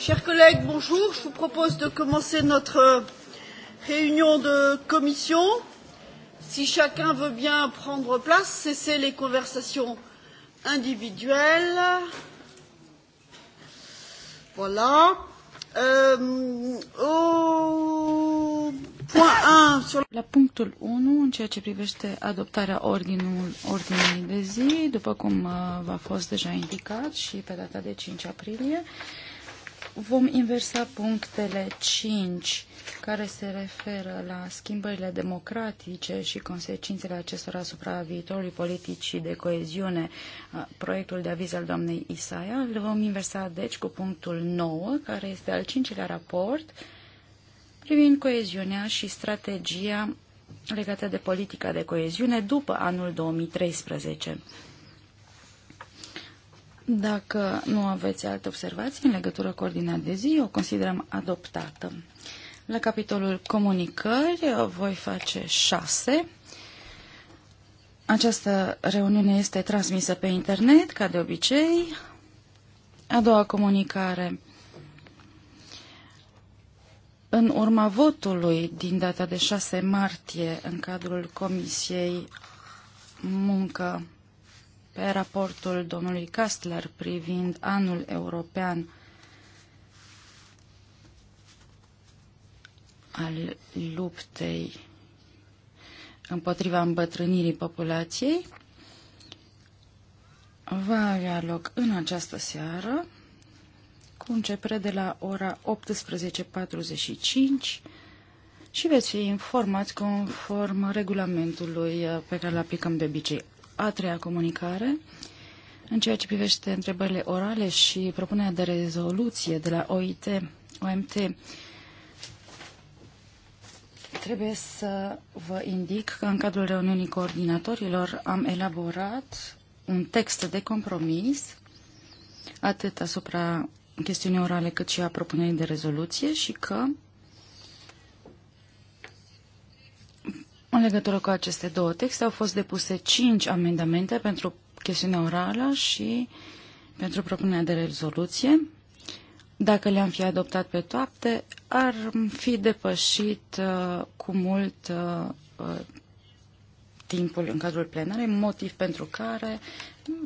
Chers collègues, bonjour. Je vous propose de commencer notre euh, réunion de commission. Si chacun veut bien prendre place, cesser les conversations individuelles. Voilà. Uh, oh, sur... La punctul 1, în ceea ce privește adoptarea ordinul, ordinii de zi, după cum uh, v-a fost deja indicat și pe data de 5 aprilie, uh, Vom inversa punctele 5, care se referă la schimbările democratice și consecințele acestora asupra viitorului politicii de coeziune, proiectul de aviz al doamnei Isaia. Îl vom inversa, deci, cu punctul 9, care este al cincilea raport privind coeziunea și strategia legată de politica de coeziune după anul 2013. Dacă nu aveți alte observații în legătură cu ordinea de zi, o considerăm adoptată. La capitolul comunicări voi face șase. Această reuniune este transmisă pe internet, ca de obicei. A doua comunicare. În urma votului din data de 6 martie, în cadrul Comisiei Muncă pe raportul domnului Castler privind anul european al luptei împotriva îmbătrânirii populației va avea loc în această seară cu începere de la ora 18.45 și veți fi informați conform regulamentului pe care îl aplicăm de obicei a treia comunicare. În ceea ce privește întrebările orale și propunerea de rezoluție de la OIT, OMT, trebuie să vă indic că în cadrul reuniunii coordinatorilor am elaborat un text de compromis atât asupra chestiunii orale cât și a propunerii de rezoluție și că În legătură cu aceste două texte au fost depuse cinci amendamente pentru chestiunea orală și pentru propunerea de rezoluție. Dacă le-am fi adoptat pe toate, ar fi depășit uh, cu mult uh, uh timpul în cadrul plenarei, motiv pentru care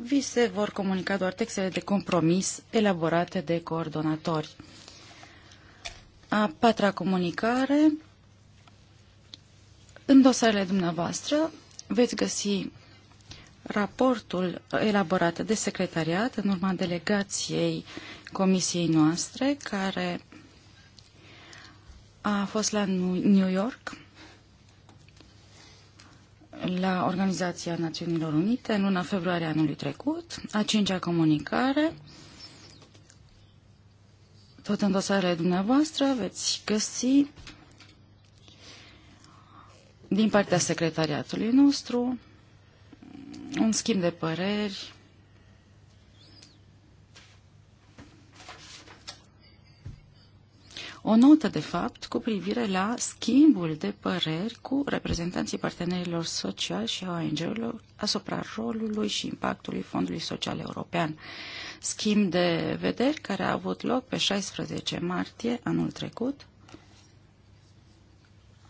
vi se vor comunica doar textele de compromis elaborate de coordonatori. A patra comunicare în dosarele dumneavoastră veți găsi raportul elaborat de secretariat în urma delegației comisiei noastre, care a fost la New York, la Organizația Națiunilor Unite, în luna februarie anului trecut, a cincea comunicare. Tot în dosarele dumneavoastră veți găsi din partea secretariatului nostru, un schimb de păreri o notă, de fapt, cu privire la schimbul de păreri cu reprezentanții partenerilor sociali și a ONG-urilor asupra rolului și impactului Fondului Social European. Schimb de vederi care a avut loc pe 16 martie anul trecut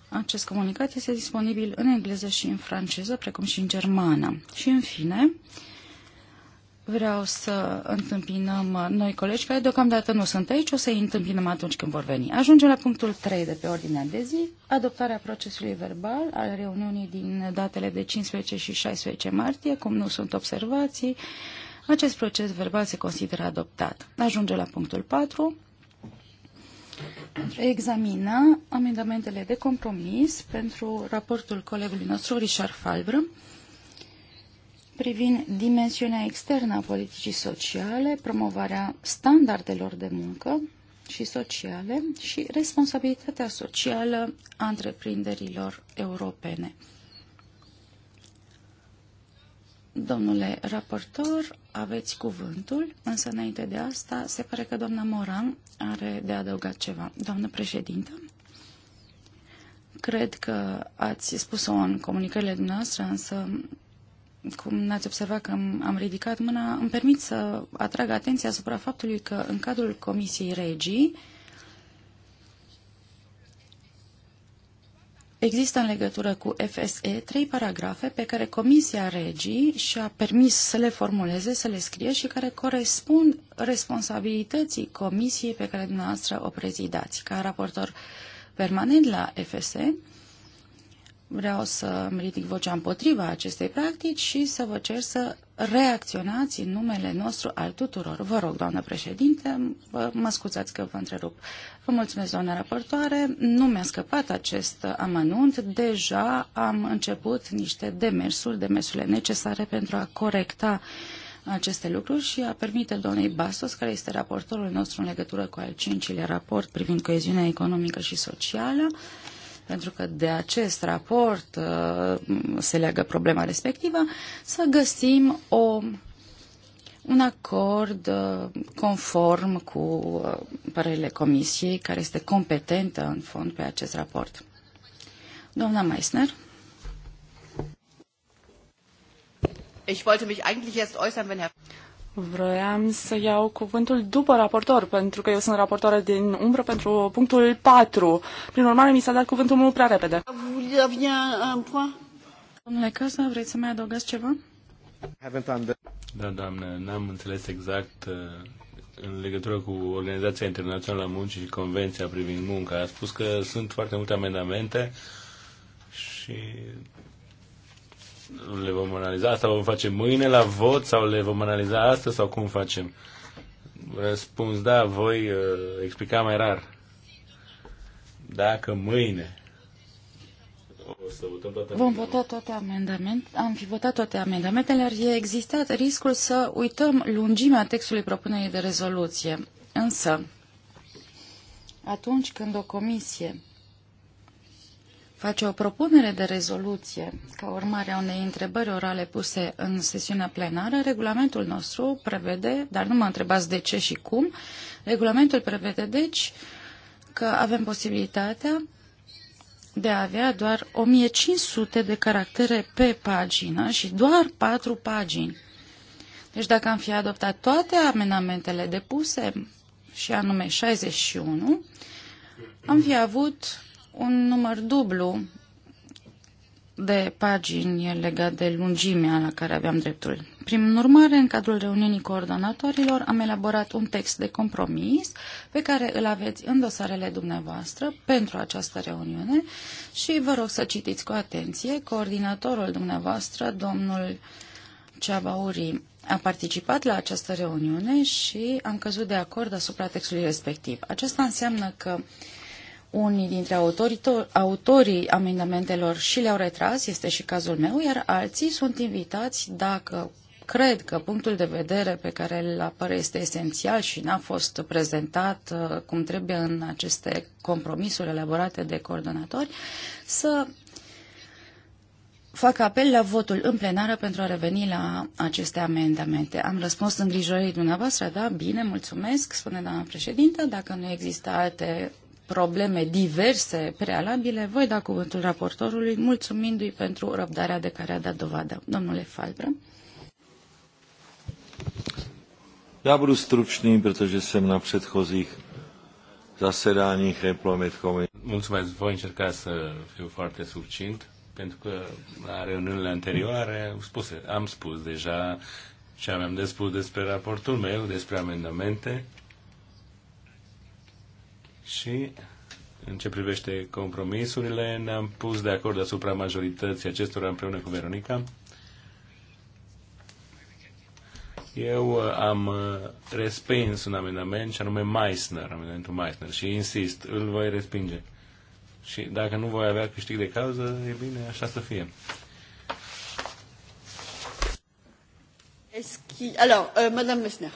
acest comunicat este disponibil în engleză și în franceză, precum și în germană. Și în fine, vreau să întâmpinăm noi colegi care deocamdată nu sunt aici, o să-i întâmpinăm atunci când vor veni. Ajungem la punctul 3 de pe ordinea de zi, adoptarea procesului verbal al reuniunii din datele de 15 și 16 martie, cum nu sunt observații, acest proces verbal se consideră adoptat. Ajunge la punctul 4, examina amendamentele de compromis pentru raportul colegului nostru, Richard Falbră, privind dimensiunea externă a politicii sociale, promovarea standardelor de muncă și sociale și responsabilitatea socială a întreprinderilor europene. Domnule raportor, aveți cuvântul, însă înainte de asta se pare că doamna Moran are de adăugat ceva. Doamnă președintă, cred că ați spus-o în comunicările dumneavoastră, însă cum n-ați observat că am ridicat mâna, îmi permit să atrag atenția asupra faptului că în cadrul Comisiei Regii, Există în legătură cu FSE trei paragrafe pe care Comisia Regii și-a permis să le formuleze, să le scrie și care corespund responsabilității Comisiei pe care dumneavoastră o prezidați ca raportor permanent la FSE vreau să îmi ridic vocea împotriva acestei practici și să vă cer să reacționați în numele nostru al tuturor. Vă rog, doamnă președinte, vă, mă scuzați că vă întrerup. Vă mulțumesc, doamnă raportoare. Nu mi-a scăpat acest amănunt. Deja am început niște demersuri, demersurile necesare pentru a corecta aceste lucruri și a permite doamnei Bastos, care este raportorul nostru în legătură cu al cincilea raport privind coeziunea economică și socială, pentru că de acest raport uh, se leagă problema respectivă, să găsim o, un acord uh, conform cu uh, părerile comisiei care este competentă în fond pe acest raport. Doamna Meissner. Ich wollte mich eigentlich erst äußern, wenn Herr Vroiam să iau cuvântul după raportor, pentru că eu sunt raportoare din umbră pentru punctul 4. Prin urmare, mi s-a dat cuvântul mult prea repede. Domnule Căsă, vreți să mai adăugați ceva? Da, doamne, n-am înțeles exact uh, în legătură cu Organizația Internațională a Muncii și Convenția privind munca. A spus că sunt foarte multe amendamente și le vom analiza sau vom face mâine la vot sau le vom analiza astăzi sau cum facem? Răspuns, da, voi uh, explica mai rar. Dacă mâine o să votăm toate Vom vota toate amendamentele, am fi votat toate amendamentele, ar fi existat riscul să uităm lungimea textului propunerii de rezoluție. Însă, atunci când o comisie face o propunere de rezoluție ca urmare a unei întrebări orale puse în sesiunea plenară. Regulamentul nostru prevede, dar nu mă întrebați de ce și cum, regulamentul prevede deci că avem posibilitatea de a avea doar 1500 de caractere pe pagină și doar 4 pagini. Deci dacă am fi adoptat toate amendamentele depuse, și anume 61, am fi avut un număr dublu de pagini legat de lungimea la care aveam dreptul. Prin urmare, în cadrul reuniunii coordonatorilor, am elaborat un text de compromis pe care îl aveți în dosarele dumneavoastră pentru această reuniune și vă rog să citiți cu atenție. Coordinatorul dumneavoastră, domnul Ceabauri, a participat la această reuniune și am căzut de acord asupra textului respectiv. Aceasta înseamnă că uh, unii dintre autorii, autorii amendamentelor și le-au retras, este și cazul meu, iar alții sunt invitați, dacă cred că punctul de vedere pe care îl apără este esențial și n-a fost prezentat uh, cum trebuie în aceste compromisuri elaborate de coordonatori, să fac apel la votul în plenară pentru a reveni la aceste amendamente. Am răspuns îngrijorării dumneavoastră, da? Bine, mulțumesc, spune doamna președintă. Dacă nu există alte probleme diverse prealabile, voi da cuvântul raportorului, mulțumindu-i pentru răbdarea de care a dat dovadă. Domnule Falbră. Já budu stručný, protože jsem na předchozích zasedáních Employment Committee. Mulțumesc, voi încerca să fiu foarte succint, pentru că la reuniunile anterioare spuse, am spus deja ce am de spus despre raportul meu, despre amendamente și în ce privește compromisurile, ne-am pus de acord asupra majorității acestora împreună cu Veronica. Eu uh, am uh, respins un amendament și anume Meissner, amendamentul Meissner și insist, îl voi respinge. Și dacă nu voi avea câștig de cauză, e bine, așa să fie. Alors, euh, Madame Meissner.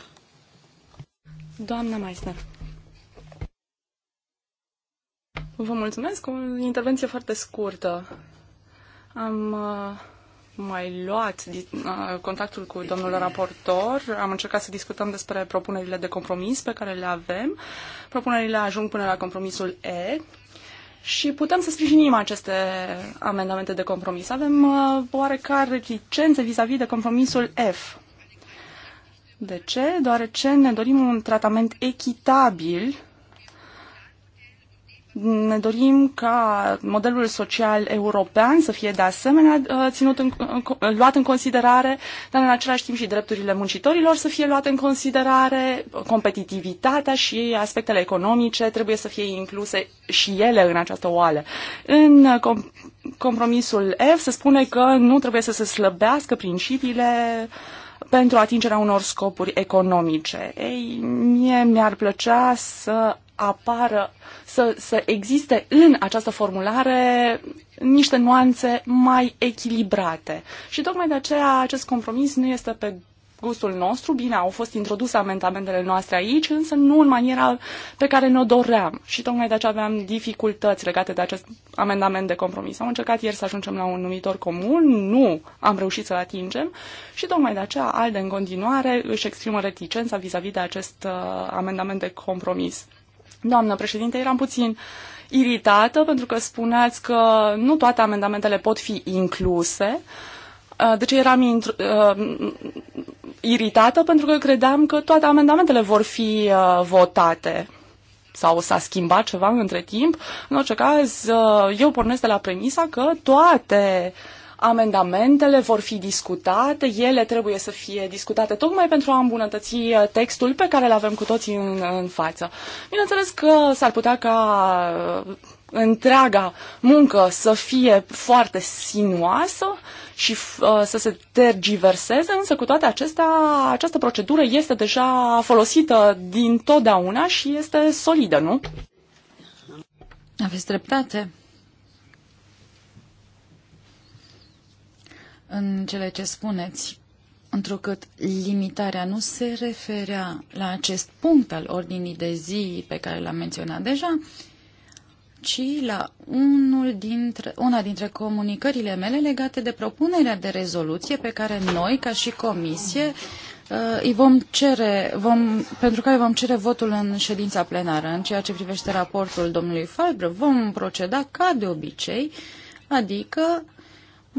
Doamna Meissner. Vă mulțumesc. O intervenție foarte scurtă. Am uh, mai luat uh, contactul cu domnul raportor. Am încercat să discutăm despre propunerile de compromis pe care le avem. Propunerile ajung până la compromisul E și putem să sprijinim aceste amendamente de compromis. Avem uh, oarecare reticențe vis-a-vis de compromisul F. De ce? Deoarece ne dorim un tratament echitabil ne dorim ca modelul social european să fie de asemenea uh, ținut în, luat în considerare, dar în același timp și drepturile muncitorilor să fie luate în considerare, competitivitatea și aspectele economice trebuie să fie incluse și ele în această oală. În uh, com- compromisul F se spune că nu trebuie să se slăbească principiile pentru atingerea unor scopuri economice. Ei, mie mi-ar plăcea să apară, să, să existe în această formulare niște nuanțe mai echilibrate. Și tocmai de aceea acest compromis nu este pe gustul nostru. Bine, au fost introduse amendamentele noastre aici, însă nu în maniera pe care ne-o doream. Și tocmai de aceea aveam dificultăți legate de acest amendament de compromis. Am încercat ieri să ajungem la un numitor comun, nu am reușit să-l atingem și tocmai de aceea ALDE în continuare își exprimă reticența vis-a-vis -vis de acest uh, amendament de compromis. Doamnă președinte, eram puțin iritată pentru că spuneați că nu toate amendamentele pot fi incluse. Uh, de ce eram uh, iritată? Pentru că credeam că toate amendamentele vor fi uh, votate sau s-a schimbat ceva între timp. În orice caz, uh, eu pornesc de la premisa că toate uh, Amendamentele vor fi discutate, ele trebuie să fie discutate tocmai pentru a îmbunătăți uh, textul pe care îl avem cu toții în, în față. Bineînțeles că s-ar putea ca uh, întreaga muncă să fie foarte sinuoasă și uh, să se tergiverseze, însă cu toate acestea, această procedură este deja folosită din totdeauna și este solidă, nu? Aveți dreptate. în cele ce spuneți, întrucât limitarea nu se referea la acest punct al ordinii de zi pe care l-am menționat deja, ci la unul dintre, una dintre comunicările mele legate de propunerea de rezoluție pe care noi, ca și comisie, uh, îi vom cere, vom, pentru care vom cere votul în ședința plenară. În ceea ce privește raportul domnului Falbr, vom proceda ca de obicei, adică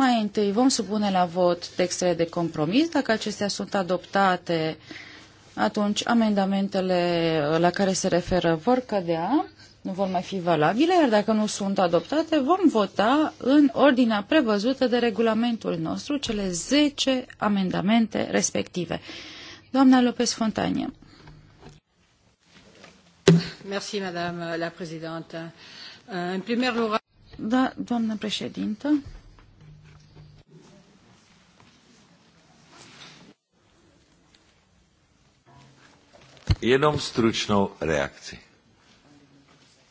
mai întâi vom supune la vot textele de compromis. Dacă acestea sunt adoptate, atunci amendamentele la care se referă vor cădea, nu vor mai fi valabile, iar dacă nu sunt adoptate, vom vota în ordinea prevăzută de regulamentul nostru cele 10 amendamente respective. Doamna Lopez Fontanie. Merci, madame la présidente. În primul rând, Da, doamnă președintă. jenom stručnou reakci.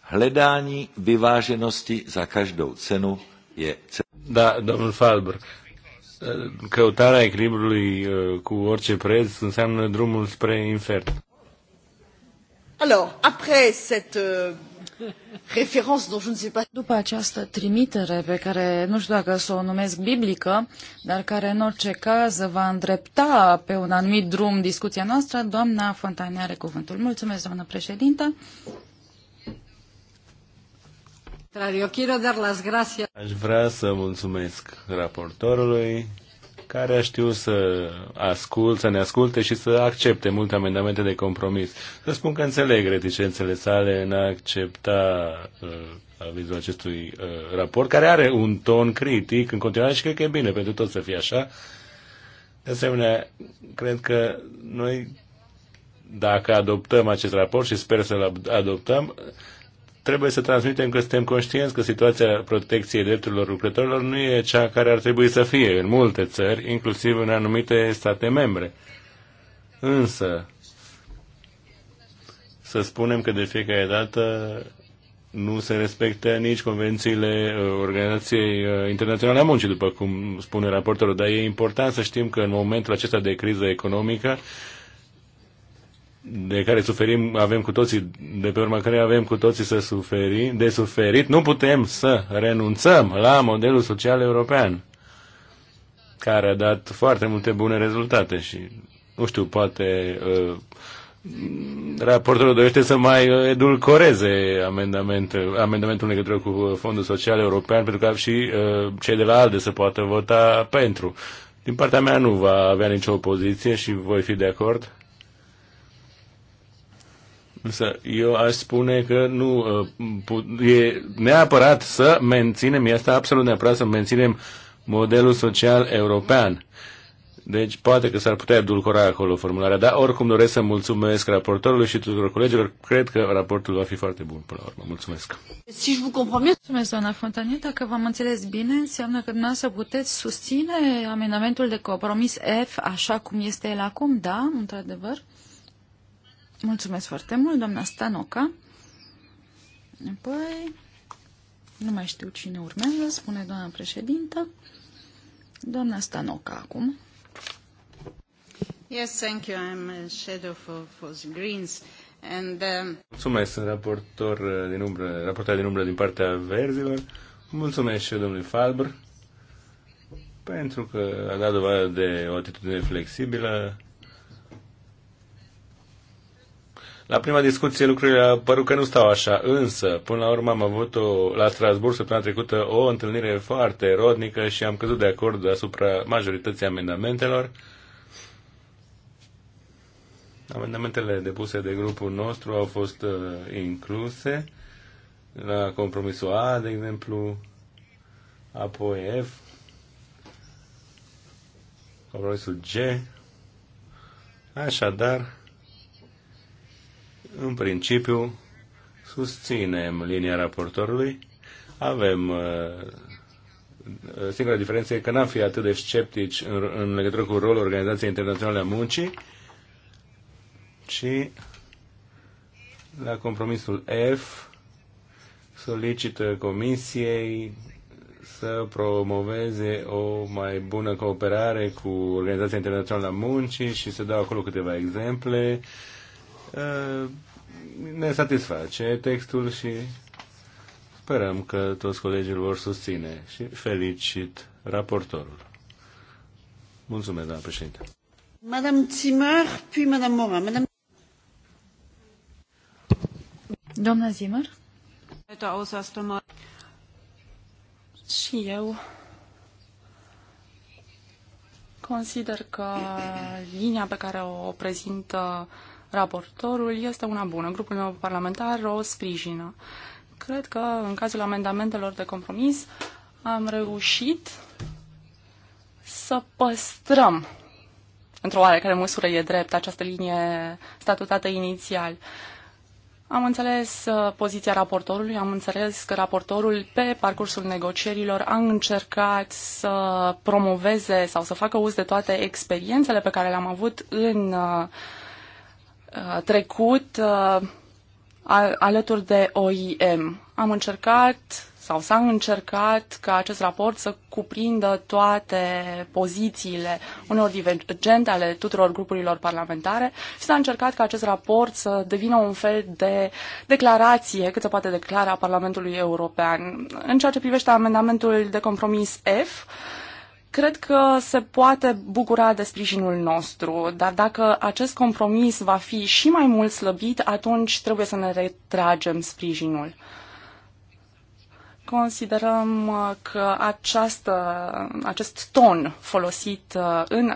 Hledání vyváženosti za každou cenu e... Da, domnul Falber, căutarea echilibrului uh, cu orice preț înseamnă drumul spre infern. Alors, après cette euh, după această trimitere pe care nu știu dacă să o numesc biblică, dar care în orice caz va îndrepta pe un anumit drum discuția noastră, doamna Fontane are cuvântul. Mulțumesc, doamnă președintă. Aș vrea să mulțumesc raportorului care a știut să asculte, să ne asculte și să accepte multe amendamente de compromis. Să spun că înțeleg reticențele sale în a accepta uh, avizul acestui uh, raport, care are un ton critic în continuare și cred că e bine pentru tot să fie așa. De asemenea, cred că noi, dacă adoptăm acest raport și sper să-l adoptăm, trebuie să transmitem că suntem conștienți că situația protecției drepturilor lucrătorilor nu e cea care ar trebui să fie în multe țări, inclusiv în anumite state membre. Însă, să spunem că de fiecare dată nu se respectă nici convențiile uh, Organizației uh, Internaționale a Muncii, după cum spune raportorul, dar e important să știm că în momentul acesta de criză economică de care suferim, avem cu toții, de pe urma care avem cu toții să suferi, de suferit, nu putem să renunțăm la modelul social european, care a dat foarte multe bune rezultate și, nu știu, poate uh, raportul raportorul dorește să mai edulcoreze amendamentul, amendamentul în legătură cu Fondul Social European, pentru că și uh, cei de la ALDE să poată vota pentru. Din partea mea nu va avea nicio opoziție și voi fi de acord Însă eu aș spune că nu uh, e neapărat să menținem, este absolut neapărat să menținem modelul social european. Deci poate că s-ar putea edulcora acolo formularea, dar oricum doresc să mulțumesc raportorului și tuturor colegilor. Cred că raportul va fi foarte bun până la urmă. Mulțumesc. Si vă vous mulțumesc, doamna Fontanie. Dacă v-am înțeles bine, înseamnă că dumneavoastră puteți susține amendamentul de compromis F așa cum este el acum, da, într-adevăr? Mulțumesc foarte mult, doamna Stanoca. Păi, nu mai știu cine urmează, spune doamna președintă. Doamna Stanoca acum. Yes, thank you. I'm shadow for, for the Greens. And, um... Mulțumesc, sunt raportor uh, din umbră, raportor din umbră din partea verzilor. Mulțumesc și domnului Falbr pentru că a dat dovadă de o atitudine flexibilă La prima discuție lucrurile părut că nu stau așa, însă până la urmă am avut o, la Strasburg săptămâna trecută o întâlnire foarte rodnică și am căzut de acord asupra majorității amendamentelor. Amendamentele depuse de grupul nostru au fost uh, incluse la compromisul A, de exemplu, apoi F, compromisul G. Așadar, în principiu, susținem linia raportorului. Avem uh, uh, singura diferență e că n-am fi atât de sceptici în, în legătură cu rolul Organizației Internaționale a Muncii, ci la compromisul F solicită Comisiei să promoveze o mai bună cooperare cu Organizația Internațională a Muncii și să dau acolo câteva exemple. Uh, Uh, ne satisface textul și sperăm că toți colegii vor susține și felicit raportorul. Mulțumesc, doamna președinte. Madame Zimmer, puis Madame Morin. Madame... Doamna Zimmer? Și eu consider că linia pe care o prezintă uh, raportorul este una bună. Grupul meu parlamentar o sprijină. Cred că în cazul amendamentelor de compromis am reușit să păstrăm într-o oarecare măsură e drept această linie statutată inițial. Am înțeles uh, poziția raportorului, am înțeles că raportorul pe parcursul negocierilor a încercat să promoveze sau să facă uz de toate experiențele pe care le-am avut în uh, Uh, trecut uh, alături de OIM. Am încercat sau s-a încercat ca acest raport să cuprindă toate pozițiile unor divergente ale tuturor grupurilor parlamentare și s-a încercat ca acest raport să devină un fel de declarație, cât se poate declara a Parlamentului European. În ceea ce privește amendamentul de compromis F, cred că se poate bucura de sprijinul nostru, dar dacă acest compromis va fi și mai mult slăbit, atunci trebuie să ne retragem sprijinul. Considerăm uh, că această, acest ton folosit uh, în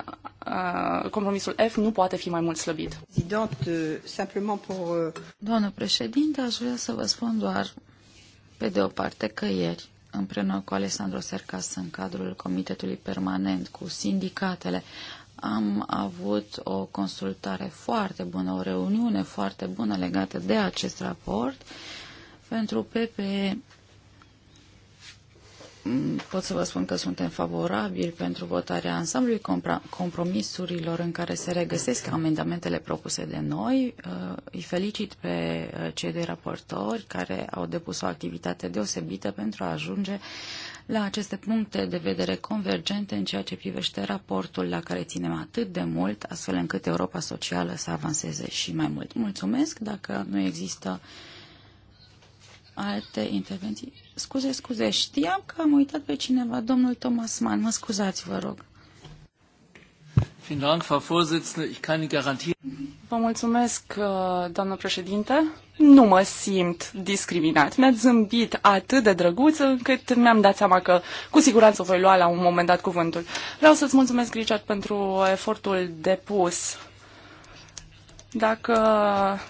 uh, compromisul F nu poate fi mai mult slăbit. Doamnă președinte, aș vrea să vă spun doar pe de o parte că ieri împreună cu Alessandro Sercas în cadrul Comitetului Permanent cu sindicatele. Am avut o consultare foarte bună, o reuniune foarte bună legată de acest raport. Pentru PPE Mm, pot să vă spun că suntem favorabili pentru votarea ansamblului compromisurilor în care se regăsesc amendamentele propuse de noi. Uh, îi felicit pe uh, cei de raportori care au depus o activitate deosebită pentru a ajunge la aceste puncte de vedere convergente în ceea ce privește raportul la care ținem atât de mult, astfel încât Europa socială să avanseze și mai mult. Mulțumesc dacă nu există alte intervenții. Scuze, scuze, știam că am uitat pe cineva, domnul Thomas Mann, mă scuzați, vă rog. Vă mulțumesc, uh, doamnă președinte. Nu mă simt discriminat. Mi-ați zâmbit atât de drăguț încât mi-am dat seama că cu siguranță voi lua la un moment dat cuvântul. Vreau să-ți mulțumesc, Richard, pentru efortul depus dacă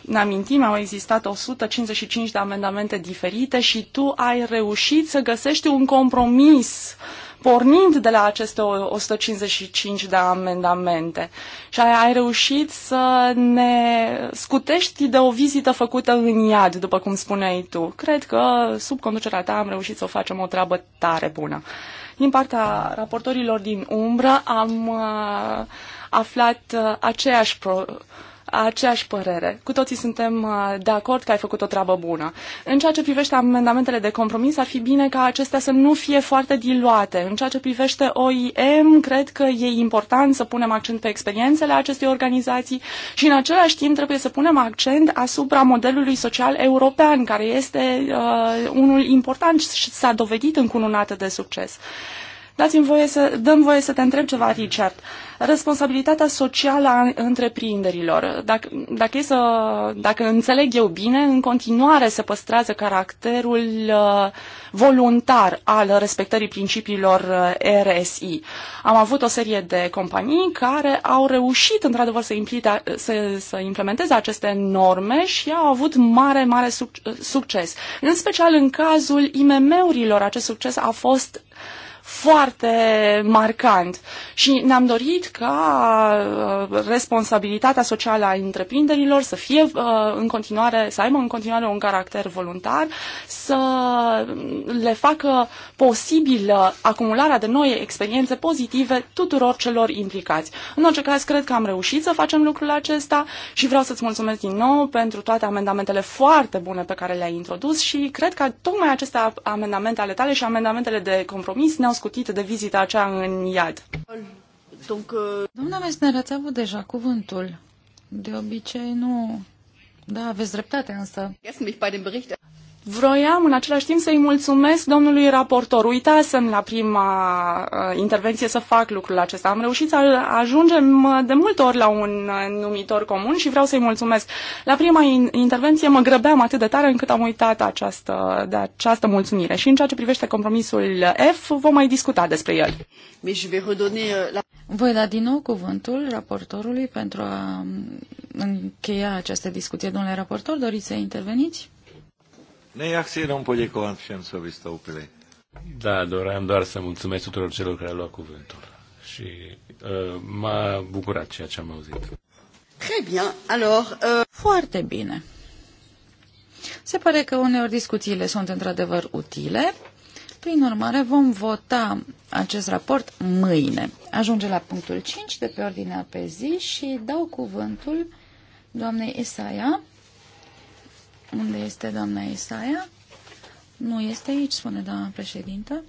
ne amintim, au existat 155 de amendamente diferite și tu ai reușit să găsești un compromis pornind de la aceste 155 de amendamente. Și ai reușit să ne scutești de o vizită făcută în iad, după cum spuneai tu. Cred că sub conducerea ta am reușit să o facem o treabă tare bună. Din partea raportorilor din umbră am uh, aflat uh, aceeași pro- aceeași părere. Cu toții suntem uh, de acord că ai făcut o treabă bună. În ceea ce privește amendamentele de compromis, ar fi bine ca acestea să nu fie foarte diluate. În ceea ce privește OIM, cred că e important să punem accent pe experiențele acestei organizații și în același timp trebuie să punem accent asupra modelului social european, care este uh, unul important și s-a dovedit încununată de succes. Dați-mi voie să, dăm voie să te întreb ceva, Richard. Responsabilitatea socială a întreprinderilor. Dacă, dacă, e să, dacă înțeleg eu bine, în continuare se păstrează caracterul uh, voluntar al respectării principiilor uh, RSI. Am avut o serie de companii care au reușit într-adevăr să, implite, să, să implementeze aceste norme și au avut mare, mare uh, succes. În special în cazul IMM-urilor, acest succes a fost uh, foarte marcant și ne-am dorit ca uh, responsabilitatea socială a întreprinderilor să fie uh, în continuare, să aibă în continuare un caracter voluntar, să le facă posibilă uh, acumularea de noi experiențe pozitive tuturor celor implicați. În orice caz, cred că am reușit să facem lucrul acesta și vreau să-ți mulțumesc din nou pentru toate amendamentele foarte bune pe care le-ai introdus și cred că tocmai aceste amendamente ale tale și amendamentele de compromis ne-au scutit de vizita aceea în iad. Euh, Doamna Mesner, ați avut deja cuvântul. De obicei nu. Da, aveți dreptate însă. Vroiam în același timp să-i mulțumesc domnului raportor. Uitasem la prima uh, intervenție să fac lucrul acesta. Am reușit să ajungem uh, de multe ori la un uh, numitor comun și vreau să-i mulțumesc. La prima intervenție mă grăbeam atât de tare încât am uitat această, de această mulțumire. Și în ceea ce privește compromisul F, vom mai discuta despre el. Voi da din nou cuvântul raportorului pentru a um, încheia această discuție. Domnule raportor, doriți să interveniți? Ne, ja chci jenom poděkovat všem, co vystoupili. Da, doream doar să mulțumesc tuturor celor care au luat cuvântul. Și uh, m-a bucurat ceea ce am auzit. Très bien. Alors, euh... Foarte bine. Se pare că uneori discuțiile sunt într-adevăr utile. Prin urmare, vom vota acest raport mâine. Ajunge la punctul 5 de pe ordinea pe zi și dau cuvântul doamnei Isaia unde este doamna Isaia? Nu este aici, spune doamna președintă.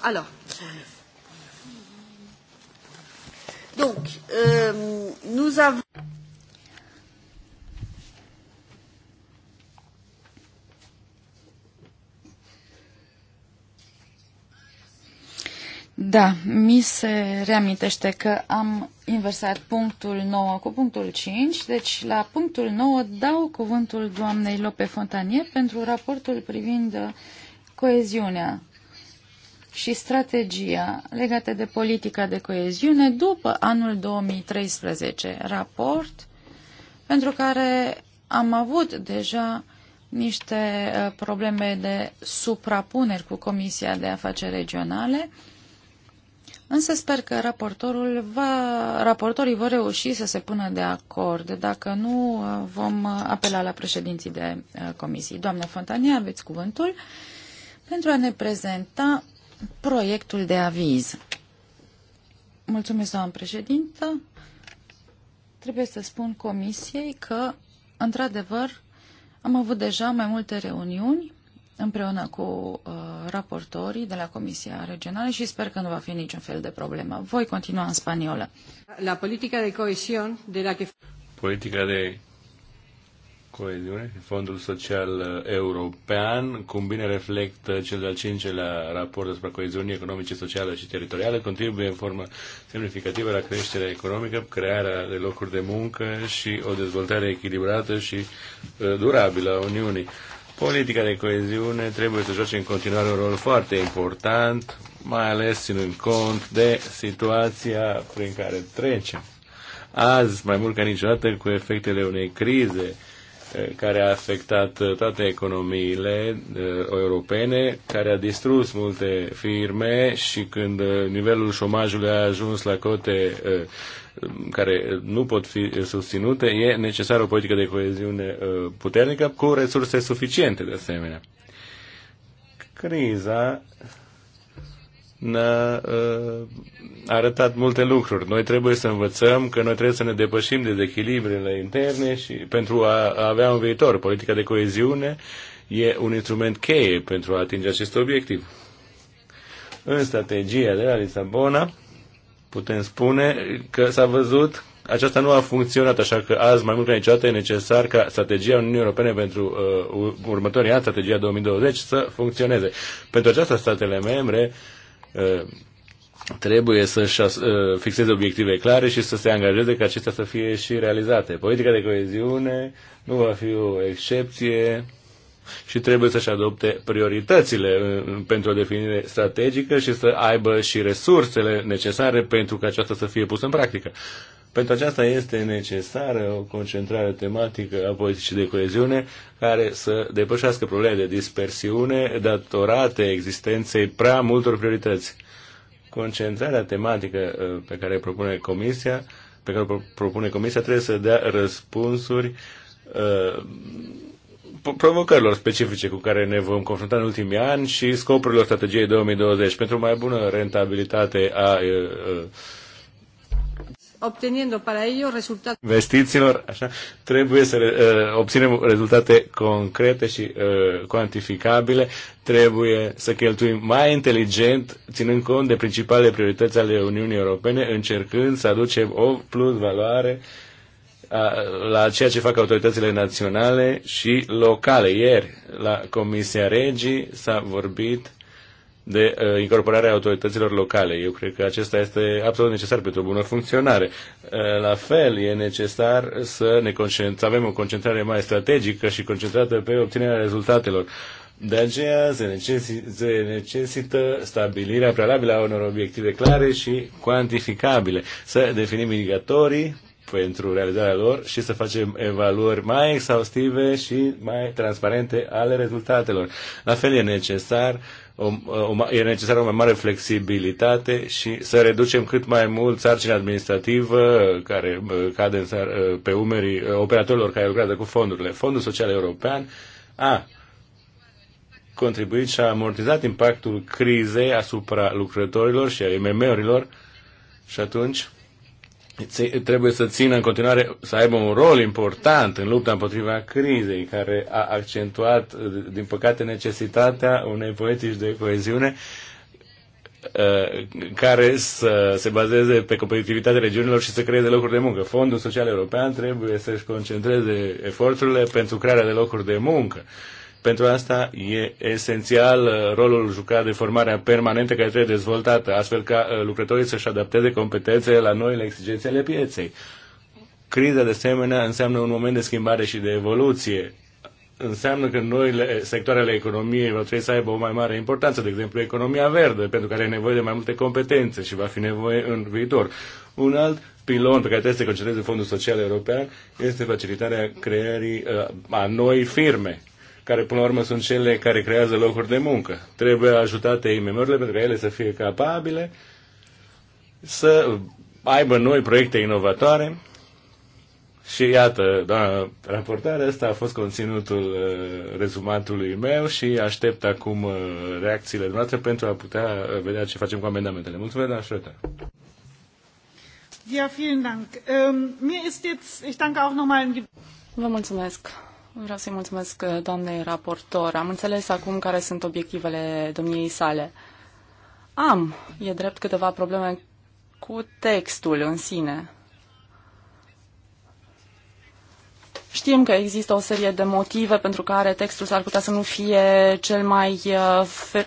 alors. Donc, euh, nous avons. Da, mi se reamintește că am inversat punctul 9 cu punctul 5, deci la punctul 9 dau cuvântul doamnei Lope Fontanie pentru raportul privind uh, coeziunea și strategia legată de politica de coeziune după anul 2013, raport pentru care am avut deja niște uh, probleme de suprapuneri cu Comisia de Afaceri Regionale, însă sper că raportorul va, raportorii vor reuși să se pună de acord. Dacă nu, vom apela la președinții de uh, comisii. Doamna Fontania, aveți cuvântul pentru a ne prezenta proiectul de aviz. Mulțumesc, doamnă președintă. Trebuie să spun comisiei că, într-adevăr, am avut deja mai multe reuniuni împreună cu uh, raportorii de la Comisia Regională și sper că nu va fi niciun fel de problemă. Voi continua în spaniolă. La politica de coeziune de la que... Politica de coeziune, Fondul Social European, cum bine reflectă cel de-al cincelea raport despre coeziune economice, socială și teritoriale, contribuie în formă semnificativă la creșterea economică, crearea de locuri de muncă și o dezvoltare echilibrată și uh, durabilă a Uniunii. Politica de coeziune trebuie să joace în continuare un rol foarte important, mai ales ținând cont de situația prin care trecem. Azi, mai mult ca niciodată, cu efectele unei crize care a afectat uh, toate economiile uh, europene, care a distrus multe firme și când uh, nivelul șomajului a ajuns la cote care nu pot fi susținute, e necesară o politică de coeziune puternică cu resurse suficiente de asemenea. Criza ne-a uh, arătat multe lucruri. Noi trebuie să învățăm că noi trebuie să ne depășim de dechilibrele interne și pentru a avea un viitor. Politica de coeziune e un instrument cheie pentru a atinge acest obiectiv. În strategia de la Lisabona putem spune că s-a văzut aceasta nu a funcționat, așa că azi, mai mult ca niciodată, e necesar ca strategia Uniunii Europene pentru uh, următorii ani, strategia 2020, să funcționeze. Pentru aceasta, statele membre uh, Uh, trebuie să-și uh, fixeze obiective clare și să se angajeze ca acestea să fie și realizate. Politica de coeziune nu va fi o excepție și trebuie să-și adopte prioritățile uh, pentru o definire strategică și să aibă și resursele necesare pentru ca aceasta să fie pusă în practică. Pentru aceasta este necesară o concentrare tematică a politicii de coeziune care să depășească problemele de dispersiune datorate existenței prea multor priorități. Concentrarea tematică uh, pe care propune Comisia, pe care propune Comisia trebuie să dea răspunsuri uh, provocărilor specifice cu care ne vom confrunta în ultimii ani și scopurilor strategiei 2020 pentru mai bună rentabilitate a uh, uh obteniendo para ello resultados. Investițiilor, așa, trebuie să uh, obținem rezultate concrete și uh, cuantificabile, trebuie să cheltuim mai inteligent, ținând cont de principalele priorități ale Uniunii Europene, încercând să aducem o plus valoare la ceea ce fac autoritățile naționale și locale. Ieri, la Comisia Regii, s-a vorbit de uh, a autorităților locale. Eu cred că acesta este absolut necesar pentru o bună funcționare. Uh, la fel, e necesar să ne să avem o concentrare mai strategică și concentrată pe obținerea rezultatelor. De aceea se, necesi- se necesită stabilirea prealabilă a unor obiective clare și cuantificabile. Să definim indicatorii pentru realizarea lor și să facem evaluări mai exhaustive și mai transparente ale rezultatelor. La fel e necesar uh, o, o, e necesară o mai mare flexibilitate și să reducem cât mai mult sarcina administrativă care cade în, pe umerii operatorilor care lucrează cu fondurile. Fondul Social European a contribuit și a amortizat impactul crizei asupra lucrătorilor și a IMM-urilor și atunci trebuie să țină în continuare, să aibă un rol important în lupta împotriva crizei, care a accentuat, din păcate, necesitatea unei politici de coeziune uh, care să se bazeze pe competitivitatea regiunilor și să creeze locuri de muncă. Fondul Social European trebuie să-și concentreze eforturile pentru crearea de locuri de muncă. Uh, pentru asta e esențial uh, rolul jucat de formarea permanentă care trebuie dezvoltată, astfel ca uh, lucrătorii să-și adapteze competențele la noile exigențe ale pieței. Criza, de asemenea, înseamnă un moment de schimbare și de evoluție. Înseamnă că noile eh, sectoarele economiei vor trebui să aibă o mai mare importanță, de exemplu economia verde, pentru care e nevoie de mai multe competențe și va fi nevoie în viitor. Un alt pilon pe care trebuie să se concentreze Fondul Social European este facilitarea creării eh, a noi firme care până la urmă sunt cele care creează locuri de muncă. Trebuie ajutate IMM-urile pentru ca ele să fie capabile să aibă noi proiecte inovatoare și iată, doamna raportarea asta a fost conținutul uh, rezumatului meu și aștept acum uh, reacțiile noastre pentru a putea uh, vedea ce facem cu amendamentele. Mulțumesc, doamna Schröter. Ja, vielen Dank. Ähm, mir ist jetzt, ich danke auch nochmal. Vă mulțumesc. Vreau să-i mulțumesc doamne raportor. Am înțeles acum care sunt obiectivele domniei sale. Am, e drept, câteva probleme cu textul în sine. Știm că există o serie de motive pentru care textul s-ar putea să nu fie cel mai, uh,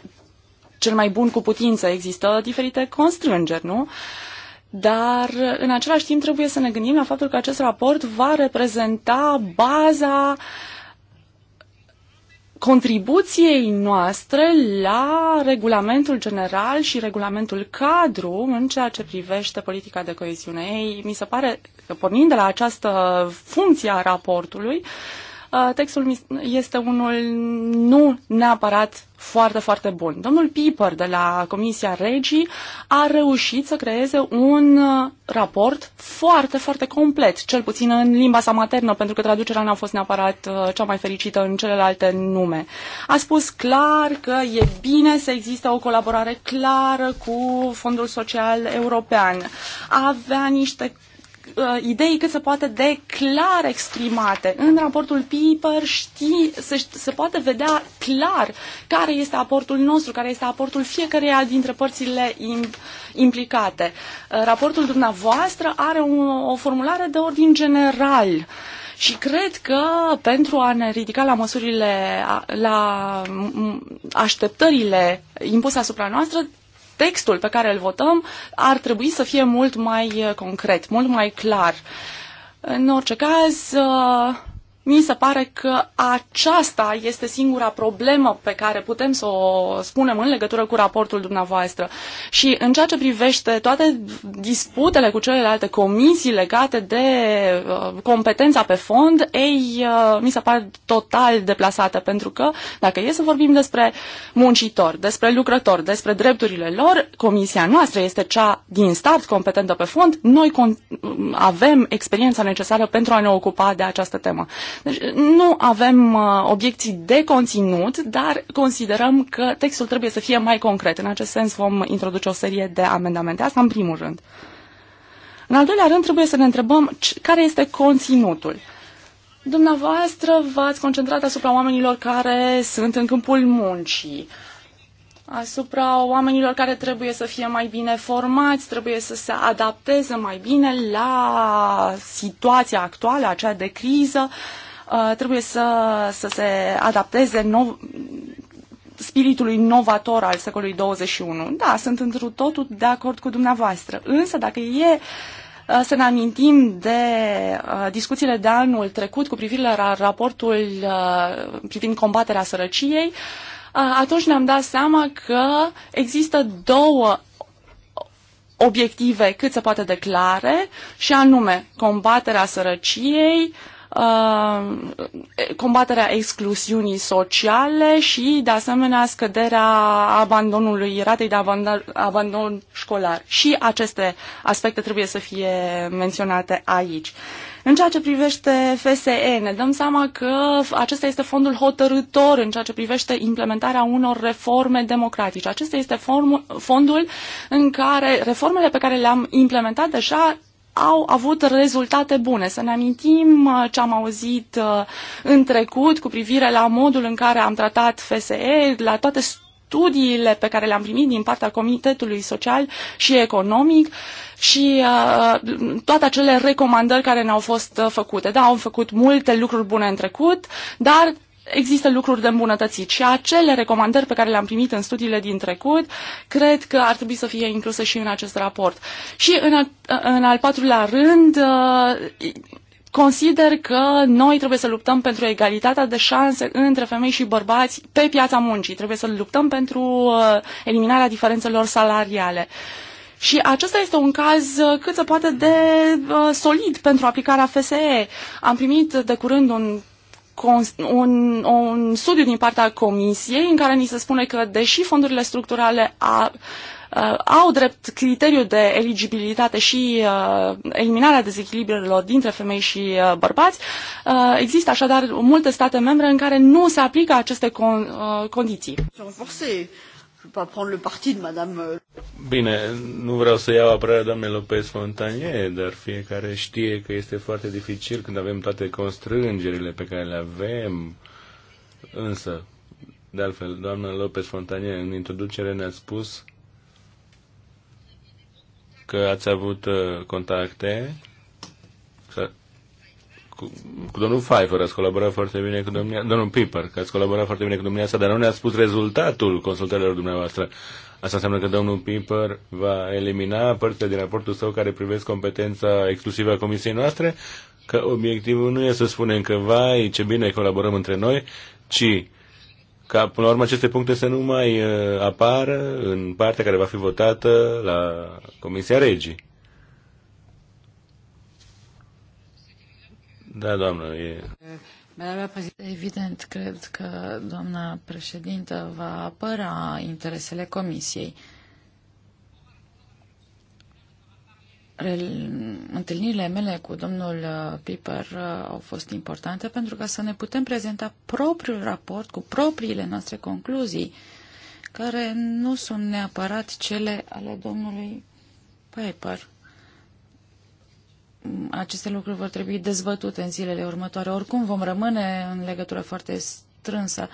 cel mai bun cu putință. Există diferite constrângeri, nu? Uh, dar în același timp trebuie să ne gândim la faptul că acest raport va reprezenta baza contribuției noastre la regulamentul general și regulamentul cadru în ceea ce privește politica de coeziune. Ei, mi se pare că pornind de la această funcție a raportului, uh, Uh, textul este unul nu neapărat foarte, foarte bun. Domnul Piper de la Comisia Regii a reușit să creeze un uh, raport foarte, foarte complet, cel puțin în limba sa maternă, pentru că traducerea nu a fost neapărat uh, cea mai fericită în celelalte nume. A spus clar că e bine să existe o colaborare clară cu Fondul Social European. Avea niște uh, idei cât se poate de clar exprimate. În raportul Piper știi, se, se poate vedea clar care este aportul nostru, care este aportul fiecăreia dintre părțile im, implicate. Uh, raportul dumneavoastră are o, o formulare de ordin general. și cred că pentru a ne ridica la măsurile, la așteptările impuse asupra noastră, textul pe care îl votăm ar trebui să fie mult mai uh, concret, mult mai clar. În orice caz, uh, mi se pare că aceasta este singura problemă pe care putem să o spunem în legătură cu raportul dumneavoastră. Și în ceea ce privește toate disputele cu celelalte comisii legate de uh, competența pe fond, ei uh, mi se pare total deplasate, pentru că dacă e să vorbim despre muncitori, despre lucrători, despre drepturile lor, comisia noastră este cea din start competentă pe fond, noi avem experiența necesară pentru a ne ocupa de această temă. Deci nu avem uh, obiecții de conținut, dar considerăm că textul trebuie să fie mai concret. În acest sens vom introduce o serie de amendamente. Asta în primul rând. În al doilea rând trebuie să ne întrebăm care este conținutul. Dumneavoastră v-ați concentrat asupra oamenilor care sunt în câmpul muncii, asupra oamenilor care trebuie să fie mai bine formați, trebuie să se adapteze mai bine la situația actuală, aceea de criză, uh, Uh, trebuie să, să se adapteze nou, spiritului novator al secolului 21. Da, sunt întru totul de acord cu dumneavoastră. Însă dacă e uh, să ne amintim de uh, discuțiile de anul trecut cu privire la raportul privind combaterea sărăciei, atunci ne-am dat seama că există două obiective cât se poate declare și anume combaterea sărăciei uh, Uh, combaterea excluziunii sociale și, de asemenea, scăderea abandonului, ratei de abandon, abandon școlar. Și aceste aspecte trebuie să fie menționate aici. În ceea ce privește FSE, ne dăm seama că acesta este fondul hotărător în ceea ce privește implementarea unor reforme democratice. Acesta este form, fondul în care reformele pe care le-am implementat deja au avut rezultate bune. Să ne amintim uh, ce am auzit uh, în trecut cu privire la modul în care am tratat FSE, la toate studiile pe care le-am primit din partea Comitetului Social și Economic și uh, toate acele recomandări care ne-au fost făcute. Da, au făcut multe lucruri bune în trecut, dar există lucruri de îmbunătățit și acele recomandări pe care le-am primit în studiile din trecut, cred că ar trebui să fie incluse și în acest raport. Și în, a, în al patrulea rând, uh, consider că noi trebuie să luptăm pentru egalitatea de șanse între femei și bărbați pe piața muncii. Trebuie să luptăm pentru uh, eliminarea diferențelor salariale. Și acesta este un caz uh, cât se poate de solid pentru aplicarea FSE. Am primit de curând un un, un studiu din partea Comisiei în care ni se spune că, deși fondurile structurale a, a, au drept criteriu de eligibilitate și a, eliminarea dezechilibrelor dintre femei și a, bărbați, a, există așadar multe state membre în care nu se aplică aceste con, a, condiții prendre le parti de Madame. Euh, Bine, nu vreau să iau apărarea doamnei Lopez Fontanier, dar fiecare știe că este foarte dificil când avem toate constrângerile pe care le avem. Însă, de altfel, doamna Lopez Fontanier, în introducere ne-a spus că ați avut uh, contacte cu, domnul Pfeiffer, ați colaborat foarte bine cu domnia, domnul Piper, că ați colaborat foarte bine cu dumneavoastră, dar nu ne-ați spus rezultatul consultărilor dumneavoastră. Asta înseamnă că domnul Piper va elimina părțile din raportul său care privesc competența exclusivă a comisiei noastre, că obiectivul nu e să spunem că vai, ce bine colaborăm între noi, ci ca până la urmă aceste puncte să nu mai uh, apară în partea care va fi votată la Comisia Regii. Da, doamnă, e... Evident, cred că doamna președintă va apăra interesele comisiei. Întâlnirile mele cu domnul uh, Piper uh, au fost importante pentru ca să ne putem prezenta propriul raport cu propriile noastre concluzii, care nu sunt neapărat cele ale domnului Piper aceste lucruri vor trebui dezbătute în zilele următoare. Oricum vom rămâne în legătură foarte strânsă.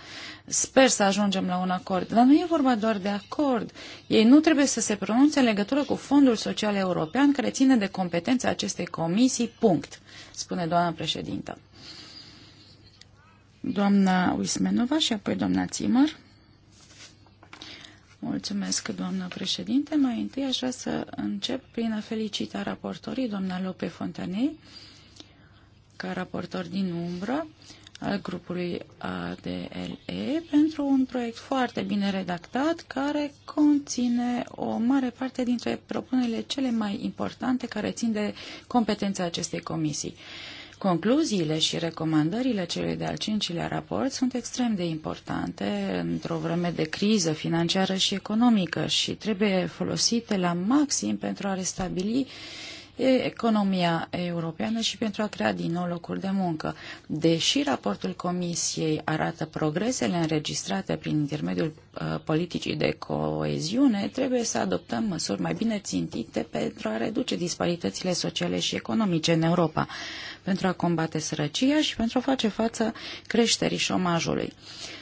Sper să ajungem la un acord. Dar nu e vorba doar de acord. Ei nu trebuie să se pronunțe în legătură cu Fondul Social European care ține de competența acestei comisii, punct, spune doamna președintă. Doamna Uismenova și apoi doamna Țimăr. Mulțumesc, doamnă președinte. Mai întâi aș vrea să încep prin a felicita raportorii, doamna Lope Fontanei, ca raportor din umbră al grupului ADLE, pentru un proiect foarte bine redactat, care conține o mare parte dintre propunerile cele mai importante care țin de competența acestei comisii. Uh, Concluziile și recomandările celui de-al cincilea raport sunt extrem de importante într-o vreme de criză financiară și economică și trebuie folosite la maxim pentru a restabili economia europeană și pentru a crea din nou locuri de muncă. Deși raportul Comisiei arată progresele înregistrate prin intermediul uh, politicii de coeziune, trebuie să adoptăm măsuri mai bine țintite pentru a reduce disparitățile sociale și economice în Europa pentru a combate sărăcia și pentru a face față creșterii șomajului.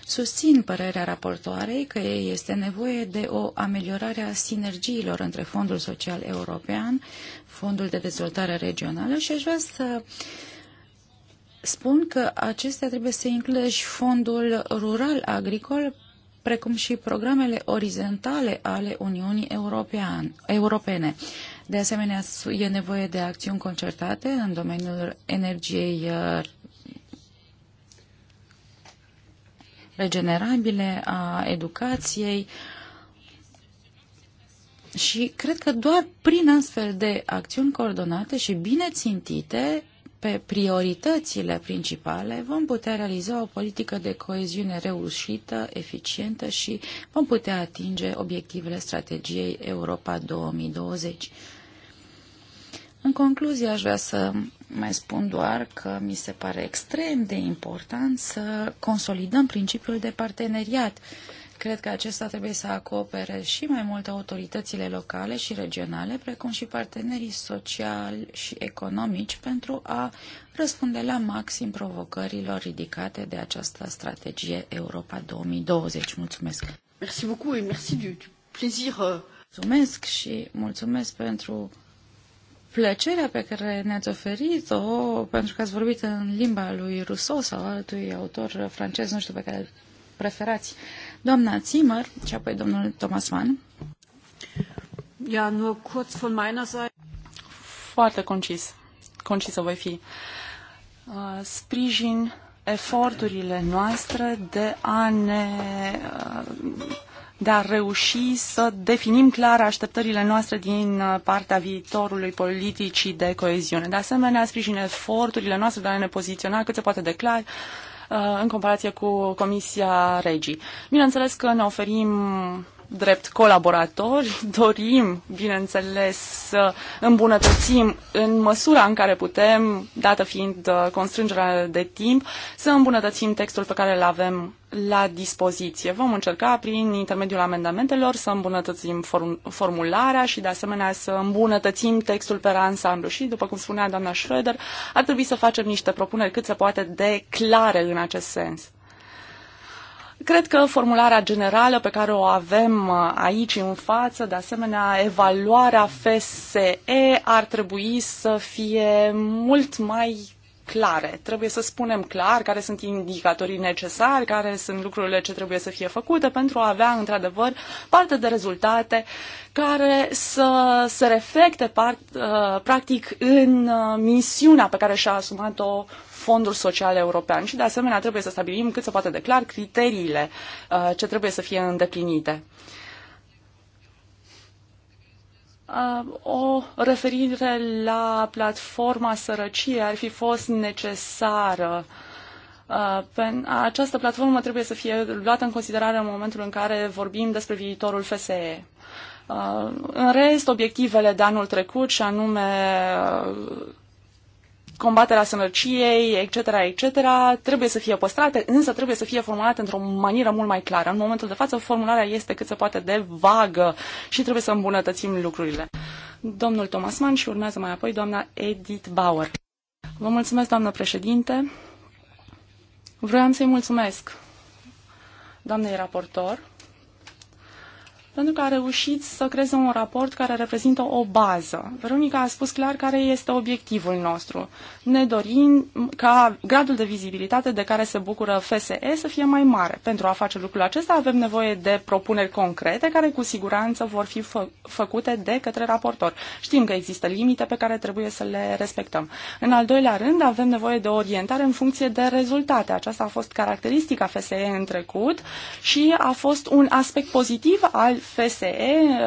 Susțin părerea raportoarei că este nevoie de o ameliorare a sinergiilor între Fondul Social European, Fondul de Dezvoltare Regională și aș vrea să spun că acestea trebuie să includă și Fondul Rural Agricol precum și programele orizontale ale Uniunii Europeane. Europene. De asemenea, e nevoie de acțiuni concertate în domeniul energiei uh, regenerabile, a educației și cred că doar prin astfel de acțiuni coordonate și bine țintite pe prioritățile principale vom putea realiza o politică de coeziune reușită, eficientă și vom putea atinge obiectivele strategiei Europa 2020. În concluzie, aș vrea să mai spun doar că mi se pare extrem de important să consolidăm principiul de parteneriat. Cred că acesta trebuie să acopere și mai mult autoritățile locale și regionale, precum și partenerii sociali și economici, pentru a răspunde la maxim provocărilor ridicate de această strategie Europa 2020. Mulțumesc! Merci euh, Mulțumesc și mulțumesc pentru plăcerea pe care ne-ați oferit-o, pentru că ați vorbit în limba lui Rousseau sau altui autor francez, nu știu pe care îl preferați, doamna Zimmer și apoi domnul Thomas Mann. Ja, nur kurz von meiner Seite. Foarte concis. să voi fi. Uh, sprijin eforturile noastre de a ne uh, de a reuși să definim clar așteptările noastre din uh, partea viitorului politicii de coeziune. De asemenea, sprijin eforturile noastre de a ne poziționa cât se poate de clar uh, în comparație cu Comisia Regii. Bineînțeles că ne oferim drept colaboratori. Dorim, bineînțeles, să îmbunătățim în măsura în care putem, dată fiind uh, constrângerea de timp, să îmbunătățim textul pe care îl avem la dispoziție. Vom încerca prin intermediul amendamentelor să îmbunătățim form- formularea și de asemenea să îmbunătățim textul pe ansamblu și, după cum spunea doamna Schroeder, ar trebui să facem niște propuneri cât se poate de clare în acest sens. Cred că formularea generală pe care o avem uh, aici în față, de asemenea, evaluarea FSE ar trebui să fie mult mai clare. Trebuie să spunem clar care sunt indicatorii necesari, care sunt lucrurile ce trebuie să fie făcute pentru a avea, într-adevăr, parte de rezultate care să se reflecte, part, uh, practic, în uh, misiunea pe care și-a asumat-o Fondul Social European și, de asemenea, trebuie să stabilim cât se poate de clar criteriile uh, ce trebuie să fie îndeplinite. Uh, o referire la platforma sărăcie ar fi fost necesară uh, această platformă trebuie să fie luată în considerare în momentul în care vorbim despre viitorul FSE. În rest, obiectivele de anul trecut și anume combaterea sănăciei, etc., etc., trebuie să fie păstrate, însă trebuie să fie formulate într-o manieră mult mai clară. În momentul de față, formularea este cât se poate de vagă și trebuie să îmbunătățim lucrurile. Domnul Thomas Mann și urmează mai apoi doamna Edith Bauer. Vă mulțumesc, doamnă președinte. Vreau să-i mulțumesc doamnei raportor pentru că a reușit să creeze un raport care reprezintă o bază. Veronica a spus clar care este obiectivul nostru. Ne dorim ca gradul de vizibilitate de care se bucură FSE să fie mai mare. Pentru a face lucrul acesta avem nevoie de propuneri concrete care cu siguranță vor fi fă- făcute de către raportor. Știm că există limite pe care trebuie să le respectăm. În al doilea rând avem nevoie de orientare în funcție de rezultate. Aceasta a fost caracteristica FSE în trecut și a fost un aspect pozitiv al FSE,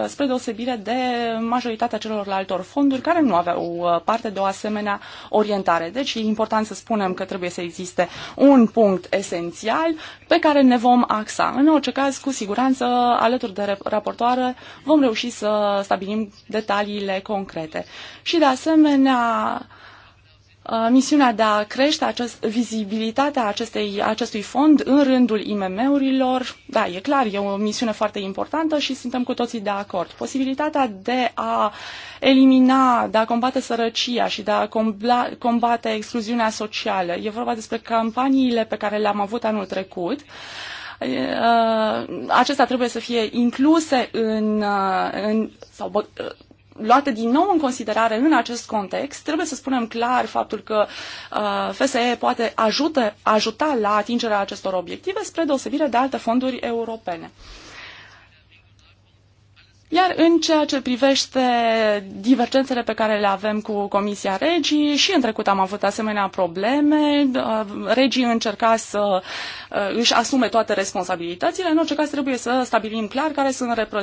spre deosebire de majoritatea celorlalte fonduri care nu aveau uh, parte de o asemenea orientare. Deci e important să spunem că trebuie să existe un punct esențial pe care ne vom axa. În orice caz, cu siguranță, alături de raportoare, vom reuși să stabilim detaliile concrete. Și de asemenea, Uh, misiunea de a crește acest, vizibilitatea acestei, acestui fond în rândul IMM-urilor. Da, e clar, e o misiune foarte importantă și suntem cu toții de acord. Posibilitatea de a elimina, de a combate sărăcia și de a combla, combate excluziunea socială. E vorba despre campaniile pe care le-am avut anul trecut. Uh, acestea trebuie să fie incluse în, uh, în sau luată din nou în considerare în acest context. Trebuie să spunem clar faptul că uh, FSE poate ajute, ajuta la atingerea acestor obiective spre deosebire de alte fonduri europene. Iar în ceea ce privește divergențele pe care le avem cu Comisia Regii, și în trecut am avut asemenea probleme. Uh, Regii încerca să uh, Uh, își asume toate responsabilitățile. În orice caz trebuie să stabilim clar care sunt uh,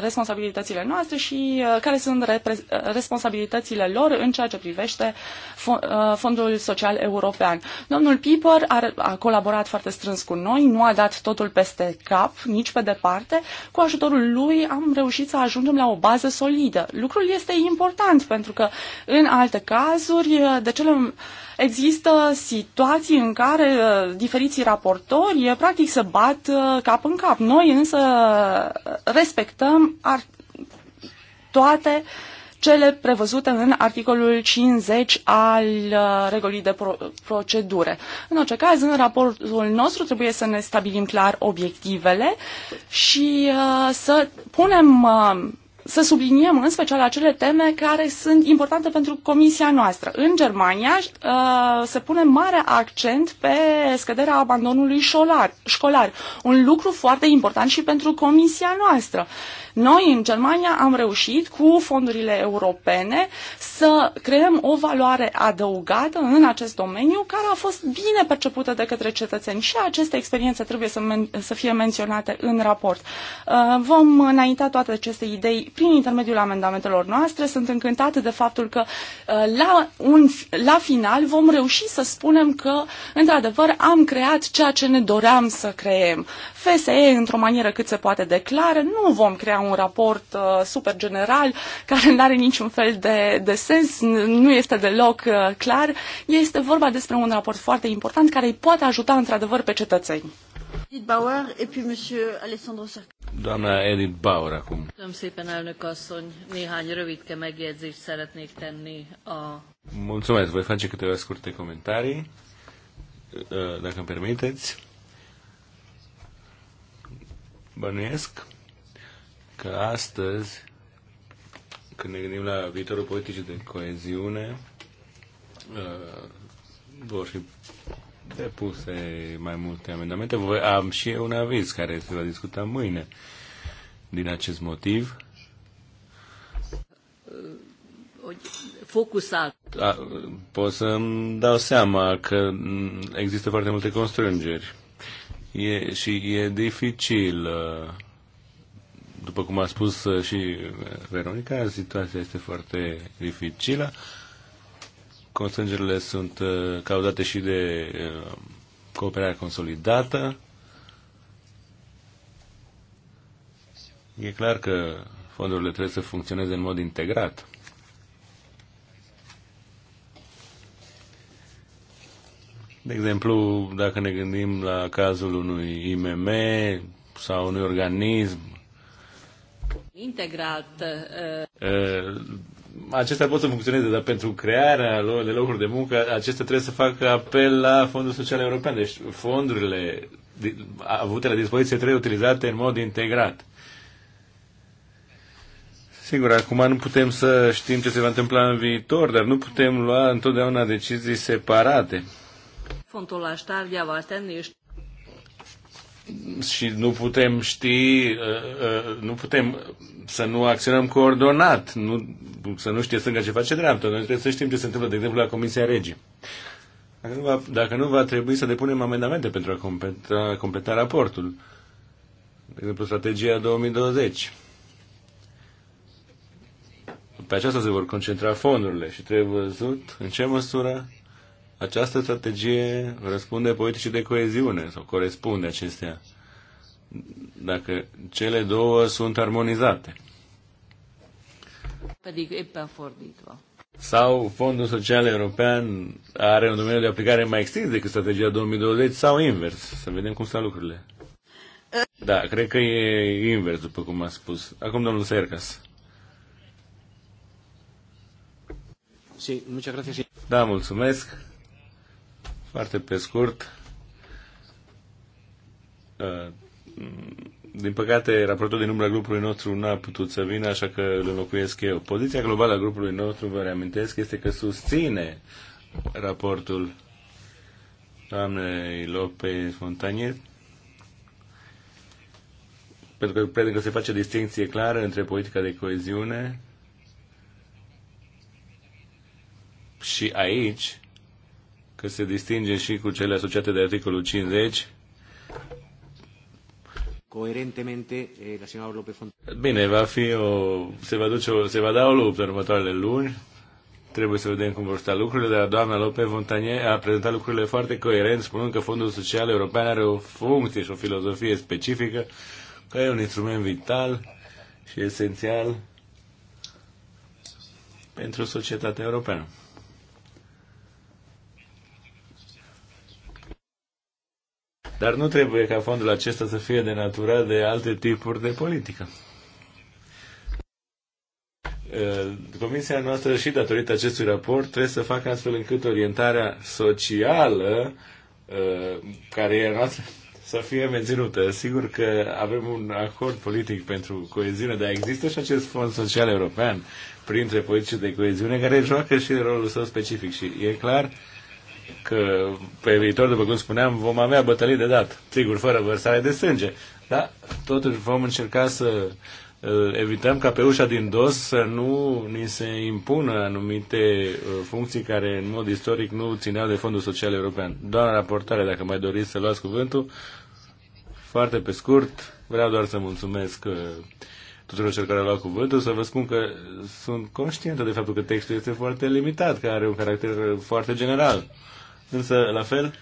responsabilitățile noastre și uh, care sunt responsabilitățile lor în ceea ce privește Fondul Social European. Domnul Piper a, a colaborat foarte strâns cu noi, nu a dat totul peste cap, nici pe departe. Cu ajutorul lui am reușit să ajungem la o bază solidă. Lucrul este important pentru că în alte cazuri, de cele Există situații în care uh, diferiții raportori uh, practic se bat uh, cap în cap. Noi însă respectăm toate cele prevăzute în articolul 50 al regulii de pro- procedură. În orice caz, în raportul nostru trebuie să ne stabilim clar obiectivele și uh, să punem uh, să subliniem în special acele teme care sunt importante pentru comisia noastră. În Germania uh, se pune mare accent pe scăderea abandonului șolar, școlar, un lucru foarte important și pentru comisia noastră. Noi, în Germania, am reușit cu fondurile europene să creăm o valoare adăugată în acest domeniu care a fost bine percepută de către cetățeni și aceste experiențe trebuie să, men- să fie menționate în raport. Uh, vom înainta toate aceste idei prin intermediul amendamentelor noastre. Sunt încântat de faptul că uh, la, un, la final vom reuși să spunem că, într-adevăr, am creat ceea ce ne doream să creem. FSE, într-o manieră cât se poate de clară, nu vom crea un raport uh, super general care nu are niciun fel de, de sens, nu este deloc uh, clar. Este vorba despre un raport foarte important care îi poate ajuta într-adevăr pe cetățeni. Edith Bauer, et puis monsieur Alessandro Sarkozy. Doamna Edith Bauer acum. Köszönöm szépen, elnök asszony. Néhány rövidke megjegyzést szeretnék tenni a... Mulțumesc, voi face câteva scurte comentarii, uh, dacă îmi permiteți. Bănuiesc că astăzi, când ne gândim la viitorul politicii de coeziune, uh, vor fi depuse mai multe amendamente. am și eu un aviz care se va discuta mâine. Din acest motiv, focusat. Da, pot să-mi dau seama că există foarte multe constrângeri e, și e dificil uh, după cum a spus uh, și uh, Veronica, situația este foarte dificilă. Constrângerile sunt uh, cauzate și de cooperarea consolidată. E clar că fondurile trebuie să funcționeze în mod integrat. De exemplu, dacă ne gândim la cazul unui IMM sau unui organism integrat. Uh, acestea pot să funcționeze, dar pentru crearea lor de locuri de muncă, acestea trebuie să facă apel la Fondul Social European. Deci fondurile avute la dispoziție trebuie utilizate în mod integrat. Sigur, acum nu putem să știm ce se va întâmpla în viitor, dar nu putem lua întotdeauna decizii separate. Fondul lá estar nu a și nu putem ști, uh, uh, nu putem să nu acționăm coordonat, nu, să nu știe stânga ce face dreapta. Noi trebuie să știm ce se întâmplă, de exemplu, la Comisia Regii. Dacă nu va, dacă nu va trebui să depunem amendamente pentru a completa, completa raportul. De exemplu, strategia 2020. Pe aceasta se vor concentra fondurile și trebuie văzut în ce măsură această strategie răspunde politicii de coeziune sau corespunde acestea, dacă cele două sunt armonizate. Sau Fondul Social European are un domeniu de aplicare mai extins decât strategia 2020 sau invers? Să vedem cum stau lucrurile. Da, cred că e invers, după cum a spus. Acum domnul Sercas. Da, mulțumesc. Foarte pe scurt, uh, din păcate, raportul din umbra grupului nostru nu a putut să vină, așa că îl înlocuiesc eu. Poziția globală a grupului nostru, vă reamintesc, este că susține raportul doamnei Lopez Fontanier, pentru că cred că se face distinție clară între politica de coeziune și aici că se distinge și cu cele asociate de articolul 50. Coerentemente, eh, la senador López Bine, va fi o, se, va duce o, se va da o luptă următoarele luni. Trebuie să vedem cum vor sta lucrurile, dar doamna Lope Fontanier a prezentat lucrurile foarte coerent, spunând că Fondul Social European are o funcție și o filozofie specifică, că e un instrument vital și esențial pentru societatea europeană. Dar nu trebuie ca fondul acesta să fie denaturat de alte tipuri de politică. Uh, comisia noastră și datorită acestui raport trebuie să facă astfel încât orientarea socială uh, care e noastră să fie menținută. Sigur că avem un acord politic pentru coeziune, dar există și acest fond social european printre politici de coeziune care joacă și rolul său specific și e clar că pe viitor, după cum spuneam, vom avea bătălii de dat. Sigur, fără vărsare de sânge. Dar totuși vom încerca să uh, evităm ca pe ușa din dos să nu ni se impună anumite uh, funcții care în mod istoric nu țineau de Fondul Social European. Doamna raportare, dacă mai doriți să luați cuvântul, foarte pe scurt, vreau doar să mulțumesc uh, tuturor celor care au luat cuvântul, să vă spun că sunt conștientă de faptul că textul este foarte limitat, că are un caracter foarte general. Însă, la fel,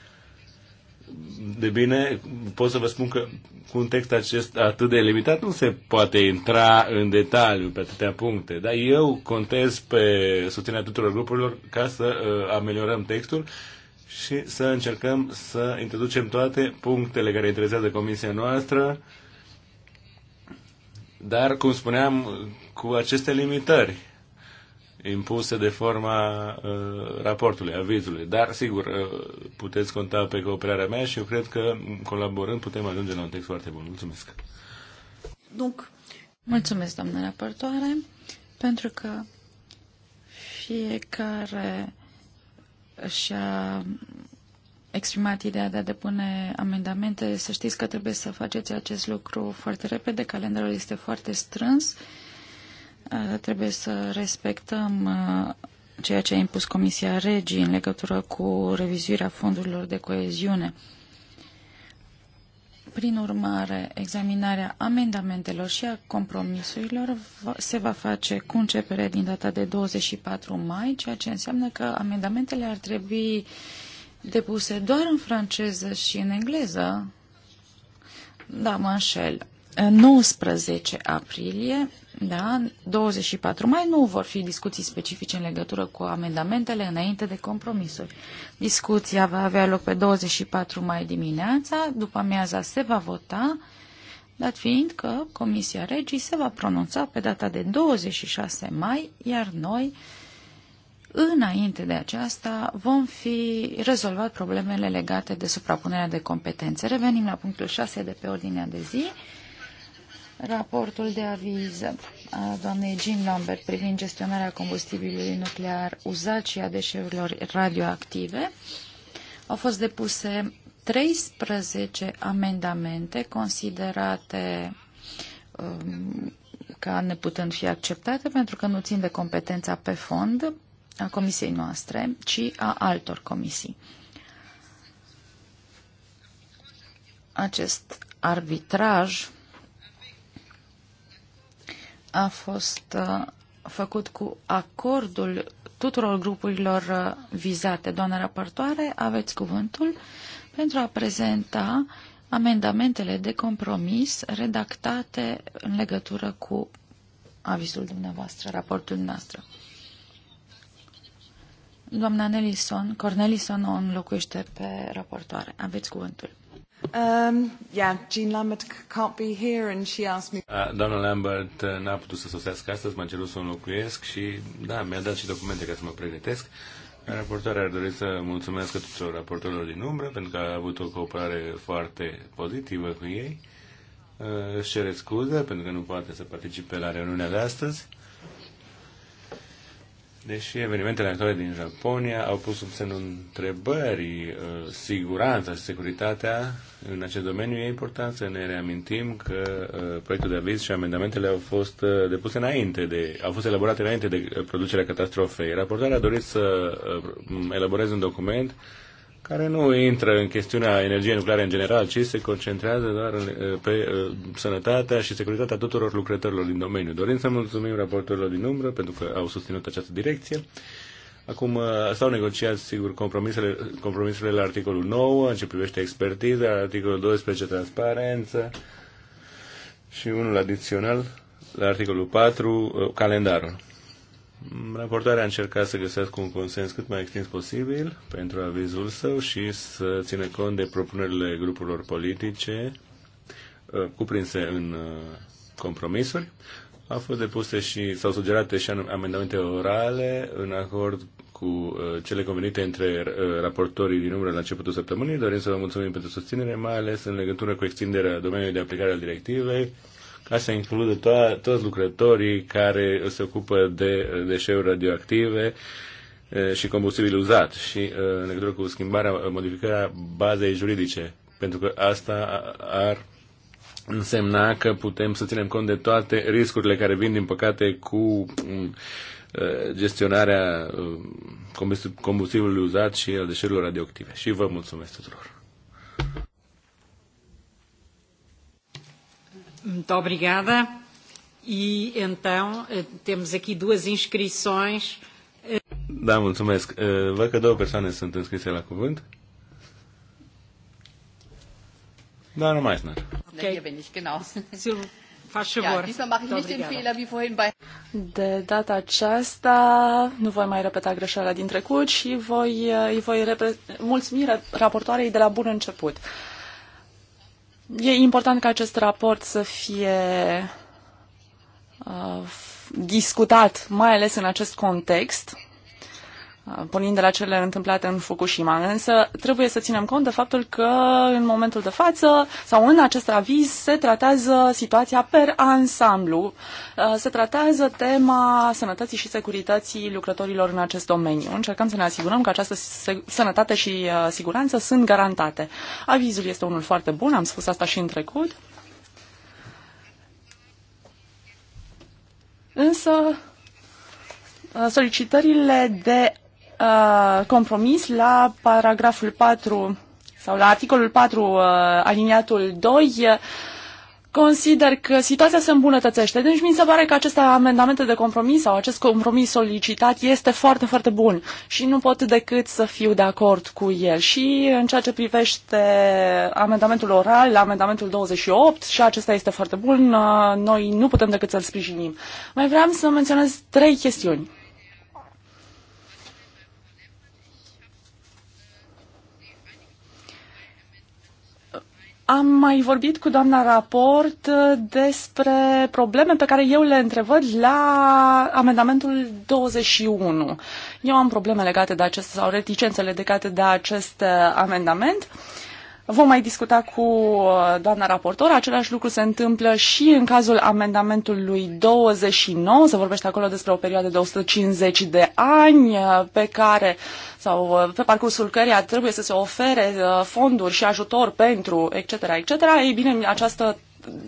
de bine, pot să vă spun că cu un text acest atât de limitat nu se poate intra în detaliu pe atâtea puncte, dar eu contez pe susținerea tuturor grupurilor ca să uh, ameliorăm textul și să încercăm să introducem toate punctele care interesează comisia noastră, dar, cum spuneam, cu aceste limitări impuse de forma uh, raportului, avizului. Dar, sigur, uh, puteți conta pe cooperarea mea și eu cred că, mm, colaborând, putem ajunge la un text foarte bun. Mulțumesc! Donc. Mulțumesc, doamnă raportoare, pentru că fiecare și-a exprimat ideea de a depune amendamente. Să știți că trebuie să faceți acest lucru foarte repede, calendarul este foarte strâns. Uh, Eh, trebuie să respectăm eh, ceea ce a impus Comisia Regii în legătură cu revizuirea fondurilor de coeziune. Prin urmare, examinarea amendamentelor și a compromisurilor se va face cu începere din data de 24 mai, ceea ce înseamnă că amendamentele ar trebui depuse doar în franceză și în engleză. Da, mă înșel. 19 aprilie da, 24 mai nu vor fi discuții specifice în legătură cu amendamentele înainte de compromisuri. Discuția va avea loc pe 24 mai dimineața, după amiaza se va vota, dat fiind că Comisia Regii se va pronunța pe data de 26 mai, iar noi, înainte de aceasta, vom fi rezolvat problemele legate de suprapunerea de competențe. Revenim la punctul 6 de pe ordinea de zi raportul de aviz a doamnei Jean Lambert privind gestionarea combustibilului nuclear uzat și a deșeurilor radioactive. Au fost depuse 13 amendamente considerate um, ca neputând fi acceptate pentru că nu țin de competența pe fond a comisiei noastre, ci a altor comisii. Acest arbitraj a fost uh, făcut cu acordul tuturor grupurilor uh, vizate. Doamna raportoare, aveți cuvântul pentru a prezenta amendamentele de compromis redactate în legătură cu avizul dumneavoastră, raportul dumneavoastră. Doamna Nelison, Cornelison o înlocuiește pe raportoare. Aveți cuvântul. Um, yeah, Jean Lambert can't be here and she asked me... Uh, Doamna Lambert uh, n-a putut să sosească astăzi, m-a cerut să o înlocuiesc și, da, mi-a dat și documente ca să mă pregătesc. Raportoarea ar dori să mulțumesc tuturor raportorilor din umbră pentru că a avut o cooperare foarte pozitivă cu ei. Uh, își cere scuze pentru că nu poate să participe la reuniunea de astăzi Deși evenimentele actuale din Japonia au pus sub semnul întrebării uh, siguranța și securitatea în acest domeniu, e important să ne reamintim că uh, proiectul de aviz și amendamentele au fost uh, depuse înainte de, au fost elaborate înainte de producerea catastrofei. Raportarea a dorit să elaboreze un document care nu intră în chestiunea energiei nucleare în general, ci se concentrează doar în, eh, pe eh, sănătatea și securitatea tuturor lucrătorilor din domeniu. Dorim să mulțumim raportorilor din umbră pentru că au susținut această direcție. Acum eh, s-au negociat, sigur, compromisurile, compromisurile la articolul 9, în ce privește expertiza, la articolul 12, transparență și unul adițional, la articolul 4, calendarul. Raportarea a încercat să găsească un consens cât mai extins posibil pentru avizul său și să țină cont de propunerile grupurilor politice uh, cuprinse în uh, compromisuri. A fost depuse și, sau sugerate și amendamente orale în acord cu uh, cele convenite între raportorii din umbră la începutul săptămânii. Dorim să vă mulțumim pentru susținere, mai ales în legătură cu extinderea domeniului de aplicare al directivei ca să includă to- toți lucrătorii care se ocupă de uh, deșeuri radioactive uh, și combustibil uzat și uh, în legătură cu schimbarea, modificarea bazei juridice, pentru că asta ar însemna că putem să ținem cont de toate riscurile care vin, din păcate, cu um, gestionarea um, combustibilului uzat și al deșeurilor radioactive. Și vă mulțumesc tuturor! Muito obrigada. E então eh, temos aqui duas inscrições. Eh, da, mulțumesc. Eh, văd că două persoane sunt înscrise la cuvânt. Da, nu mai sunt. Okay. De data aceasta nu voi mai repeta greșeala din trecut și voi, îi voi repre- mulțumi raportoarei de la bun început. E important ca acest raport să fie uh, discutat, mai ales în acest context, Uh, pornind de la cele întâmplate în Fukushima. Însă trebuie să ținem cont de faptul că în momentul de față sau în acest aviz se tratează situația per ansamblu, uh, se tratează tema sănătății și securității lucrătorilor în acest domeniu. Încercăm să ne asigurăm că această sănătate și uh, siguranță sunt garantate. Avizul este unul foarte bun, am spus asta și în trecut. Însă solicitările de uh, compromis la paragraful 4 sau la articolul 4 uh, aliniatul 2 uh, consider că situația se îmbunătățește. Deci mi se pare că aceste amendamente de compromis sau acest compromis solicitat este foarte, foarte bun și nu pot decât să fiu de acord cu el. Și în ceea ce privește amendamentul oral, amendamentul 28, și acesta este foarte bun, uh, noi nu putem decât să-l sprijinim. Mai vreau să menționez trei chestiuni. Am mai vorbit cu doamna raport uh, despre probleme pe care eu le întrevăd la amendamentul 21. Eu am probleme legate de acest sau reticențe legate de acest uh, amendament. Uh, Vom mai discuta cu uh, doamna raportor. Același lucru se întâmplă și în cazul amendamentului 29. Se vorbește acolo despre o perioadă de 150 de ani uh, pe care sau uh, pe parcursul căreia trebuie să se ofere fonduri și ajutor pentru etc. etc. Ei bine, această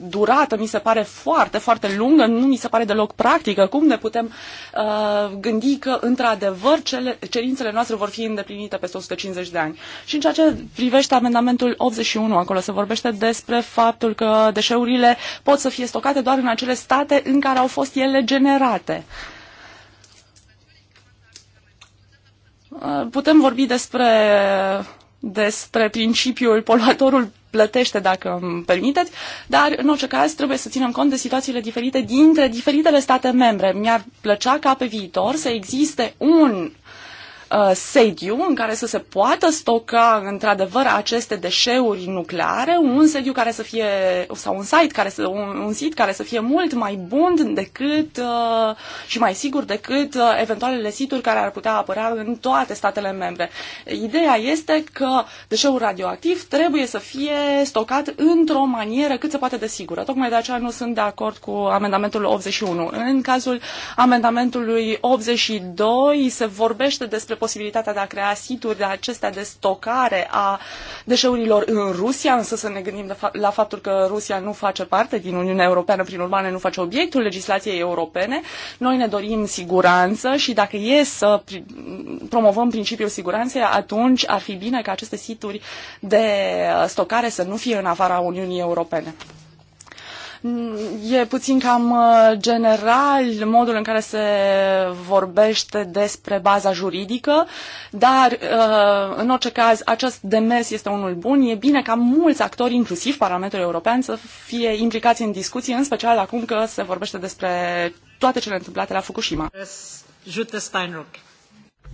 durată mi se pare foarte, foarte lungă, nu mi se pare deloc practică. Cum ne putem uh, gândi că, într-adevăr, cele, cerințele noastre vor fi îndeplinite peste 150 de ani? Și în ceea ce privește amendamentul 81, acolo se vorbește despre faptul că deșeurile pot să fie stocate doar în acele state în care au fost ele generate. Uh, putem vorbi despre despre principiul poluatorul plătește, dacă îmi permiteți, dar în orice caz trebuie să ținem cont de situațiile diferite dintre diferitele state membre. Mi-ar plăcea ca pe viitor să existe un Uh, sediu în care să se poată stoca într-adevăr aceste deșeuri nucleare, un sediu care să fie, sau un site care să, un, un sit care să fie mult mai bun decât uh, și mai sigur decât uh, eventualele situri care ar putea apărea în toate statele membre. Ideea este că deșeul radioactiv trebuie să fie stocat într-o manieră cât se poate de sigură. Tocmai de aceea nu sunt de acord cu amendamentul 81. În cazul amendamentului 82 se vorbește despre posibilitatea de a crea situri de acestea de stocare a deșeurilor în Rusia, însă să ne gândim fa la faptul că Rusia nu face parte din Uniunea Europeană, prin urmare nu face obiectul legislației europene. Noi ne dorim siguranță și dacă e să promovăm principiul siguranței, atunci ar fi bine ca aceste situri de stocare să nu fie în afara Uniunii Europene. E puțin cam uh, general modul în care se vorbește despre baza juridică, dar uh, în orice caz acest demers este unul bun. E bine ca mulți actori, inclusiv Parlamentul European, să fie implicați în discuții, în special acum că se vorbește despre toate cele întâmplate la Fukushima. Jutta Steinruck.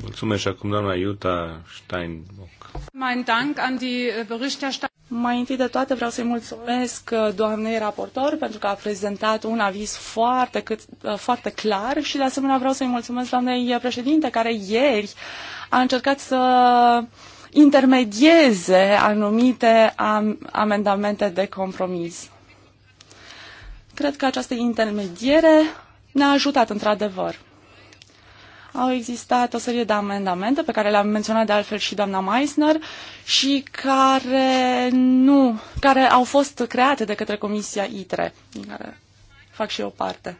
Mulțumesc acum doamna Iuta Steinbock. Mein Dank an die Berichterstatter. Mai întâi de toate vreau să-i mulțumesc uh, doamnei raportor pentru că a prezentat un aviz foarte, cât, uh, foarte clar și de asemenea vreau să-i mulțumesc doamnei președinte care ieri a încercat să intermedieze anumite am, amendamente de compromis. Cred că această intermediere ne-a ajutat într-adevăr. Au existat o serie de amendamente pe care le-am menționat de altfel și doamna Meissner și care, nu, care au fost create de către Comisia ITRE, din care fac și eu parte.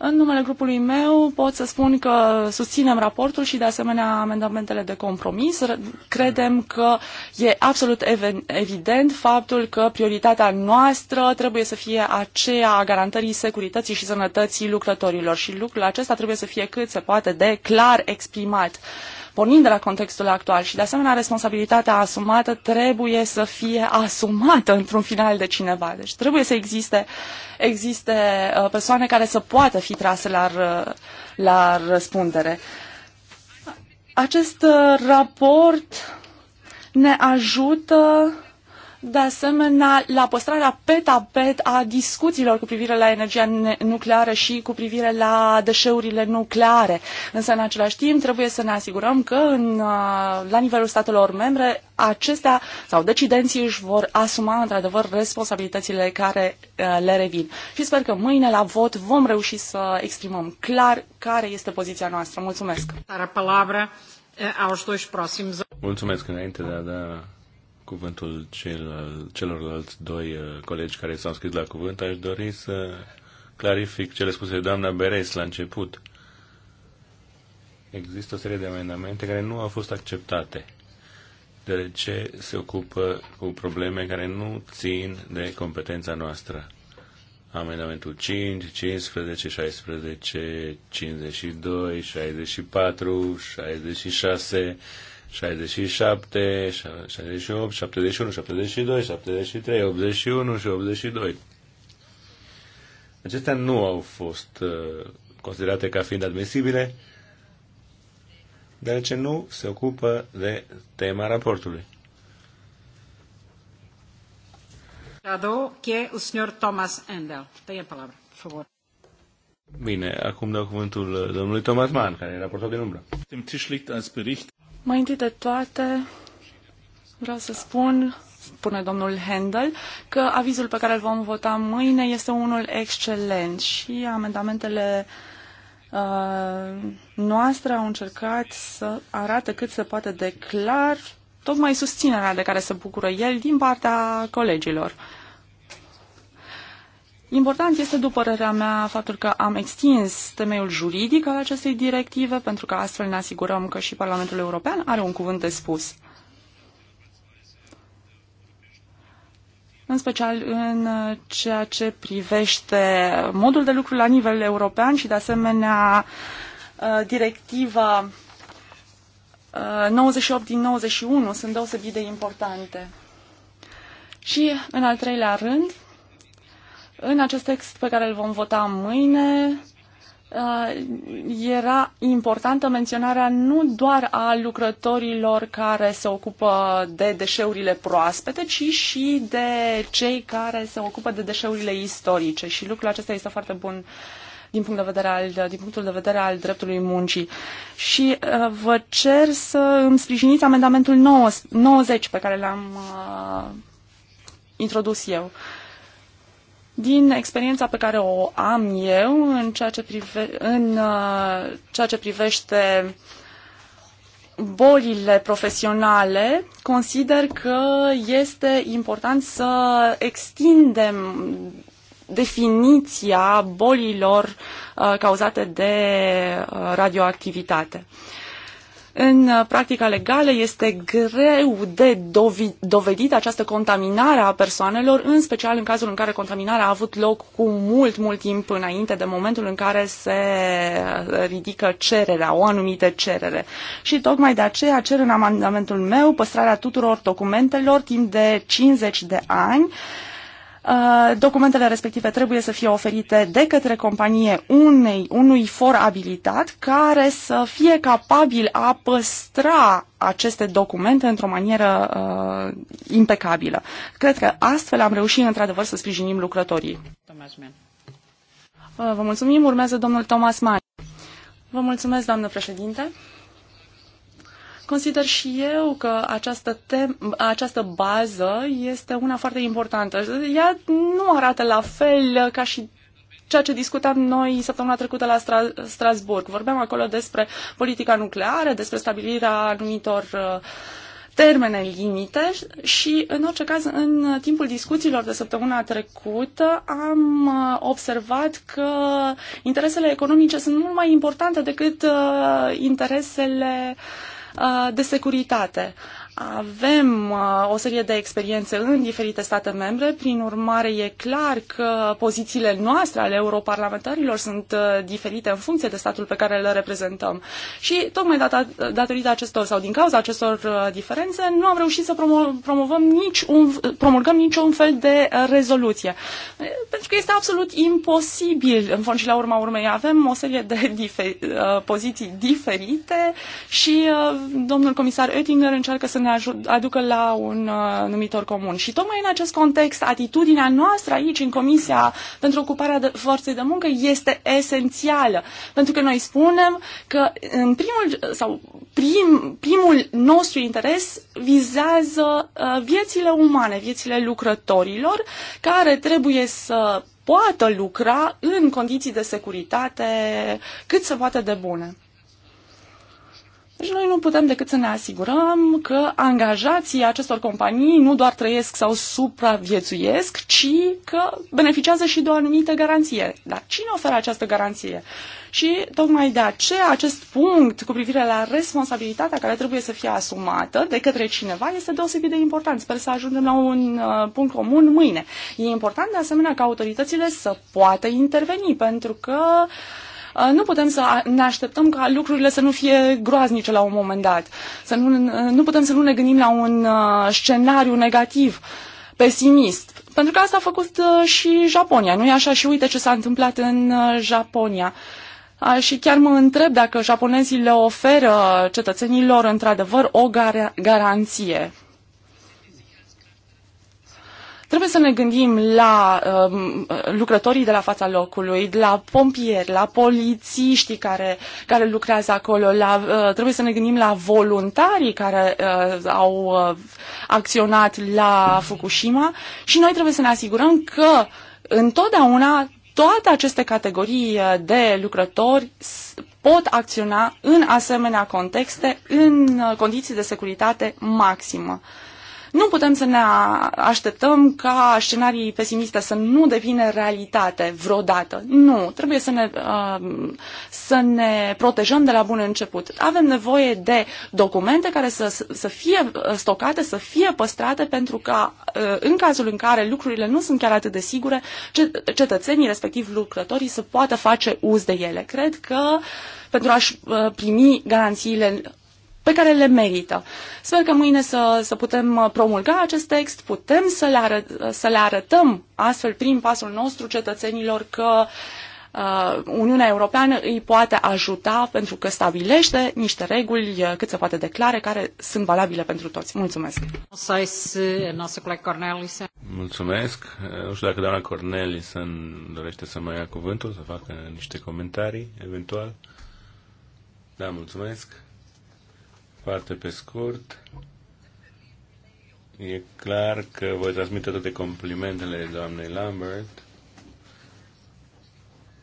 În numele grupului meu pot să spun că susținem raportul și de asemenea amendamentele de compromis. Credem că e absolut evident faptul că prioritatea noastră trebuie să fie aceea a garantării securității și sănătății lucrătorilor și lucrul acesta trebuie să fie cât se poate de clar exprimat. Uh, pornind de la contextul actual și, de asemenea, responsabilitatea asumată trebuie să fie asumată într-un final de cineva. Deci trebuie să existe, existe uh, persoane care să poată fi trase la, la răspundere. Acest uh, raport ne ajută de asemenea la păstrarea pe tapet a discuțiilor cu privire la energia nucleară și cu privire la deșeurile nucleare. Însă, în același timp, trebuie să ne asigurăm că în, uh, la nivelul statelor membre acestea sau decidenții își vor asuma într-adevăr responsabilitățile care uh, le revin. Și sper că mâine la vot vom reuși să exprimăm clar care este poziția noastră. Mulțumesc! Uh, Mulțumesc înainte de a da cuvântul cel, celorlalți doi uh, colegi care s-au scris la cuvânt, aș dori să clarific cele spuse de doamna Beres la început. Există o serie de amendamente care nu au fost acceptate, deoarece se ocupă cu probleme care nu țin de competența noastră. Amendamentul 5, 15, 16, 52, 64, 66, 67, 68, 71, 72, 73, 81 și 82. Acestea nu au fost uh, considerate ca fiind admisibile, deoarece nu se ocupă de tema raportului. Bine, acum dau cuvântul uh, domnului Thomas Mann, care e raportor din umbră. Mai întâi de toate, vreau să spun, spune domnul Handel, că avizul pe care îl vom vota mâine este unul excelent și amendamentele uh, noastre au încercat să arate cât se poate de clar tocmai susținerea de care se bucură el din partea colegilor. Important este, după părerea mea, faptul că am extins temeiul juridic al acestei directive, pentru că astfel ne asigurăm că și Parlamentul European are un cuvânt de spus. în special în ceea ce privește modul de lucru la nivel european și, de asemenea, uh, directiva 98 uh, din 91 sunt deosebit de importante. Și, în al treilea rând, în acest text pe care îl vom vota mâine, uh, era importantă menționarea nu doar a lucrătorilor care se ocupă de deșeurile proaspete, ci și de cei care se ocupă de deșeurile istorice și lucrul acesta este foarte bun din, punct de vedere al, din punctul de vedere al dreptului muncii. Și uh, vă cer să îmi sprijiniți amendamentul 90 pe care l-am uh, introdus eu. Din experiența pe care o am eu în ceea ce, prive- în, uh, ceea ce privește bolile profesionale, consider că este important să extindem definiția bolilor uh, cauzate de uh, radioactivitate. Uh, în uh, practica legală este greu de dovedit această contaminare a persoanelor, în special în cazul în care contaminarea a avut loc cu mult, mult timp înainte de momentul în care se uh, ridică cererea, o anumită cerere. Și tocmai de aceea cer în amendamentul meu păstrarea tuturor documentelor timp de 50 de ani, Uh, documentele respective trebuie să fie oferite de către companie unei, unui for abilitat care să fie capabil a păstra aceste documente într-o manieră uh, impecabilă. Cred că astfel am reușit într-adevăr să sprijinim lucrătorii. Uh, vă mulțumim. Urmează domnul Thomas Mann. Vă mulțumesc, doamnă președinte. Consider și eu că această, tem- această bază este una foarte importantă. Ea nu arată la fel ca și ceea ce discutam noi săptămâna trecută la Stra- Strasburg. Vorbeam acolo despre politica nucleară, despre stabilirea anumitor uh, termene limite și, în orice caz, în timpul discuțiilor de săptămâna trecută am uh, observat că interesele economice sunt mult mai importante decât uh, interesele uh, Uh, de securitate. Avem uh, o serie de experiențe în diferite state membre, prin urmare e clar că pozițiile noastre ale europarlamentarilor sunt uh, diferite în funcție de statul pe care le reprezentăm. Și tocmai dat datorită acestor sau din cauza acestor uh, diferențe nu am reușit să promo promovăm nici un, promulgăm niciun fel de rezoluție. Pentru că este absolut imposibil, în fond și la urma urmei avem o serie de dife poziții diferite și domnul comisar Oettinger încearcă să ne ne aducă la un uh, numitor comun. Și tocmai în acest context, atitudinea noastră aici, în Comisia pentru Ocuparea de Forței de Muncă, este esențială. Pentru că noi spunem că în primul, sau prim, primul nostru interes vizează uh, viețile umane, viețile lucrătorilor, care trebuie să poată lucra în condiții de securitate cât se poate de bune. Deci noi nu putem decât să ne asigurăm că angajații acestor companii nu doar trăiesc sau supraviețuiesc, ci că beneficiază și de o anumită garanție. Dar cine oferă această garanție? Și tocmai de aceea acest punct cu privire la responsabilitatea care trebuie să fie asumată de către cineva este deosebit de important. Sper să ajungem la un uh, punct comun mâine. E important de asemenea ca autoritățile să poată interveni pentru că uh, Uh, nu putem să ne așteptăm ca lucrurile să nu fie groaznice la un moment dat. Să nu, uh, nu putem să nu ne gândim la un uh, scenariu negativ, pesimist. Pentru că asta a făcut și Japonia, nu e așa? Și uite ce s-a întâmplat în Japonia. Și chiar mă întreb dacă japonezii le oferă cetățenilor într-adevăr o gar- garanție. Trebuie să ne gândim la um, lucrătorii de la fața locului, la pompieri, la polițiștii care, care lucrează acolo, la, uh, trebuie să ne gândim la voluntarii care uh, au uh, acționat la Fukushima și noi trebuie să ne asigurăm că întotdeauna toate aceste categorii uh, de lucrători pot acționa în asemenea contexte, în uh, condiții de securitate maximă. Nu putem să ne așteptăm ca scenarii pesimiste să nu devină realitate vreodată. Nu, trebuie să ne, uh, să ne protejăm de la bun început. Avem nevoie de documente care să, să fie uh, stocate, să fie păstrate, pentru că uh, în cazul în care lucrurile nu sunt chiar atât de sigure, cetățenii, respectiv lucrătorii, să poată face uz de ele. Cred că pentru a-și primi garanțiile pe care le merită. Sper că mâine să, să putem uh, promulga acest text, putem să le, arăt, uh, să le arătăm astfel prin pasul nostru cetățenilor că uh, Uniunea Europeană îi poate ajuta pentru că stabilește niște reguli uh, cât se poate declare care sunt valabile pentru toți. Mulțumesc! Mulțumesc! Nu știu dacă doamna Cornelison dorește să mai ia cuvântul, să facă niște comentarii, eventual. Da, mulțumesc! Foarte pe scurt, e clar că voi transmite toate complimentele doamnei Lambert.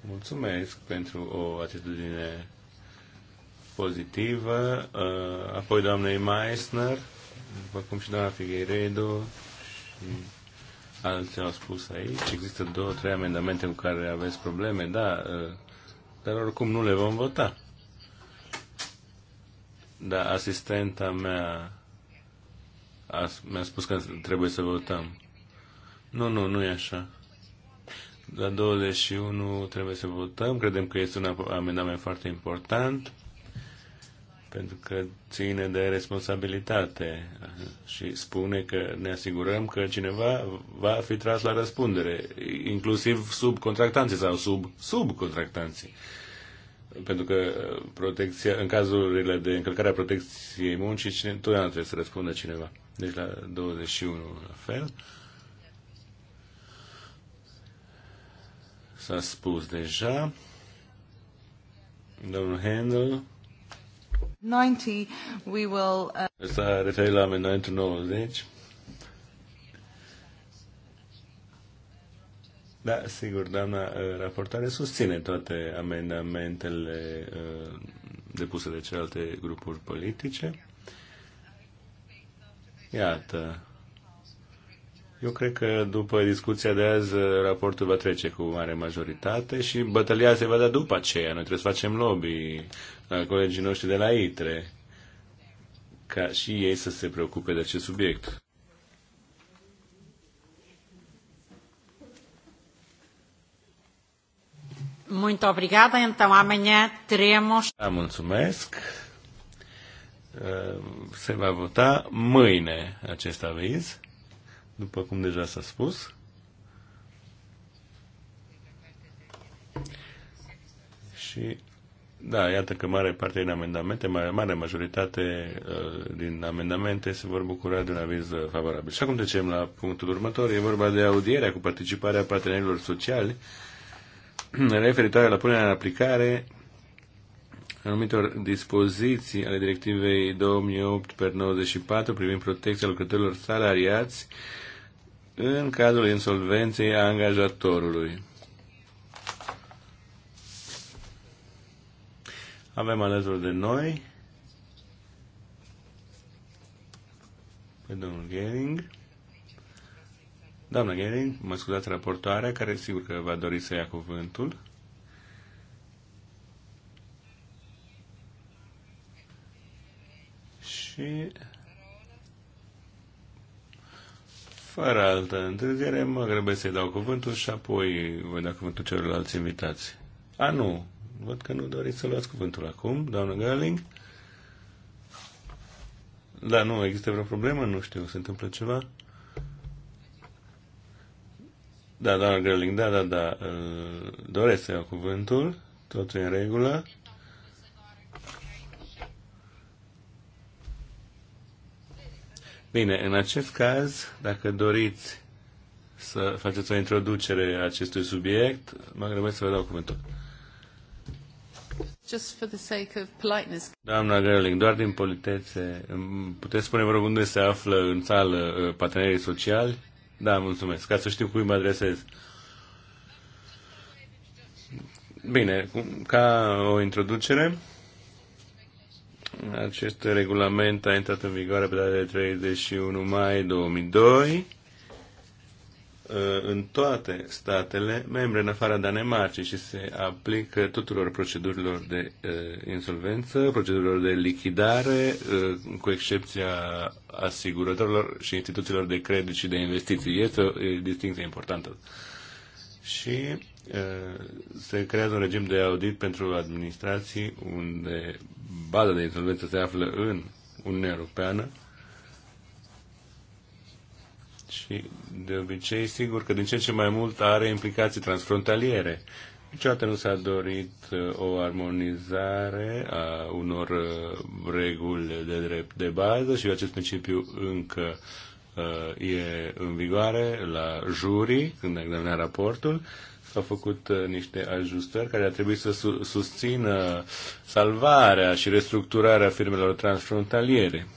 Mulțumesc pentru o atitudine pozitivă. Uh, apoi doamnei Meissner, după cum și doamna Figueiredo și alții au spus aici, există două, trei amendamente cu care aveți probleme, da, uh, dar oricum nu le vom vota. Da, asistenta mea a, mi-a spus că trebuie să votăm. Nu, nu, nu e așa. La 21 trebuie să votăm. Credem că este un amendament foarte important pentru că ține de responsabilitate și spune că ne asigurăm că cineva va fi tras la răspundere, inclusiv subcontractanții sau sub subcontractanții pentru că uh, protecția, în cazurile de încălcare a protecției muncii, cine, totdeauna trebuie să răspundă cineva. Deci la 21 la fel. S-a spus deja. Domnul Handel. 90, we will... Uh... S-a referit la amendamentul 90. Da, sigur, doamna uh, raportare susține toate amendamentele uh, depuse de celelalte grupuri politice. Iată. Eu cred că după discuția de azi, uh, raportul va trece cu mare majoritate și bătălia se va da după aceea. Noi trebuie să facem lobby la colegii noștri de la ITRE ca și ei să se preocupe de acest subiect. Muito obrigada. Então, amanhã teremos... Ah, mulțumesc. Eh, se va vota mâine acest aviz, după cum deja s-a spus. Și da, iată că mare parte din amendamente, mare, majoritate eh, din amendamente se vor bucura de un aviz favorabil. Și acum trecem la punctul următor. E vorba de audierea cu participarea partenerilor sociali referitoare la punerea în aplicare anumitor dispoziții ale directivei 2008 per 94 privind protecția lucrătorilor salariați în cazul insolvenței a angajatorului. Avem alături de noi pe domnul Gering Doamna Gherin, mă scuzați raportoarea, care sigur că va dori să ia cuvântul. Și fără altă întârziere, mă grăbesc să-i dau cuvântul și apoi voi da cuvântul celorlalți invitați. A, nu. Văd că nu doriți să luați cuvântul acum, doamnă Gerling. Da, nu, există vreo problemă? Nu știu, se întâmplă ceva? Da, doamna Gröling, da, da, da, doresc să iau cuvântul, totul în regulă. Bine, în acest caz, dacă doriți să faceți o introducere a acestui subiect, mă grăbesc să vă dau cuvântul. Just for the sake of politeness. Doamna Gerling, doar din politețe, puteți spune, vă rog, unde se află în sală uh, partenerii sociali? Da, mulțumesc. Ca să știu cui mă adresez. Bine, ca o introducere, acest regulament a intrat în vigoare pe data de 31 mai 2002 Uh, în toate statele membre, în afara Danemarcei, și se aplică tuturor procedurilor de uh, insolvență, procedurilor de lichidare, uh, cu excepția asigurătorilor și instituțiilor de credit și de investiții. Este o distinție importantă. Și uh, se creează un regim de audit pentru administrații unde baza de insolvență se află în Uniunea Europeană, și de obicei, sigur că din ce ce mai mult are implicații transfrontaliere. Niciodată nu s-a dorit uh, o armonizare a unor uh, reguli de drept de bază și acest principiu încă uh, e în vigoare la jurii când examina raportul. S-au făcut niște ajustări care ar trebui să susțină salvarea și restructurarea firmelor transfrontaliere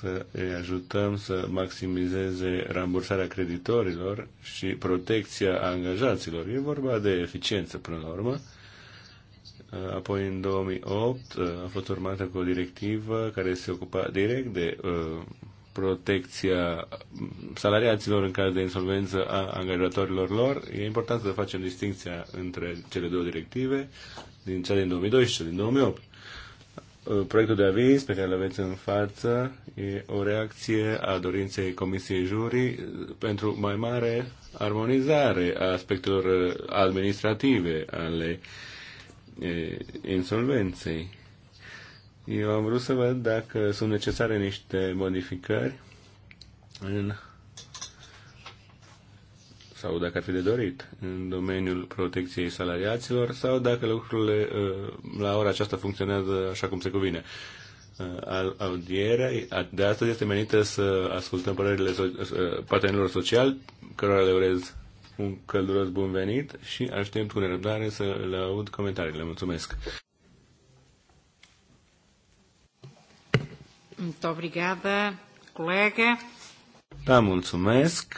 să îi ajutăm să maximizeze rambursarea creditorilor și protecția angajaților. E vorba de eficiență până la urmă. Apoi, în 2008, a fost urmată cu o directivă care se ocupa direct de uh, protecția salariaților în caz de insolvență a angajatorilor lor. E important să facem distinția între cele două directive, din cea din 2012 și cea din 2008. Uh, proiectul de aviz pe care îl aveți în față e o reacție a dorinței Comisiei Jurii uh, pentru mai mare armonizare a aspectelor uh, administrative ale insolvenței. Eu am vrut să văd dacă sunt necesare niște modificări în sau dacă ar fi de dorit în domeniul protecției salariaților sau dacă lucrurile uh, la ora aceasta funcționează așa cum se cuvine. Uh, audierea de astăzi este menită să ascultăm părerile uh, partenerilor sociali, cărora le urez un călduros bun venit și aștept cu nerăbdare să le aud comentariile. Mulțumesc! obrigada, colega. Da, mulțumesc,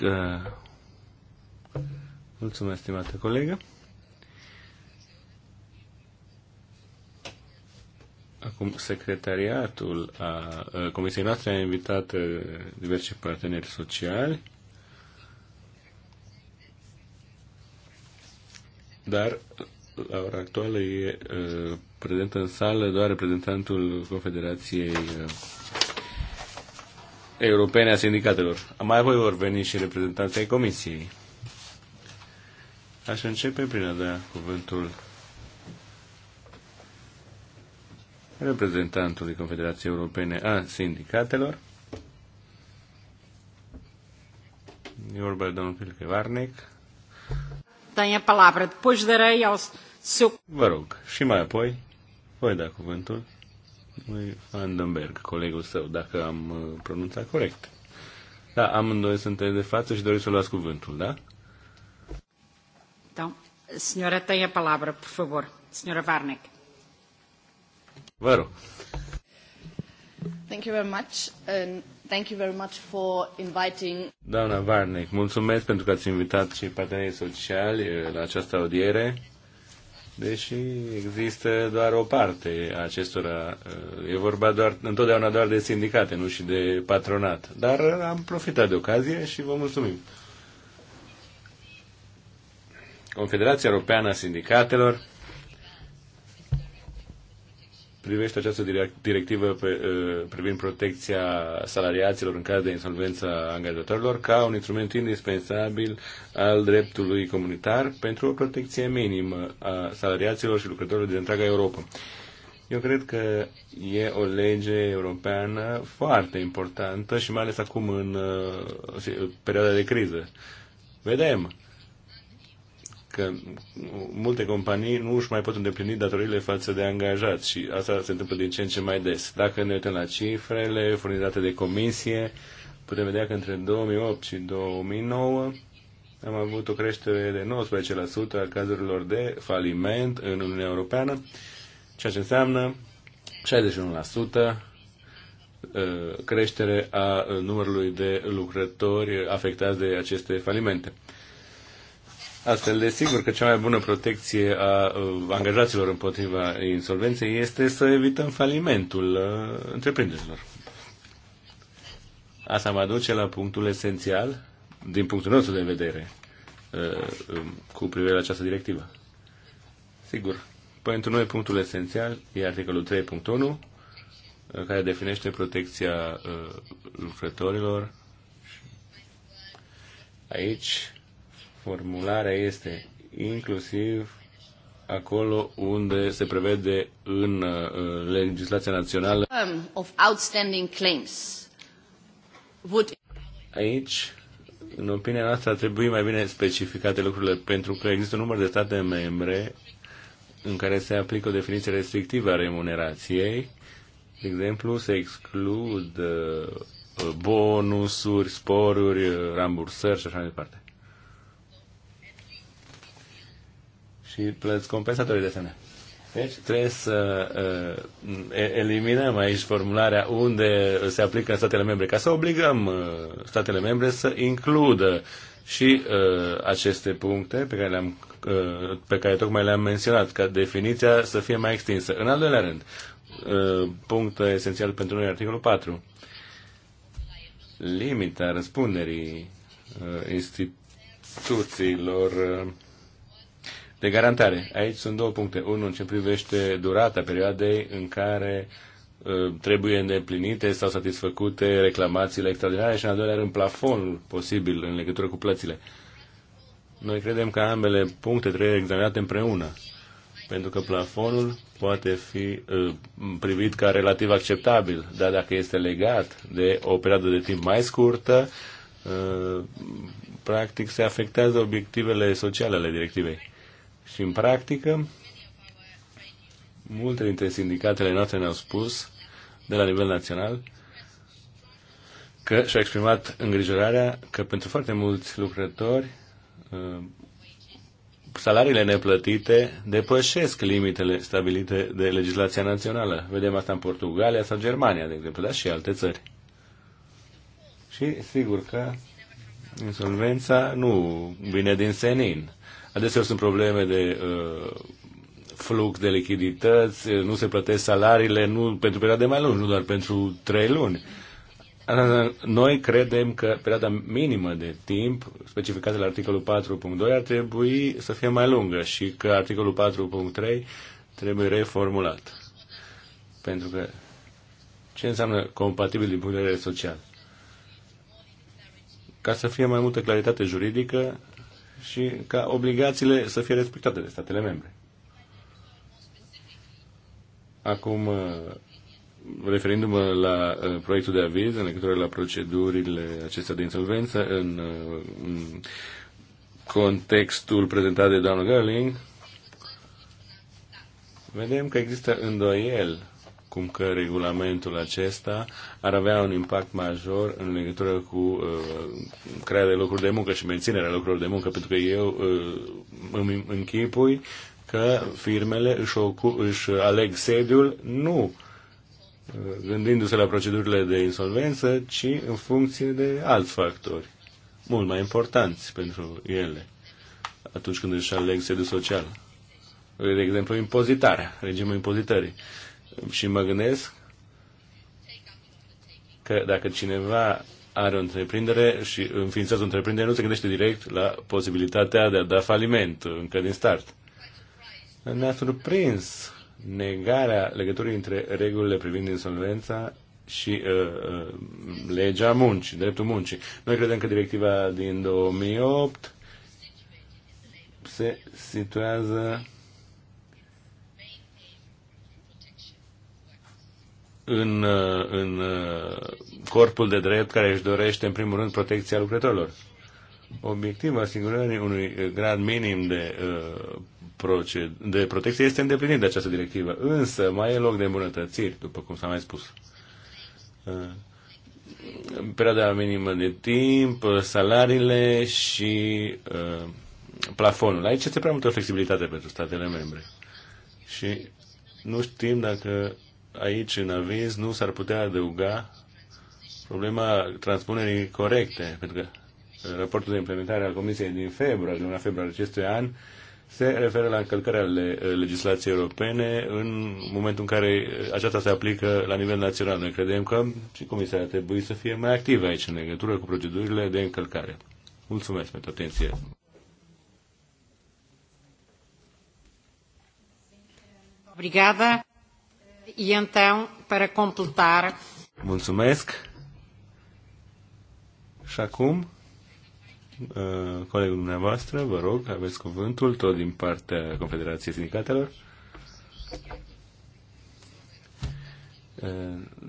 Mulțumesc, stimată colegă. Acum, secretariatul a comisiei noastre a invitat diverse parteneri sociali, dar la ora actuală e prezent în sală doar reprezentantul Confederației Europene a Sindicatelor. Mai voi vor veni și reprezentanții comisiei. Aș începe prin a da cuvântul reprezentantului Confederației Europene a Sindicatelor. E vorba de domnul Filipe Varnec. Tenha a palavra, depois darei ao seu... Vă rog, și mai apoi voi da cuvântul lui Vandenberg, colegul său, dacă am uh, pronunțat corect. Da, amândoi sunteți de față și doriți să luați cuvântul, da? Então, a senhora tem a palavra, por favor. Senhora Thank you very much. And thank you very much for inviting... Doamna mulțumesc pentru că ați invitat și partenerii sociali la această audiere. Deși există doar o parte a acestora, e vorba doar, întotdeauna doar de sindicate, nu și de patronat. Dar am profitat de ocazie și vă mulțumim. Confederația Europeană a Sindicatelor privește această directivă uh, privind protecția salariaților în caz de insolvență a angajatorilor ca un instrument indispensabil al dreptului comunitar pentru o protecție minimă a salariaților și lucrătorilor din întreaga Europa. Eu cred că e o lege europeană foarte importantă și mai ales acum în uh, perioada de criză. Vedem că multe companii nu își mai pot îndeplini datoriile față de angajați și asta se întâmplă din ce în ce mai des. Dacă ne uităm la cifrele furnizate de comisie, putem vedea că între 2008 și 2009 am avut o creștere de 19% a cazurilor de faliment în Uniunea Europeană, ceea ce înseamnă 61% uh, creștere a uh, numărului de lucrători afectați de aceste falimente. Astfel, desigur că cea mai bună protecție a uh, angajaților împotriva insolvenței este să evităm falimentul uh, întreprinderilor. Asta mă aduce la punctul esențial, din punctul nostru de vedere, uh, um, cu privire la această directivă. Sigur, pentru noi punctul esențial e articolul 3.1, care definește protecția lucrătorilor. Aici formularea este inclusiv acolo unde se prevede în uh, legislația națională. Of outstanding claims would... Aici, în opinia noastră, ar trebui mai bine specificate lucrurile, pentru că există un număr de state membre în care se aplică o definiție restrictivă a remunerației. De exemplu, se exclud uh, bonusuri, sporuri, uh, rambursări și așa mai departe. și plăți compensatorii de asemenea. Deci trebuie să uh, eliminăm aici formularea unde se aplică în statele membre, ca să obligăm uh, statele membre să includă și uh, aceste puncte pe care, le-am, uh, pe care tocmai le-am menționat, ca definiția să fie mai extinsă. În al doilea rând, uh, punct esențial pentru noi, articolul 4, limita răspunderii uh, instituțiilor uh, de garantare. Aici sunt două puncte. Unul în ce privește durata perioadei în care uh, trebuie îndeplinite sau satisfăcute reclamațiile extraordinare și, în al doilea rând, plafonul posibil în legătură cu plățile. Noi credem că ambele puncte trebuie examinate împreună, pentru că plafonul poate fi uh, privit ca relativ acceptabil, dar dacă este legat de o perioadă de timp mai scurtă, uh, practic se afectează obiectivele sociale ale directivei. Și în practică, multe dintre sindicatele noastre ne-au spus, de la nivel național, că și-a exprimat îngrijorarea că pentru foarte mulți lucrători uh, salariile neplătite depășesc limitele stabilite de legislația națională. Vedem asta în Portugalia sau Germania, de exemplu, dar și alte țări. Și sigur că insolvența nu vine din senin. Adeseori sunt probleme de uh, flux de lichidități, uh, nu se plătesc salariile nu pentru perioade mai lungi, nu doar pentru trei luni. Noi credem că perioada minimă de timp, specificată la articolul 4.2, ar trebui să fie mai lungă și că articolul 4.3 trebuie reformulat. Pentru că ce înseamnă compatibil din punct de vedere social? Ca să fie mai multă claritate juridică, și ca obligațiile să fie respectate de statele membre. Acum, uh, referindu-mă la uh, proiectul de aviz în legătură la procedurile acestea de insolvență, în, uh, în contextul prezentat de doamna Gerling, vedem că există îndoiel cum că regulamentul acesta ar avea un impact major în legătură cu uh, crearea de locuri de muncă și menținerea locurilor de muncă, pentru că eu uh, îmi închipui că firmele își, ocu- își aleg sediul nu uh, gândindu-se la procedurile de insolvență, ci în funcție de alți factori, mult mai importanți pentru ele, atunci când își aleg sediul social. De exemplu, impozitarea, regimul impozitării. Uh, și mă gândesc că dacă cineva are o întreprindere și înființează o întreprindere, nu se gândește direct la posibilitatea de a da faliment încă din start. Ne-a surprins negarea legăturii între regulile privind insolvența și uh, uh, legea muncii, dreptul muncii. Noi credem că directiva din 2008 se situează în, uh, în uh, corpul de drept care își dorește, în primul rând, protecția lucrătorilor. Obiectivul asigurării unui grad minim de, uh, de protecție este îndeplinit de această directivă, însă mai e loc de îmbunătățiri, după cum s-a mai spus perioada minimă de timp, salariile și plafonul. Aici este prea multă flexibilitate pentru statele membre. Și nu știm dacă aici, în aviz, nu s-ar putea adăuga problema transpunerii corecte, pentru că raportul de implementare al Comisiei din februarie, din luna februarie acestui an, se referă la încălcarea le, legislației europene în momentul în care aceasta se aplică la nivel național. Noi credem că și Comisia ar trebui să fie mai activă aici în legătură cu procedurile de încălcare. Mulțumesc pentru atenție. Obrigada. E então, para completar... Mulțumesc! Și acum, uh, colegul dumneavoastră, vă rog, aveți cuvântul, tot din partea Confederației Sindicatelor. Uh,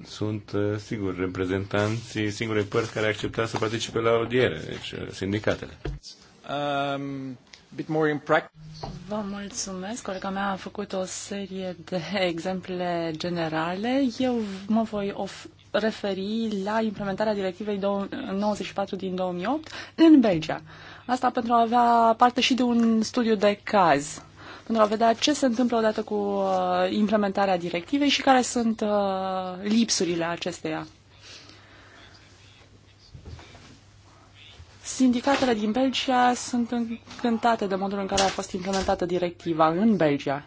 sunt, uh, sigur, reprezentanții singurei părți care acceptat să participe la audiere, deci sindicatele. Um... Vă mulțumesc. Colega mea a făcut o serie de exemple generale. Eu mă voi referi la implementarea directivei 94 din 2008 în Belgia. Asta pentru a avea parte și de un studiu de caz pentru a vedea ce se întâmplă odată cu uh, implementarea directivei și care sunt uh, lipsurile acesteia. Sindicatele din Belgia sunt încântate de modul în care a fost implementată directiva în Belgia.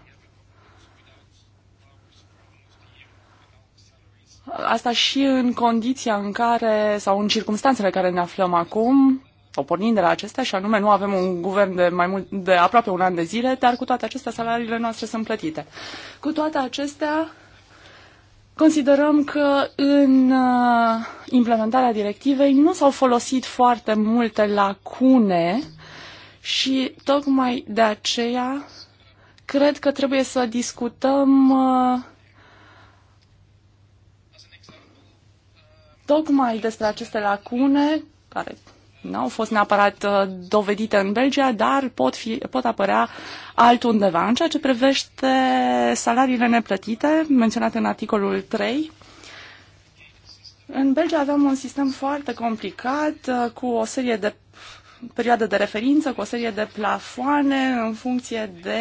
Asta și în condiția în care, sau în circunstanțele în care ne aflăm acum, o pornind de la acestea, și anume nu avem un guvern de mai mult de aproape un an de zile, dar cu toate acestea salariile noastre sunt plătite. Cu toate acestea, Considerăm că în uh, implementarea directivei nu s-au folosit foarte multe lacune și tocmai de aceea cred că trebuie să discutăm uh, tocmai despre aceste lacune care nu au fost neapărat uh, dovedite în Belgia, dar pot, fi, pot apărea altundeva. În ceea ce privește salariile neplătite, menționate în articolul 3, în Belgia avem un sistem foarte complicat uh, cu o serie de perioade de referință, cu o serie de plafoane în funcție de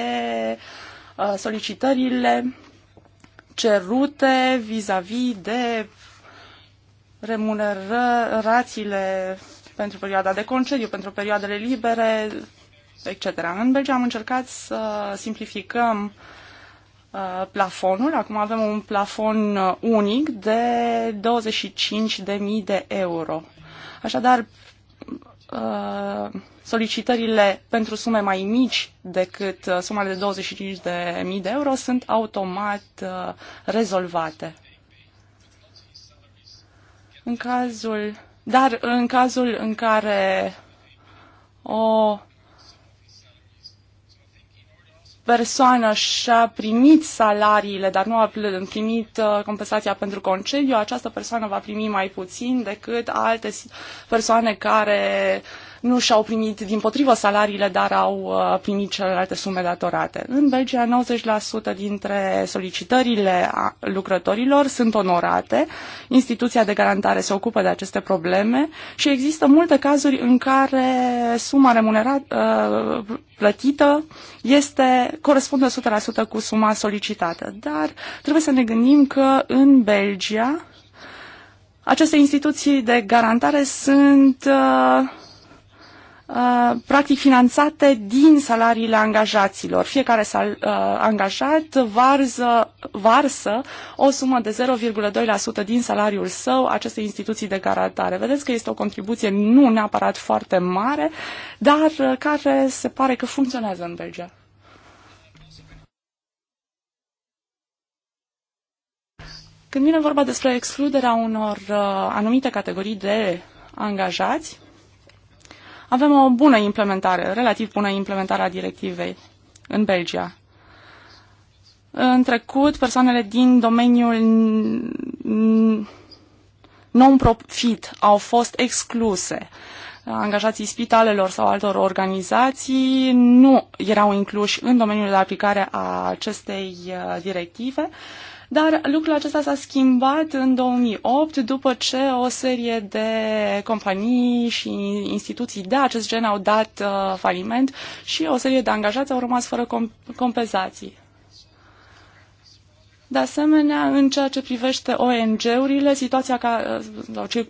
uh, solicitările cerute vis-a-vis -vis de remunerațiile pentru perioada de concediu, pentru perioadele libere, etc. În Belgia am încercat să simplificăm uh, plafonul. Acum avem un plafon uh, unic de 25.000 de euro. Așadar, uh, solicitările pentru sume mai mici decât suma de 25.000 de euro sunt automat rezolvate. În cazul dar în cazul în care o persoană și-a primit salariile, dar nu a primit uh, compensația pentru concediu, această persoană va primi mai puțin decât alte persoane care nu și-au primit din potrivă salariile, dar au uh, primit celelalte sume datorate. În Belgia, 90% dintre solicitările lucrătorilor sunt onorate, instituția de garantare se ocupă de aceste probleme și există multe cazuri în care suma remunerată uh, plătită este, corespunde 100% cu suma solicitată. Dar trebuie să ne gândim că în Belgia aceste instituții de garantare sunt uh, Uh, practic finanțate din salariile angajaților. Fiecare sal, uh, angajat varză, varsă o sumă de 0,2% din salariul său acestei instituții de garantare. Vedeți că este o contribuție nu neapărat foarte mare, dar uh, care se pare că funcționează în Belgia. Când vine vorba despre excluderea unor uh, anumite categorii de angajați, avem o bună implementare, relativ bună implementare a directivei în Belgia. În trecut, persoanele din domeniul non-profit au fost excluse. Angajații spitalelor sau altor organizații nu erau incluși în domeniul de aplicare a acestei uh, directive. Uh, dar lucrul acesta s-a schimbat în 2008 după ce o serie de companii și instituții de acest gen au dat uh, faliment și o serie de angajați au rămas fără comp- compensații. De asemenea, în ceea ce privește ONG-urile, situația ca, uh, sau ce,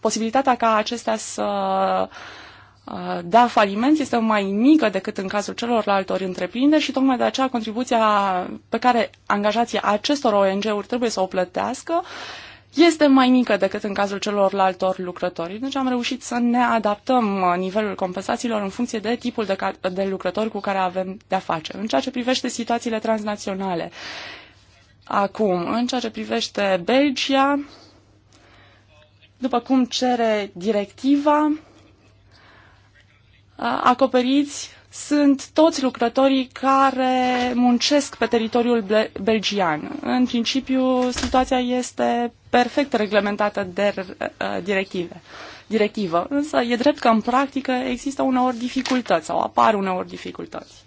posibilitatea ca acestea să uh, Uh, a da, faliment este mai mică decât în cazul ori întreprinderi și tocmai de aceea contribuția pe care angajații acestor ONG-uri trebuie să o plătească este mai mică decât în cazul ori lucrători. Deci am reușit să ne adaptăm uh, nivelul compensațiilor în funcție de tipul de, de lucrători cu care avem de-a face. În ceea ce privește situațiile transnaționale, acum, în ceea ce privește Belgia, după cum cere directiva, acoperiți sunt toți lucrătorii care muncesc pe teritoriul belgian. În principiu, situația este perfect reglementată de uh, directive. directivă, însă e drept că în practică există uneori dificultăți sau apar uneori dificultăți.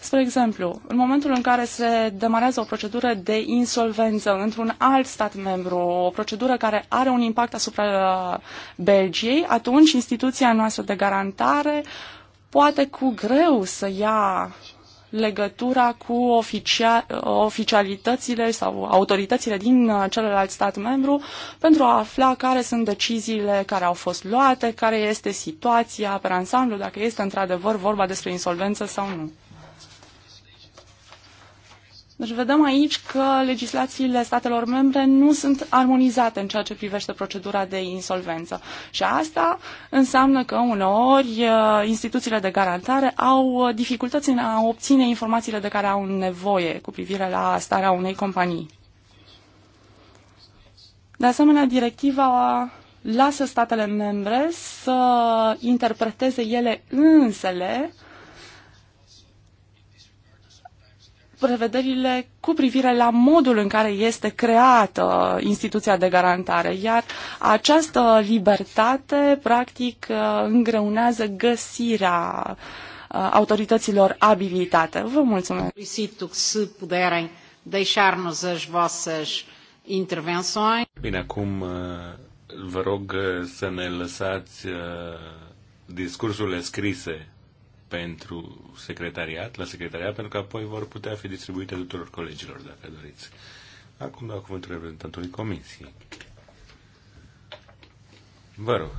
Spre exemplu, în momentul în care se demarează o procedură de insolvență într-un alt stat membru, o procedură care are un impact asupra uh, Belgiei, atunci instituția noastră de garantare poate cu greu să ia legătura cu oficial, uh, oficialitățile sau autoritățile din uh, celălalt stat membru pentru a afla care sunt deciziile care au fost luate, care este situația pe ansamblu, dacă este într-adevăr vorba despre insolvență sau nu. Deci vedem aici că legislațiile statelor membre nu sunt armonizate în ceea ce privește procedura de insolvență. Și asta înseamnă că uneori uh, instituțiile de garantare au uh, dificultăți în a obține informațiile de care au nevoie cu privire la starea unei companii. De asemenea, directiva lasă statele membre să interpreteze ele însele uh, prevederile cu privire la modul în care este creată instituția de garantare, iar această libertate, practic, uh, îngreunează găsirea uh, autorităților abilitate. Vă mulțumesc. Solicit que se puderem deixar as vossas intervenções. Bine, acum uh, vă rog să ne lăsați discursurile scrise pentru secretariat, la secretariat, pentru că apoi vor putea fi distribuite tuturor colegilor, dacă doriți. Acum dau cuvântul reprezentantului comisiei. Vă rog.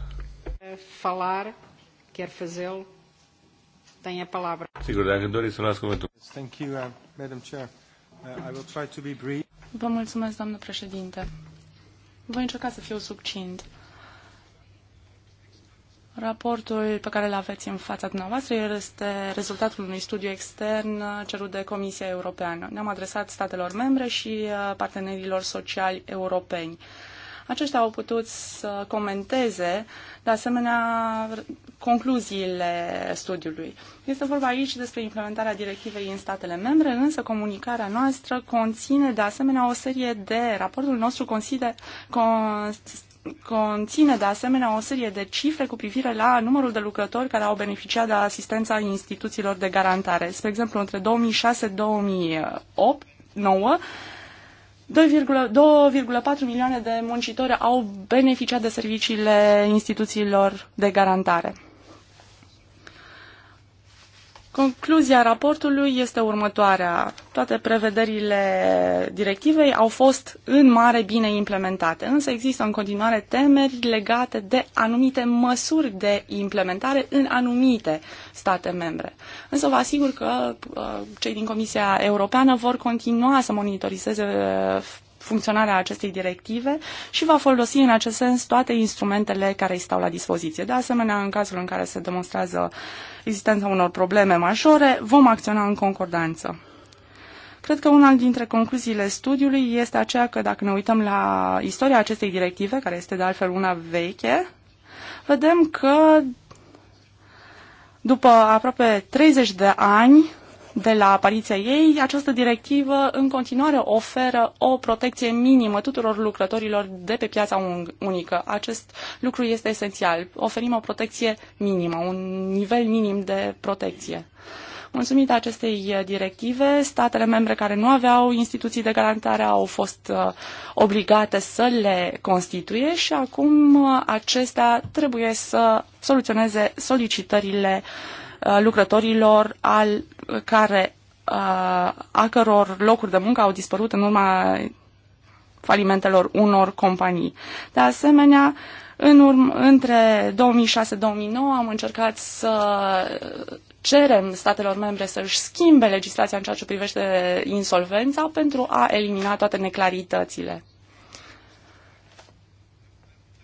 Eh, falar, chiar făzel, tenha palavra. Sigur, dacă doriți să luați cuvântul. Thank you, uh, Madam Chair. Uh, I will try to be brief. Vă mulțumesc, doamnă președinte. Voi încerca să fiu succint. Raportul pe care îl aveți în fața dumneavoastră este rezultatul unui studiu extern uh, cerut de Comisia Europeană. Ne-am adresat statelor membre și uh, partenerilor sociali europeni. Aceștia au putut să comenteze, de asemenea, concluziile studiului. Este vorba aici despre implementarea directivei în statele membre, însă comunicarea noastră conține, de asemenea, o serie de, raportul nostru consider, conține de asemenea o serie de cifre cu privire la numărul de lucrători care au beneficiat de asistența instituțiilor de garantare. Spre exemplu, între 2006-2008, 2,4 milioane de muncitori au beneficiat de serviciile instituțiilor de garantare. Concluzia raportului este următoarea. Toate prevederile directivei au fost în mare bine implementate, însă există în continuare temeri legate de anumite măsuri de implementare în anumite state membre. Însă vă asigur că uh, cei din Comisia Europeană vor continua să monitorizeze uh, funcționarea acestei directive și va folosi în acest sens toate instrumentele care îi stau la dispoziție. De asemenea, în cazul în care se demonstrează existența unor probleme majore, vom acționa în concordanță. Cred că una dintre concluziile studiului este aceea că dacă ne uităm la istoria acestei directive, care este de altfel una veche, vedem că după aproape 30 de ani de la apariția ei, această directivă în continuare oferă o protecție minimă tuturor lucrătorilor de pe piața unică. Acest lucru este esențial. Oferim o protecție minimă, un nivel minim de protecție. Mulțumită acestei uh, directive, statele membre care nu aveau instituții de garantare au fost uh, obligate să le constituie și acum uh, acestea trebuie să soluționeze solicitările uh, Uh, lucrătorilor al, care, uh, a căror locuri de muncă au dispărut în urma falimentelor unor companii. De asemenea, în urm- între 2006-2009 am încercat să cerem statelor membre să-și schimbe legislația în ceea ce privește insolvența pentru a elimina toate neclaritățile.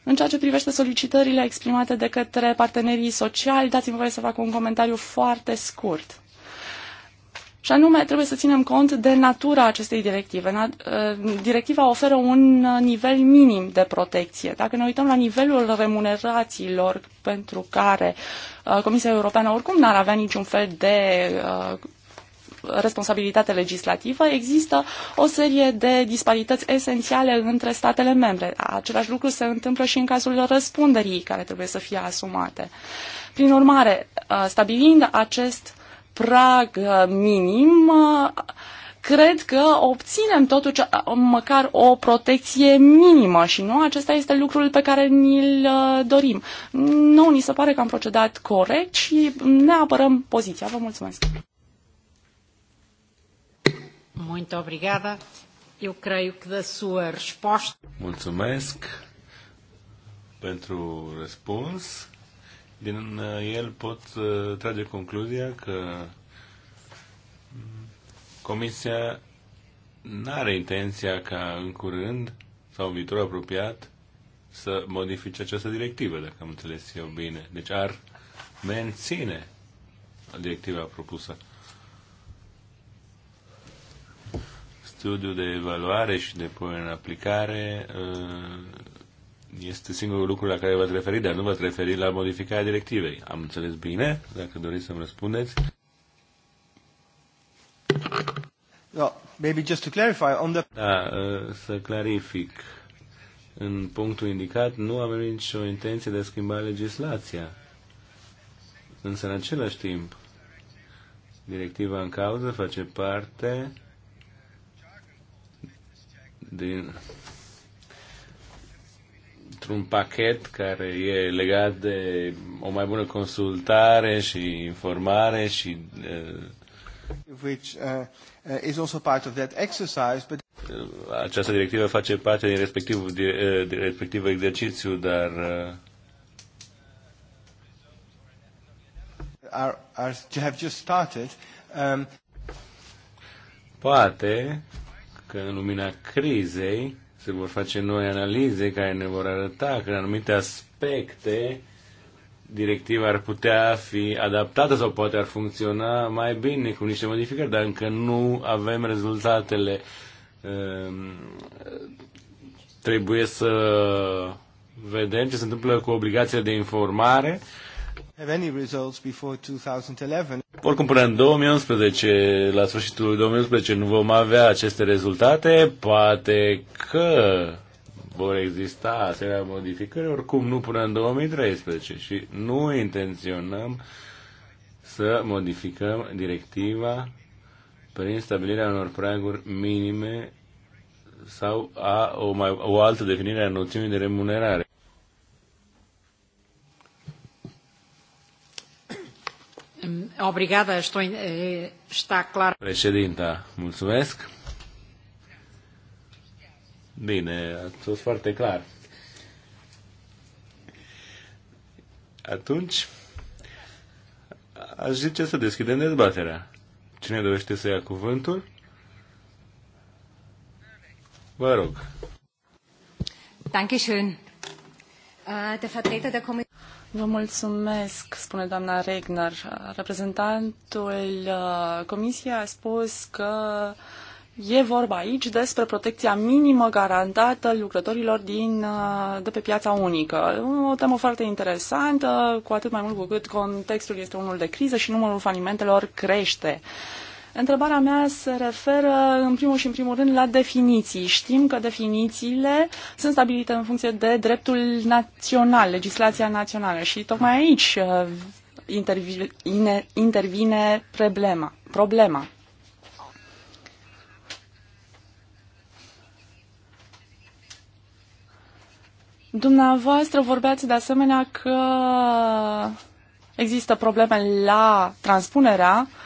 În ceea ce privește solicitările exprimate de către partenerii sociali, dați-mi voie să fac un comentariu foarte scurt. Și anume, trebuie să ținem cont de natura acestei directive. Uh, directiva oferă un uh, nivel minim de protecție. Dacă ne uităm la nivelul remunerațiilor pentru care uh, Comisia Europeană oricum n-ar avea niciun fel de responsabilitate legislativă, există o serie de disparități esențiale între statele membre. Același lucru se întâmplă și în cazul răspunderii care trebuie să fie asumate. Prin urmare, uh, stabilind acest prag uh, minim, uh, cred că obținem totuși măcar o protecție minimă și nu acesta este lucrul pe care ni-l dorim. Nu, ni se pare că am procedat corect și ne apărăm poziția. Vă mulțumesc! Muito obrigada. Eu creio que da sua resposta... Mulțumesc pentru răspuns. Din eh, el pot eh, trage concluzia că mm, Comisia nu are intenția ca în curând sau în viitor apropiat să modifice această directivă, dacă am înțeles eu bine. Deci ar menține directiva propusă. studiu de evaluare și de pune în aplicare uh, este singurul lucru la care v-ați referit, dar nu v-ați referit la modificarea directivei. Am înțeles bine? Dacă doriți să-mi răspundeți. No, maybe just to clarify on the... Da, uh, să clarific. În punctul indicat nu avem nicio intenție de a schimba legislația. Însă, în același timp, directiva în cauză face parte din un pachet care e legat de o mai bună consultare și informare și uh, which uh, uh is also part of that exercise but această directivă face parte din respectivul, uh, din respectivul exercițiu, dar uh, are, are, have just started. Um, poate că în lumina crizei se vor face noi analize care ne vor arăta că în anumite aspecte directiva ar putea fi adaptată sau poate ar funcționa mai bine cu niște modificări, dar încă nu avem rezultatele. Ehm, trebuie să vedem ce se întâmplă cu obligația de informare oricum, până în 2011, la sfârșitul 2011, nu vom avea aceste rezultate. Poate că vor exista asemenea modificări, oricum nu până în 2013 și nu intenționăm să modificăm directiva prin stabilirea unor praguri minime sau a o, mai, o altă definire a noțiunii de remunerare. Mm, obrigada, estou, eh, está Președinta, mulțumesc. Bine, a fost foarte clar. Atunci, aș zice să deschidem dezbaterea. Cine dorește să ia cuvântul? Vă rog. Dankeschön. Äh, der Vertreter der Kommission Vă mulțumesc, spune doamna Regner. Reprezentantul uh, Comisiei a spus că e vorba aici despre protecția minimă garantată lucrătorilor din, uh, de pe piața unică. O temă foarte interesantă, cu atât mai mult cu cât contextul este unul de criză și numărul falimentelor crește. Uh, Întrebarea mea se referă în primul și în primul rând la definiții. Știm că definițiile sunt stabilite în funcție de dreptul național, legislația națională și tocmai aici uh, intervine, problema. problema. Dumneavoastră vorbeați de asemenea că există probleme la transpunerea uh,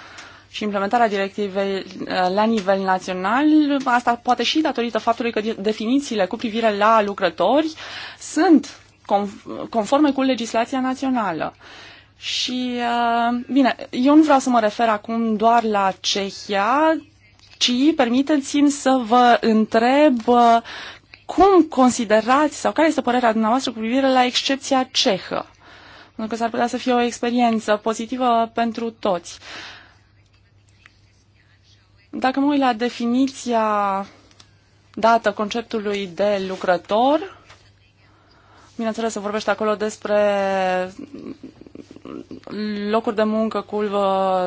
și implementarea directivei uh, la nivel național, asta poate și datorită faptului că definițiile cu privire la lucrători sunt conforme cu legislația națională. Și, uh, bine, eu nu vreau să mă refer acum doar la Cehia, ci permiteți-mi să vă întreb uh, cum considerați sau care este părerea dumneavoastră cu privire la excepția cehă? Pentru că s-ar putea să fie o experiență pozitivă pentru toți. Uh, dacă mă uit la definiția dată conceptului de lucrător, bineînțeles se vorbește acolo despre locuri de muncă cu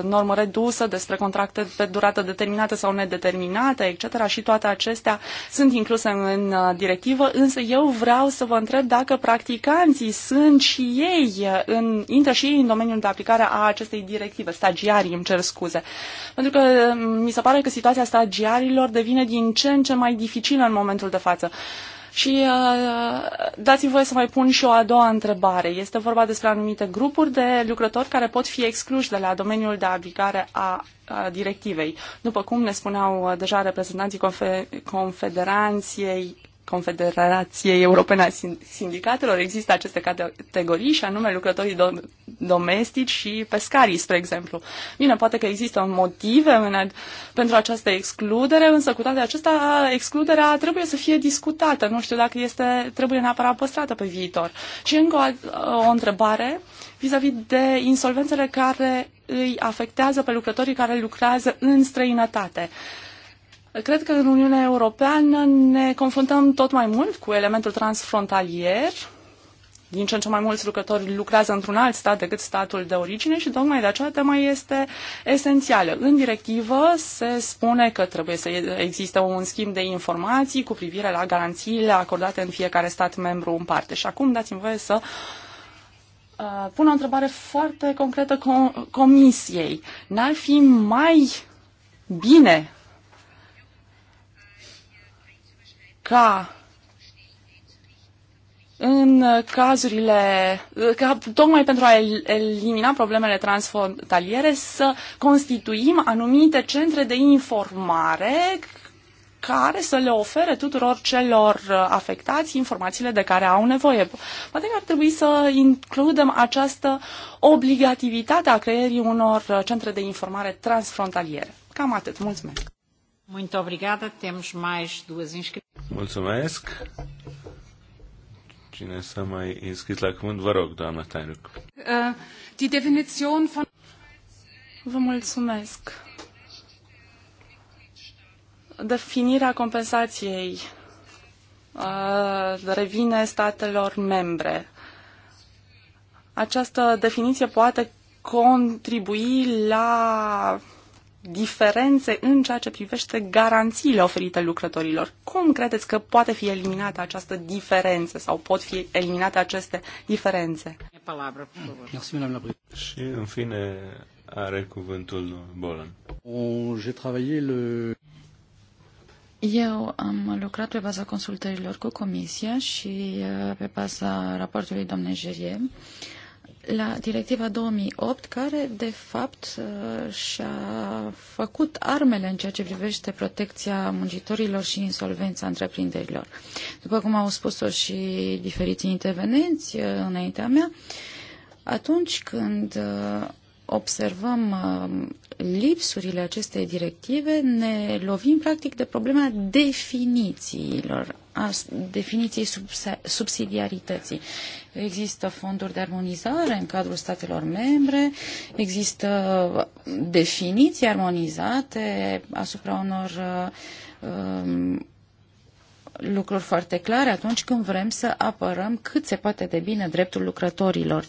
normă redusă, despre contracte pe durată determinată sau nedeterminată, etc. și toate acestea sunt incluse în uh, directivă, însă eu vreau să vă întreb dacă practicanții sunt și ei, uh, în, intră și ei în domeniul de aplicare a acestei directive, stagiarii, îmi cer scuze. Pentru că uh, mi se pare că situația stagiarilor devine din ce în ce mai dificilă în momentul de față. Uh, și uh, dați-mi voie să mai pun și o a doua întrebare. Este vorba despre anumite grupuri de lucrători care pot fi excluși de la domeniul de aplicare a, directivei. După cum ne spuneau uh, deja reprezentanții confe- Confederației Confederației Europene a Sindicatelor există aceste categorii și anume lucrătorii do- domestici și pescarii, spre exemplu. Bine, poate că există motive în ad- pentru această excludere, însă cu toate acestea, excluderea trebuie să fie discutată. Nu știu dacă este, trebuie neapărat păstrată pe viitor. Și încă o, o întrebare vis-a-vis -vis de insolvențele care îi afectează pe lucrătorii care lucrează în străinătate. Uh, Cred că în Uniunea Europeană ne confruntăm tot mai mult cu elementul transfrontalier. Din ce în ce mai mulți lucrători lucrează într-un alt stat decât statul de origine și tocmai de aceea tema este esențială. În directivă se spune că trebuie să existe un schimb de informații cu privire la garanțiile acordate în fiecare stat membru în parte. Și acum dați-mi voie să uh, pun o întrebare foarte concretă comisiei. N-ar fi mai bine ca în cazurile, ca, tocmai pentru a elimina problemele transfrontaliere, să constituim anumite centre de informare care să le ofere tuturor celor uh, afectați informațiile de care au nevoie. Poate că ar trebui să includem această obligativitate a creierii unor uh, centre de informare transfrontaliere. Cam atât. Mulțumesc! Muito obrigada. Temos mais duas inscrições. Mulțumesc. Cine s-a mai inscris la cuvânt, vă rog, doamna Tainuc. Uh, die Definition von... Vă mulțumesc. Definirea compensației uh, revine statelor membre. Această definiție poate contribui la diferențe în ceea ce privește garanțiile oferite lucrătorilor. Cum credeți că poate fi eliminată această diferență sau pot fi eliminate aceste diferențe? Și, în fine, are cuvântul Bolan. Eu am lucrat pe baza consultărilor cu Comisia și uh, pe baza raportului domnului Gerie la directiva 2008, care de fapt uh, și-a făcut armele în ceea ce privește protecția muncitorilor și insolvența întreprinderilor. După cum au spus-o și diferiții intervenenți uh, înaintea mea, atunci când uh, observăm lipsurile acestei directive, ne lovim practic de problema definițiilor, a definiției subsidiarității. Există fonduri de armonizare în cadrul statelor membre, există definiții armonizate asupra unor um, lucruri foarte clare atunci când vrem să apărăm cât se poate de bine dreptul lucrătorilor.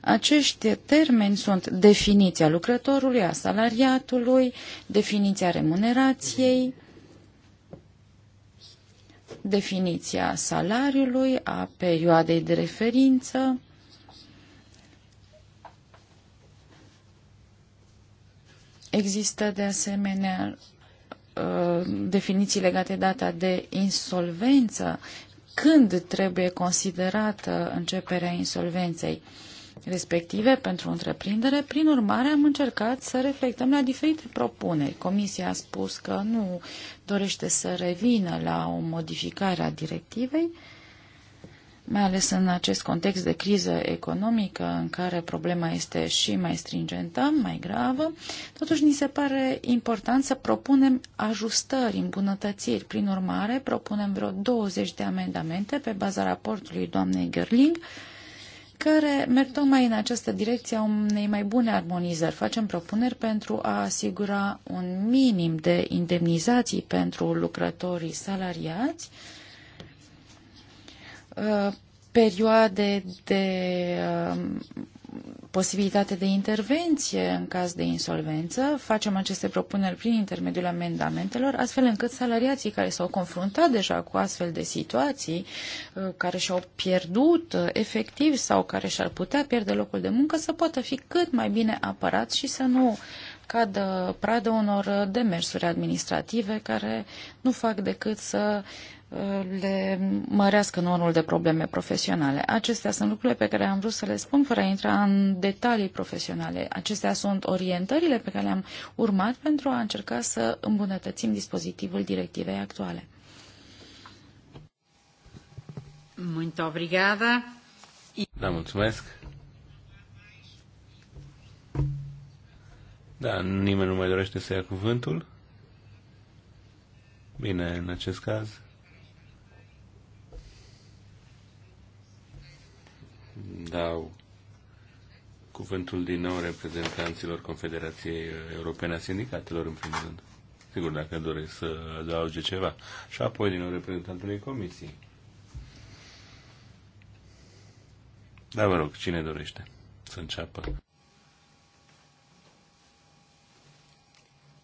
Acești termeni sunt definiția lucrătorului, a salariatului, definiția remunerației, definiția salariului, a perioadei de referință, Există de asemenea uh, definiții legate data de insolvență, când trebuie considerată începerea insolvenței respective pentru întreprindere. Prin urmare, am încercat să reflectăm la diferite propuneri. Comisia a spus că nu dorește să revină la o modificare a directivei, mai ales în acest context de criză economică în care problema este și mai stringentă, mai gravă, totuși ni se pare important să propunem ajustări, îmbunătățiri. Prin urmare, propunem vreo 20 de amendamente pe baza raportului doamnei Gerling, care merg tocmai în această direcție a unei mai bune armonizări. Facem propuneri pentru a asigura un minim de indemnizații pentru lucrătorii salariați, uh, perioade de uh, posibilitate de intervenție în caz de insolvență. Facem aceste propuneri prin intermediul amendamentelor, astfel încât salariații care s-au confruntat deja cu astfel de situații, uh, care și-au pierdut uh, efectiv sau care și-ar putea pierde locul de muncă, să poată fi cât mai bine apărați și să nu cadă pradă unor demersuri administrative care nu fac decât să le mărească numărul de probleme profesionale. Acestea sunt lucrurile pe care am vrut să le spun fără a intra în detalii profesionale. Acestea sunt orientările pe care le-am urmat pentru a încerca să îmbunătățim dispozitivul directivei actuale. Muito obrigada. Da, mulțumesc. Da, nimeni nu mai dorește să ia cuvântul. Bine, în acest caz dau cuvântul din nou reprezentanților Confederației Europene a Sindicatelor, în primul rând. Sigur, dacă doresc să adauge ceva. Și apoi din nou reprezentantului Comisiei. Da, vă rog, cine dorește să înceapă?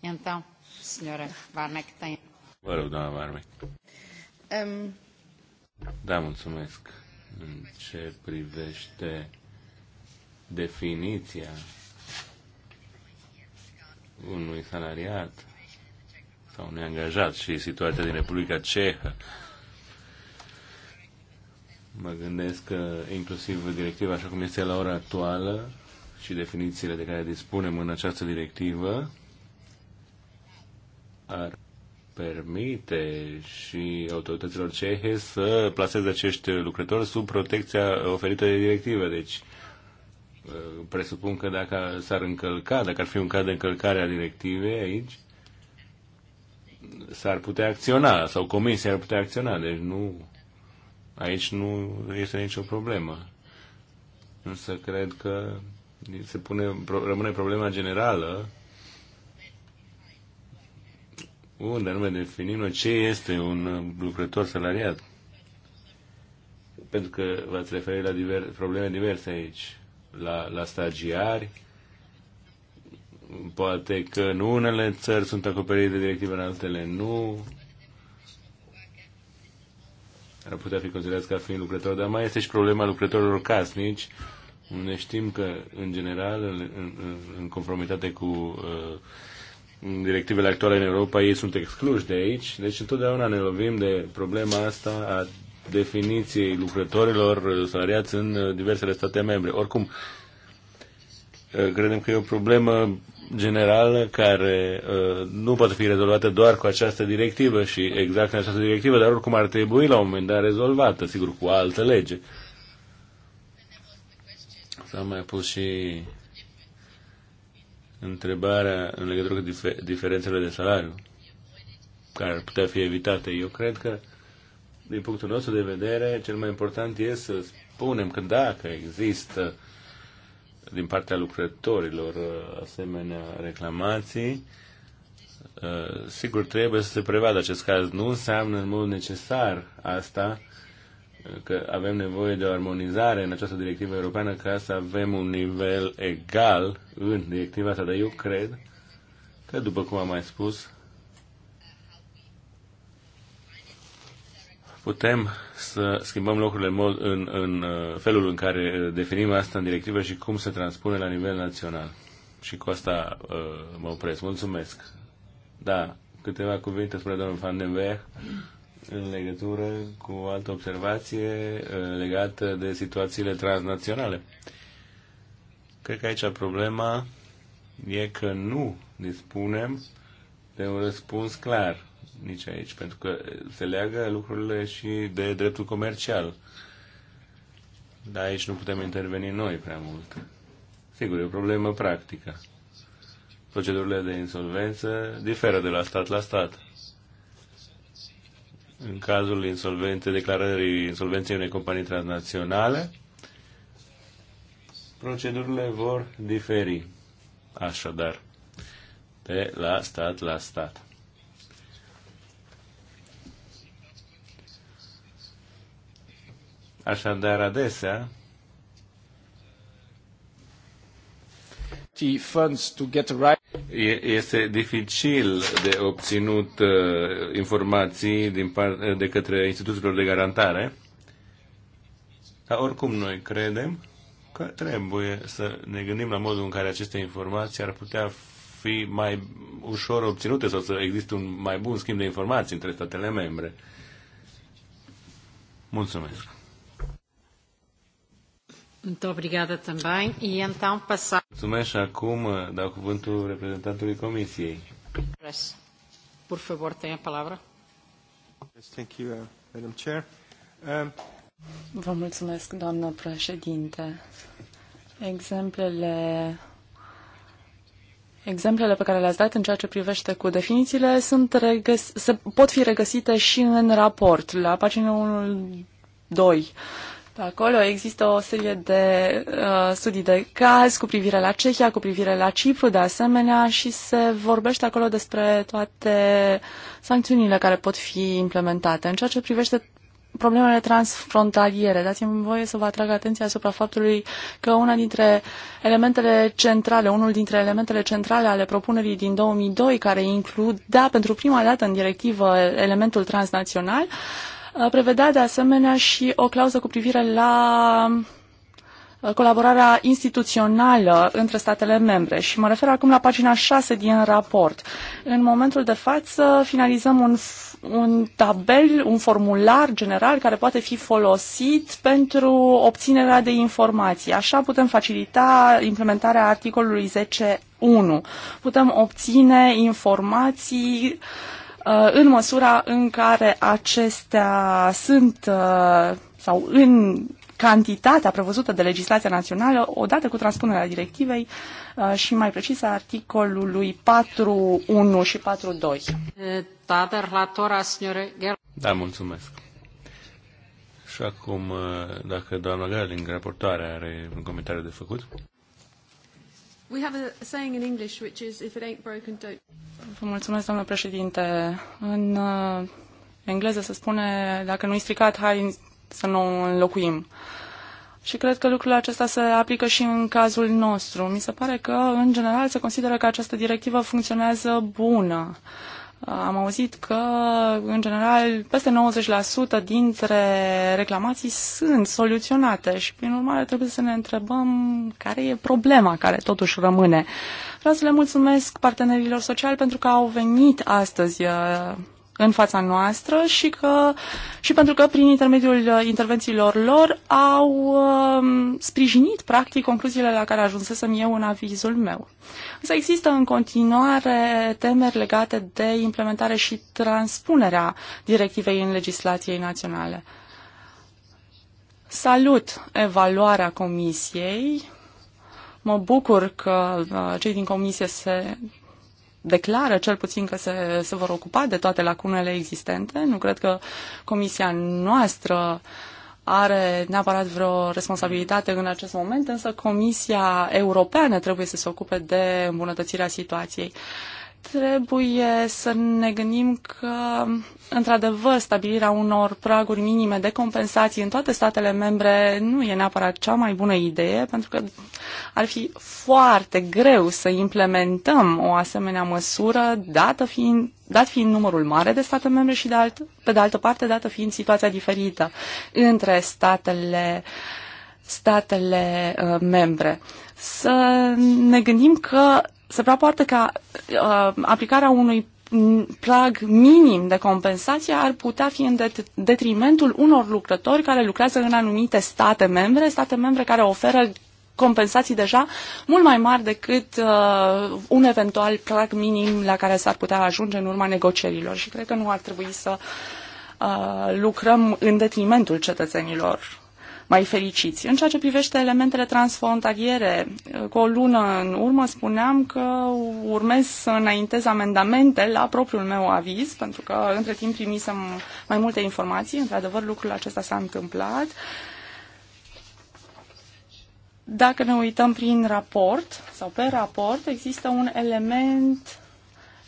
Então, senhora Varmec tem. Vă rog, Varmec. Um... Da, mais în ce privește definiția unui salariat sau unui angajat și situația din Republica Cehă. Mă gândesc că inclusiv directiva așa cum este la ora actuală și definițiile de care dispunem în această directivă ar permite și autorităților cehe să plaseze acești lucrători sub protecția oferită de directivă. Deci, uh, presupun că dacă s-ar încălca, dacă ar fi un caz de încălcare a directivei aici, s-ar putea acționa sau comisia ar putea acționa. Deci nu, aici nu este nicio problemă. Însă cred că se pune, rămâne problema generală unde nu definim noi ce este un uh, lucrător salariat. Pentru că v-ați referit la diver, probleme diverse aici, la, la stagiari, poate că în unele țări sunt acoperite de directive, în altele nu. Ar putea fi considerat ca fiind lucrător, dar mai este și problema lucrătorilor casnici, unde știm că, în general, în, în, în conformitate cu uh, directivele actuale în Europa, ei sunt excluși de aici, deci întotdeauna ne lovim de problema asta a definiției lucrătorilor salariați în diversele state membre. Oricum, credem că e o problemă generală care uh, nu poate fi rezolvată doar cu această directivă și exact în această directivă, dar oricum ar trebui la un moment dat rezolvată, sigur, cu altă lege. S-a mai pus și întrebarea în legătură cu difer- diferențele de salariu care ar putea fi evitate. Eu cred că, din punctul nostru de vedere, cel mai important este să spunem că dacă există din partea lucrătorilor asemenea reclamații, uh, sigur trebuie să se prevadă acest caz. Nu înseamnă în mod necesar asta că avem nevoie de o armonizare în această directivă europeană ca să avem un nivel egal în directiva asta, dar eu cred că, după cum am mai spus, putem să schimbăm lucrurile mod, în, în uh, felul în care definim asta în directivă și cum se transpune la nivel național. Și cu asta uh, mă opresc. Mulțumesc. Da, câteva cuvinte spre domnul Van den Berg în legătură cu o altă observație uh, legată de situațiile transnaționale. Cred că aici problema e că nu dispunem de un răspuns clar nici aici, pentru că se leagă lucrurile și de dreptul comercial. Dar aici nu putem interveni noi prea mult. Sigur, e o problemă practică. Procedurile de insolvență diferă de la stat la stat în cazul insolvente, declarării insolvenței unei companii transnaționale, procedurile vor diferi, așadar, de la stat la stat. Așadar, adesea, Este dificil de obținut uh, informații din part, uh, de către instituțiilor de garantare, dar oricum noi credem că trebuie să ne gândim la modul în care aceste informații ar putea fi mai ușor obținute sau să existe un mai bun schimb de informații între statele membre. Mulțumesc! Mulțumesc și acum uh, dau cuvântul reprezentantului Comisiei. Por favor, tenha a palavra. Yes, thank you, uh, Madam Chair. Um... Vă mulțumesc, doamnă președinte. Exemplele Exemplele pe care le-ați dat în ceea ce privește cu definițiile sunt regăs- se pot fi regăsite și în raport, la pagina 1, 2. Acolo există o serie de uh, studii de caz cu privire la Cehia, cu privire la Cipru, de asemenea, și se vorbește acolo despre toate sancțiunile care pot fi implementate. În ceea ce privește problemele transfrontaliere. Dați-mi voie să vă atrag atenția asupra faptului că una dintre elementele centrale, unul dintre elementele centrale ale propunerii din 2002, care includea pentru prima dată în directivă elementul transnațional, uh, prevedea de asemenea și o clauză cu privire la uh, colaborarea instituțională între statele membre și mă refer acum la pagina 6 din raport. În momentul de față finalizăm un, un tabel, un formular general care poate fi folosit pentru obținerea de informații. Așa putem facilita implementarea articolului 10.1. Putem obține informații uh, Uh, în măsura în care acestea sunt uh, sau în cantitatea prevăzută de legislația națională, odată cu transpunerea directivei uh, și mai precis a articolului 4.1 și 4.2. Da, mulțumesc. Și acum, dacă doamna Gerling, raportoarea, are un comentariu de făcut. We have a saying in English which is if it ain't broken don't. Vă mulțumesc, doamnă președinte. În uh, engleză se spune dacă nu-i stricat, hai să nu înlocuim. Și cred că lucrul acesta se aplică și în cazul nostru. Mi se pare că, în general, se consideră că această directivă funcționează bună. Uh, am auzit că, în general, peste 90% dintre reclamații sunt soluționate și, prin urmare, trebuie să ne întrebăm care e problema care totuși rămâne. Vreau să le mulțumesc partenerilor sociali pentru că au venit astăzi uh, în fața noastră și, că, și pentru că prin intermediul uh, intervențiilor lor au um, sprijinit practic concluziile la care ajunsesem eu în avizul meu. Însă există în continuare temeri legate de implementare și transpunerea directivei în legislației naționale. Salut evaluarea comisiei. Mă bucur că uh, cei din comisie se declară cel puțin că se, se vor ocupa de toate lacunele existente. Nu cred că comisia noastră are neapărat vreo responsabilitate în acest moment, însă Comisia Europeană trebuie să se ocupe de îmbunătățirea situației trebuie să ne gândim că, într-adevăr, stabilirea unor praguri minime de compensații în toate statele membre nu e neapărat cea mai bună idee, pentru că ar fi foarte greu să implementăm o asemenea măsură, dată fiind, dat fiind numărul mare de state membre și, de alt, pe de altă parte, dată fiind situația diferită între statele statele uh, membre. Să ne gândim că se prea ca uh, aplicarea unui prag minim de compensație ar putea fi în detrimentul unor lucrători care lucrează în anumite state membre, state membre care oferă compensații deja mult mai mari decât uh, un eventual prag minim la care s-ar putea ajunge în urma negocierilor și cred că nu ar trebui să uh, lucrăm în detrimentul cetățenilor mai fericiți. În ceea ce privește elementele transfrontaliere, eh, cu o lună în urmă spuneam că urmez să înaintez amendamente la propriul meu aviz, pentru că între timp primisem mai multe informații, într-adevăr lucrul acesta s-a întâmplat. Dacă ne uităm prin raport sau pe raport, există un element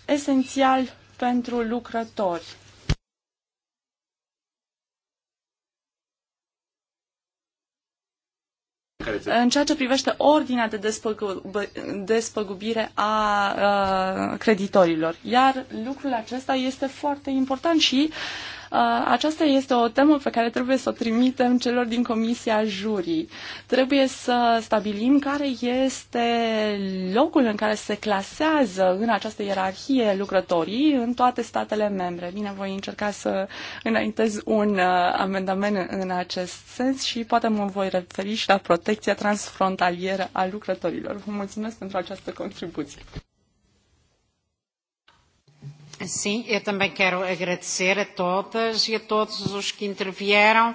esențial pentru lucrători În ceea ce privește ordinea de despăgubire a uh, creditorilor. Iar lucrul acesta este foarte important și uh, Uh, aceasta este o temă pe care trebuie să o trimitem celor din Comisia Jurii. Trebuie să stabilim care este locul în care se clasează în această ierarhie lucrătorii în toate statele membre. Bine, voi încerca să înaintez un uh, amendament în acest sens și poate mă voi referi și la protecția transfrontalieră a lucrătorilor. Vă mulțumesc pentru această contribuție. Sim, eu também quero agradecer a todas e a todos os que intervieram.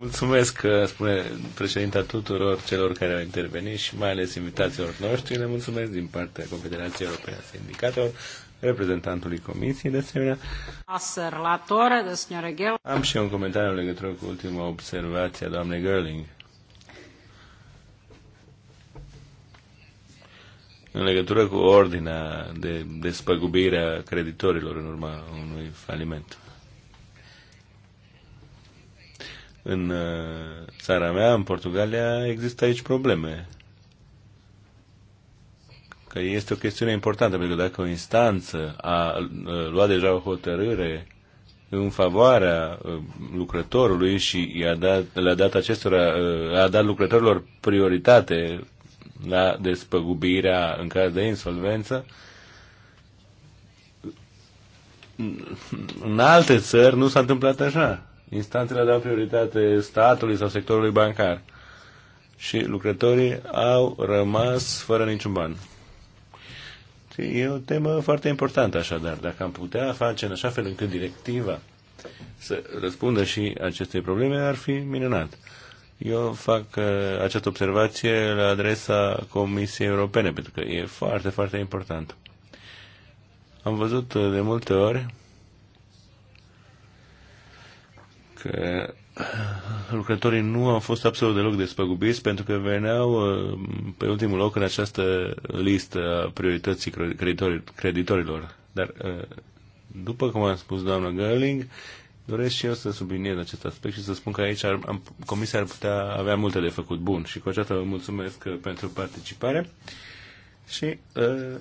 Mulțumesc, spune președinta tuturor celor care au intervenit și mai ales invitațiilor noștri. Le mulțumesc din partea Confederației Europene a Sindicatelor, reprezentantului Comisiei de asemenea. Am și un comentariu în legătură cu ultima observație a doamnei Gerling în legătură cu ordinea de despăgubire a creditorilor în urma unui faliment. În uh, țara mea, în Portugalia, există aici probleme. Că este o chestiune importantă, pentru că dacă o instanță a uh, luat deja o hotărâre în favoarea uh, lucrătorului și i-a dat, le-a dat acestora, a dat lucrătorilor prioritate la despăgubirea în caz de insolvență, în alte țări nu s-a întâmplat așa. Instanțele dau prioritate statului sau sectorului bancar și lucrătorii au rămas fără niciun ban. E o temă foarte importantă așadar. Dacă am putea face în așa fel încât directiva să răspundă și acestei probleme, ar fi minunat. Eu fac uh, această observație la adresa Comisiei Europene, pentru că e foarte, foarte important. Am văzut uh, de multe ori că lucrătorii nu au fost absolut deloc despăgubiți pentru că veneau uh, pe ultimul loc în această listă a priorității creditorilor. Dar, după cum a spus doamna Gerling, Doresc și eu să subliniez acest aspect și să spun că aici ar, am, Comisia ar putea avea multe de făcut bun și cu aceasta vă mulțumesc uh, pentru participare și uh,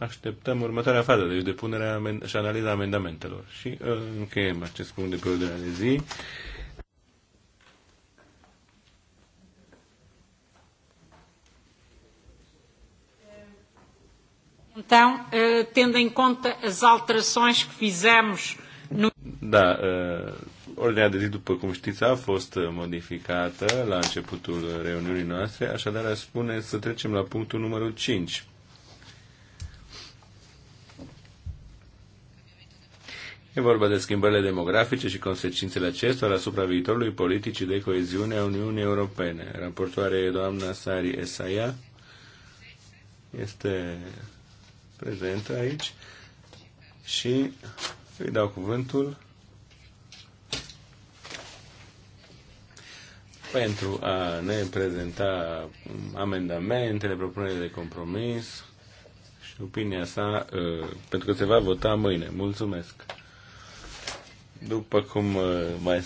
așteptăm următoarea fază, deci depunerea și analiza amendamentelor. Și uh, încheiem acest punct de pe ordinea de zi. Então, eh, tendo em conta as alterações que fizemos nu... Da, uh, ordinea de zi, după cum știți, a fost uh, modificată la începutul reuniunii noastre, așadar aș spune să trecem la punctul numărul 5. E vorba de schimbările demografice și consecințele acestora asupra viitorului politicii de coeziune a Uniunii Europene. Raportoare doamna Sari Esaia este prezentă aici și îi dau cuvântul pentru a ne prezenta amendamentele, propunerile de compromis și opinia sa, uh, pentru că se va vota mâine. Mulțumesc! După cum uh, mai,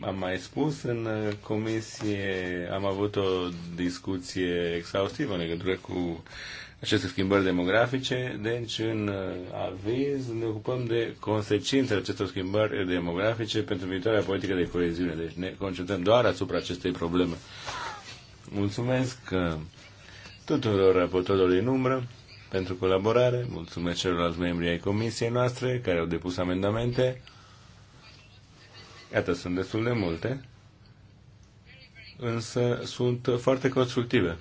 am mai spus, în uh, comisie am avut o discuție exhaustivă în legătură cu aceste schimbări demografice, deci în uh, aviz ne ocupăm de consecințele acestor schimbări demografice pentru viitoarea politică de coeziune. Deci ne concentrăm doar asupra acestei probleme. Mulțumesc uh, tuturor raportorilor din umbră pentru colaborare, mulțumesc celorlalți membri ai comisiei noastre care au depus amendamente. Iată, sunt destul de multe, însă sunt foarte constructive.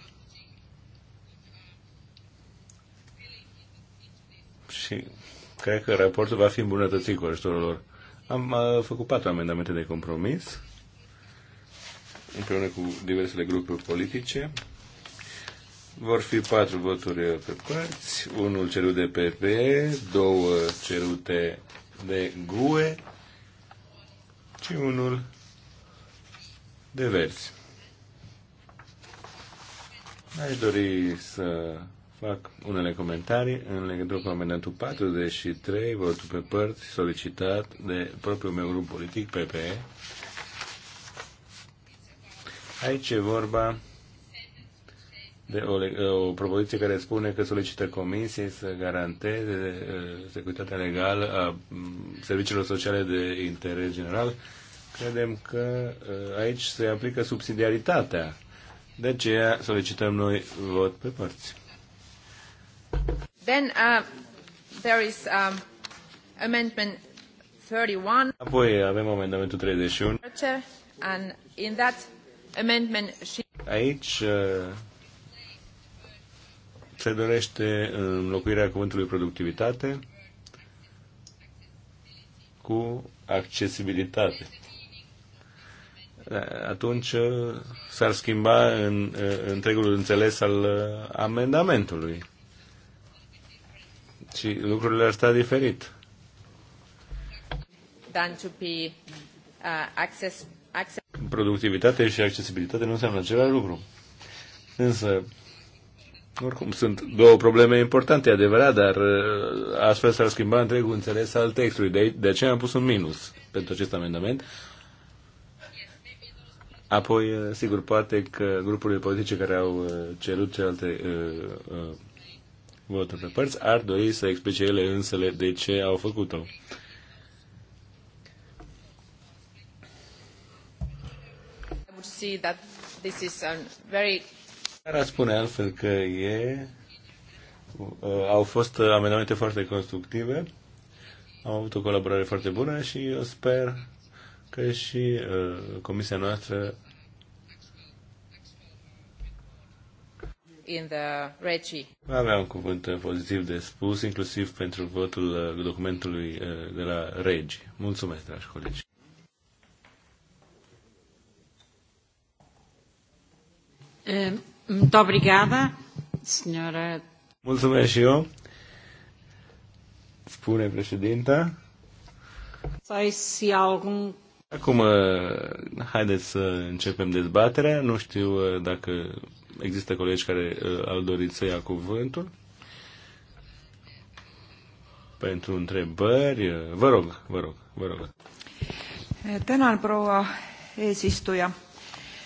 și cred că raportul va fi îmbunătățit cu ajutorul lor. Am uh, făcut patru amendamente de compromis împreună cu diversele grupuri politice. Vor fi patru voturi pe părți, unul cerut de PP, două cerute de GUE și unul de verzi. Aș dori să fac unele comentarii în legătură cu amendamentul 43, votul pe părți, solicitat de propriul meu grup politic, PPE. Aici e vorba de o, o propoziție care spune că solicită comisiei să garanteze uh, securitatea legală a serviciilor sociale de interes general. Credem că uh, aici se aplică subsidiaritatea. De aceea solicităm noi vot pe părți. Then uh, there is um, amendment 31. Apoi avem amendamentul 31. And in that amendment she... Aici uh, se dorește înlocuirea cuvântului productivitate cu accesibilitate. Atunci uh, s-ar schimba în, uh, întregul înțeles al uh, amendamentului. Și lucrurile ar sta diferit. Uh, Productivitate și accesibilitate nu înseamnă același lucru. Însă, oricum, sunt două probleme importante, adevărat, dar uh, astfel s-ar schimba întregul înțeles al textului. de aceea am pus un minus pentru acest amendament. Apoi, uh, sigur, poate că grupurile politice care au cerut celelalte uh, uh, voturi pe părți, ar dori să explice ele însele de ce au făcut-o. Ar spune altfel că e, uh, au fost amendamente foarte constructive, am avut o colaborare foarte bună și eu sper că și uh, comisia noastră in the REGI. Avea un cuvânt pozitiv de spus, inclusiv pentru votul uh, documentului uh, de la REGI. Mulțumesc, dragi colegi. Muito obrigada, senhora. Mulțumesc și eu. Spune președinta. Sai si algum Acum, uh, haideți să începem dezbaterea. Nu știu dacă există colegi care uh, au dorit să ia cuvântul pentru întrebări. Uh, vă rog, vă rog, vă rog. Tänan, proua eesistuja.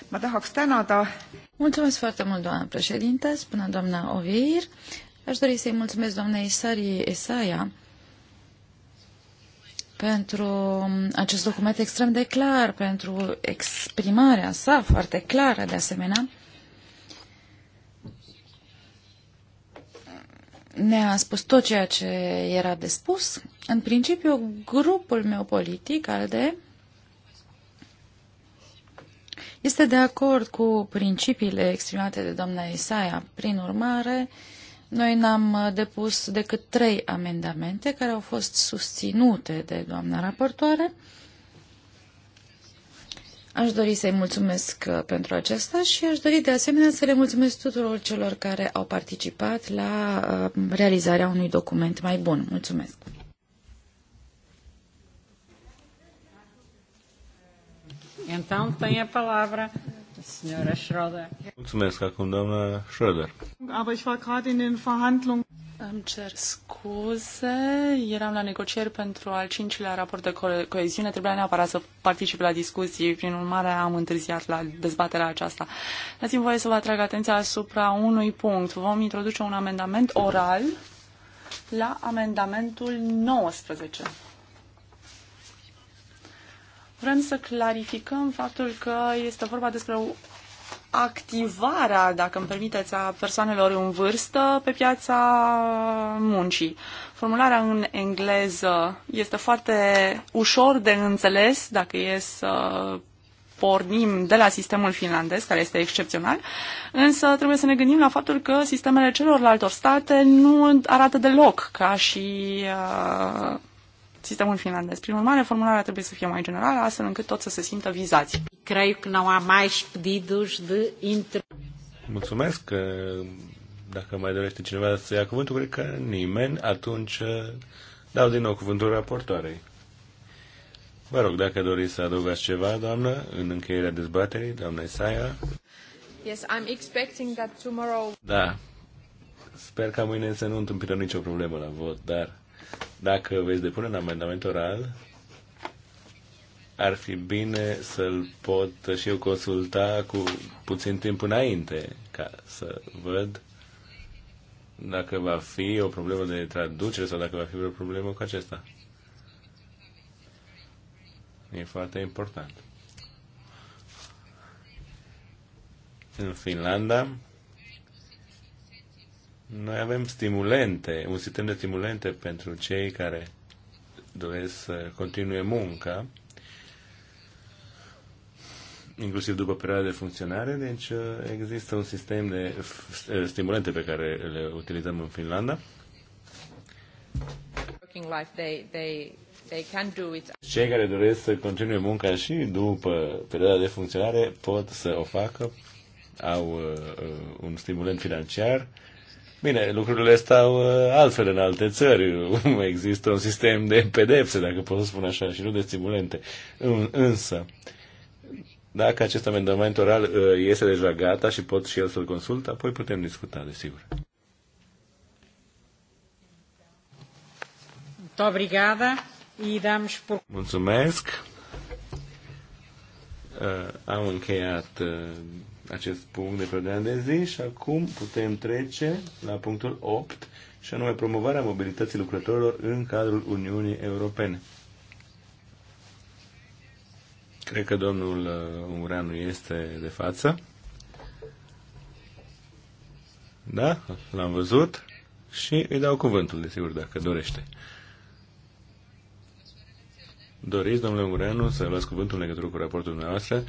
Ma tahaks tänada... Mulțumesc foarte mult, doamna președinte, spune doamna Ovir. Aș dori să-i mulțumesc doamnei Sari Esaia pentru acest document extrem de clar, pentru exprimarea sa foarte clară, de asemenea. ne-a spus tot ceea ce era de spus. În principiu, grupul meu politic, al de este de acord cu principiile exprimate de doamna Isaia. Prin urmare, noi n-am depus decât trei amendamente care au fost susținute de doamna raportoare. Aș dori să-i mulțumesc uh, pentru acesta și aș dori de asemenea să le mulțumesc tuturor celor care au participat la uh, realizarea unui document mai bun. Mulțumesc! Então palavra Mulțumesc acum doamna Schroeder. Îmi cer scuze, eram la negocieri pentru al cincilea raport de co- coeziune, trebuia neapărat să particip la discuții, prin urmare am întârziat la dezbaterea aceasta. Dați-mi voie să vă atrag atenția asupra unui punct. Vom introduce un amendament oral la amendamentul 19. Vrem să clarificăm faptul că este vorba despre activarea, dacă îmi permiteți, a persoanelor în vârstă pe piața muncii. Formularea în engleză este foarte ușor de înțeles dacă e să pornim de la sistemul finlandez, care este excepțional, însă trebuie să ne gândim la faptul că sistemele celorlalte state nu arată deloc ca și uh, sistemul finlandez. Prin urmare, formularea trebuie să fie mai generală, astfel încât tot să se simtă vizați. Cred că nu am mai pedidos de inter... Mulțumesc că dacă mai dorește cineva să ia cuvântul, cred că nimeni, atunci uh, dau din nou cuvântul raportoarei. Vă rog, dacă doriți să adăugați ceva, doamnă, în încheierea dezbaterii, doamna Isaia. Yes, I'm expecting that tomorrow... Da. Sper ca mâine să nu întâmpinăm nicio problemă la vot, dar dacă veți depune un amendament oral, ar fi bine să-l pot și eu consulta cu puțin timp înainte, ca să văd dacă va fi o problemă de traducere sau dacă va fi o problemă cu acesta. E foarte important. În Finlanda, noi avem stimulente, un sistem de stimulente pentru cei care doresc să continue munca, inclusiv după perioada de funcționare, deci uh, există un sistem de uh, stimulente pe care le utilizăm în Finlanda. Cei care doresc să continue munca și după perioada de funcționare pot să o facă, au uh, un stimulant financiar Bine, lucrurile stau uh, altfel în alte țări. Există un sistem de pedepse, dacă pot să spun așa, și nu de stimulente. Însă, dacă acest amendament oral iese uh, deja gata și pot și el să-l consult, apoi putem discuta, desigur. Mulțumesc. Uh, am încheiat acest punct de pe de zi și acum putem trece la punctul 8 și anume promovarea mobilității lucrătorilor în cadrul Uniunii Europene. Cred că domnul uh, Ungureanu este de față. Da? L-am văzut și îi dau cuvântul, desigur, dacă dorește. Doriți, domnule Ungureanu, să luați cuvântul în legătură cu raportul dumneavoastră?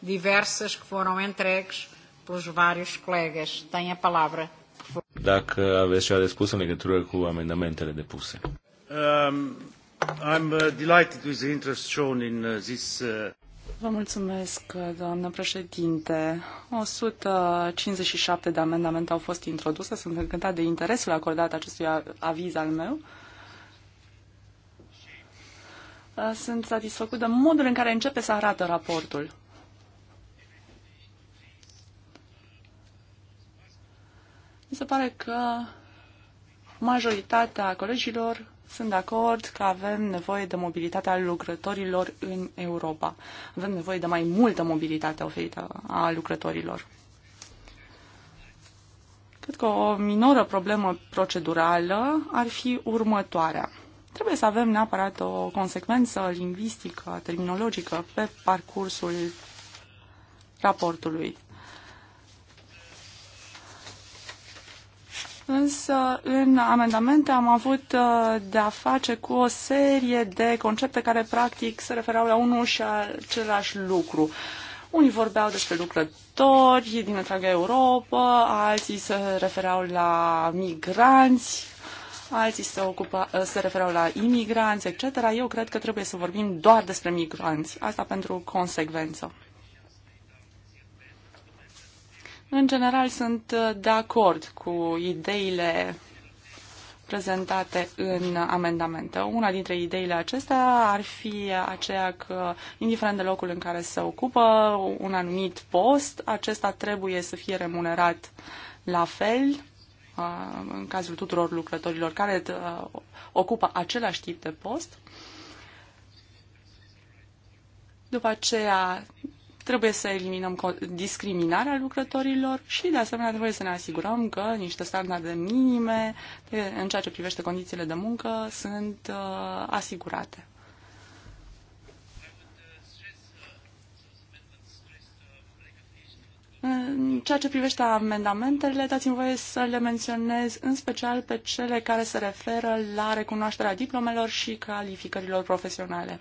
diversas que foram entregues pelos vários colegas. Tem a palavra. Dacă aveți ceva de spus în legătură cu amendamentele depuse. Um, I'm uh, delighted with the interest shown in uh, this uh, Vă mulțumesc, doamnă președinte. 157 de amendamente au fost introduse. Sunt încântat de interesul acordat acestui aviz al meu. Sunt satisfăcut de modul în care începe să arată raportul. se pare că majoritatea colegilor sunt de acord că avem nevoie de mobilitatea lucrătorilor în Europa. Avem nevoie de mai multă mobilitate oferită a lucrătorilor. Cred că o minoră problemă procedurală ar fi următoarea. Trebuie să avem neapărat o consecvență lingvistică, terminologică pe parcursul raportului. însă în amendamente am avut uh, de-a face cu o serie de concepte care practic se refereau la unul și același lucru. Unii vorbeau despre lucrători din întreaga Europa, alții se refereau la migranți, alții se, ocupa, uh, se refereau la imigranți, etc. Eu cred că trebuie să vorbim doar despre migranți. Asta pentru consecvență. În general sunt uh, de acord cu ideile prezentate în amendamente. Una dintre ideile acestea ar fi aceea că, indiferent de locul în care se ocupă un anumit post, acesta trebuie să fie remunerat la fel uh, în cazul tuturor lucrătorilor care uh, ocupă același tip de post. După aceea, Trebuie să eliminăm discriminarea lucrătorilor și, de asemenea, trebuie să ne asigurăm că niște standarde minime în ceea ce privește condițiile de muncă sunt uh, asigurate. În ceea ce privește amendamentele, dați-mi voie să le menționez în special pe cele care se referă la recunoașterea diplomelor și calificărilor profesionale.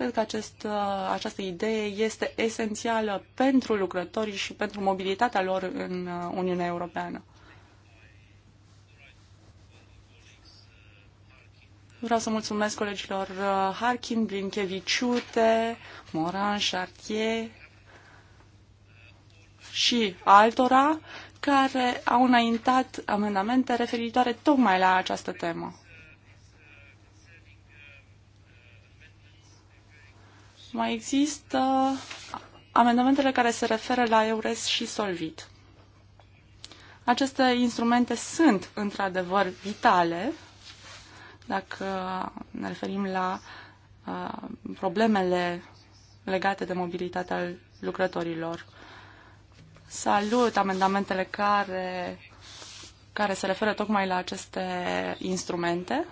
Cred că acest, uh, această idee este esențială pentru lucrătorii și pentru mobilitatea lor în uh, Uniunea Europeană. Vreau să mulțumesc colegilor uh, Harkin, Blinkeviciute, Moran, Chartier și altora care au înaintat amendamente referitoare tocmai la această temă. Mai există amendamentele care se referă la EURES și SOLVIT. Aceste instrumente sunt într-adevăr vitale dacă ne referim la uh, problemele legate de mobilitatea lucrătorilor. Salut amendamentele care, care se referă tocmai la aceste instrumente.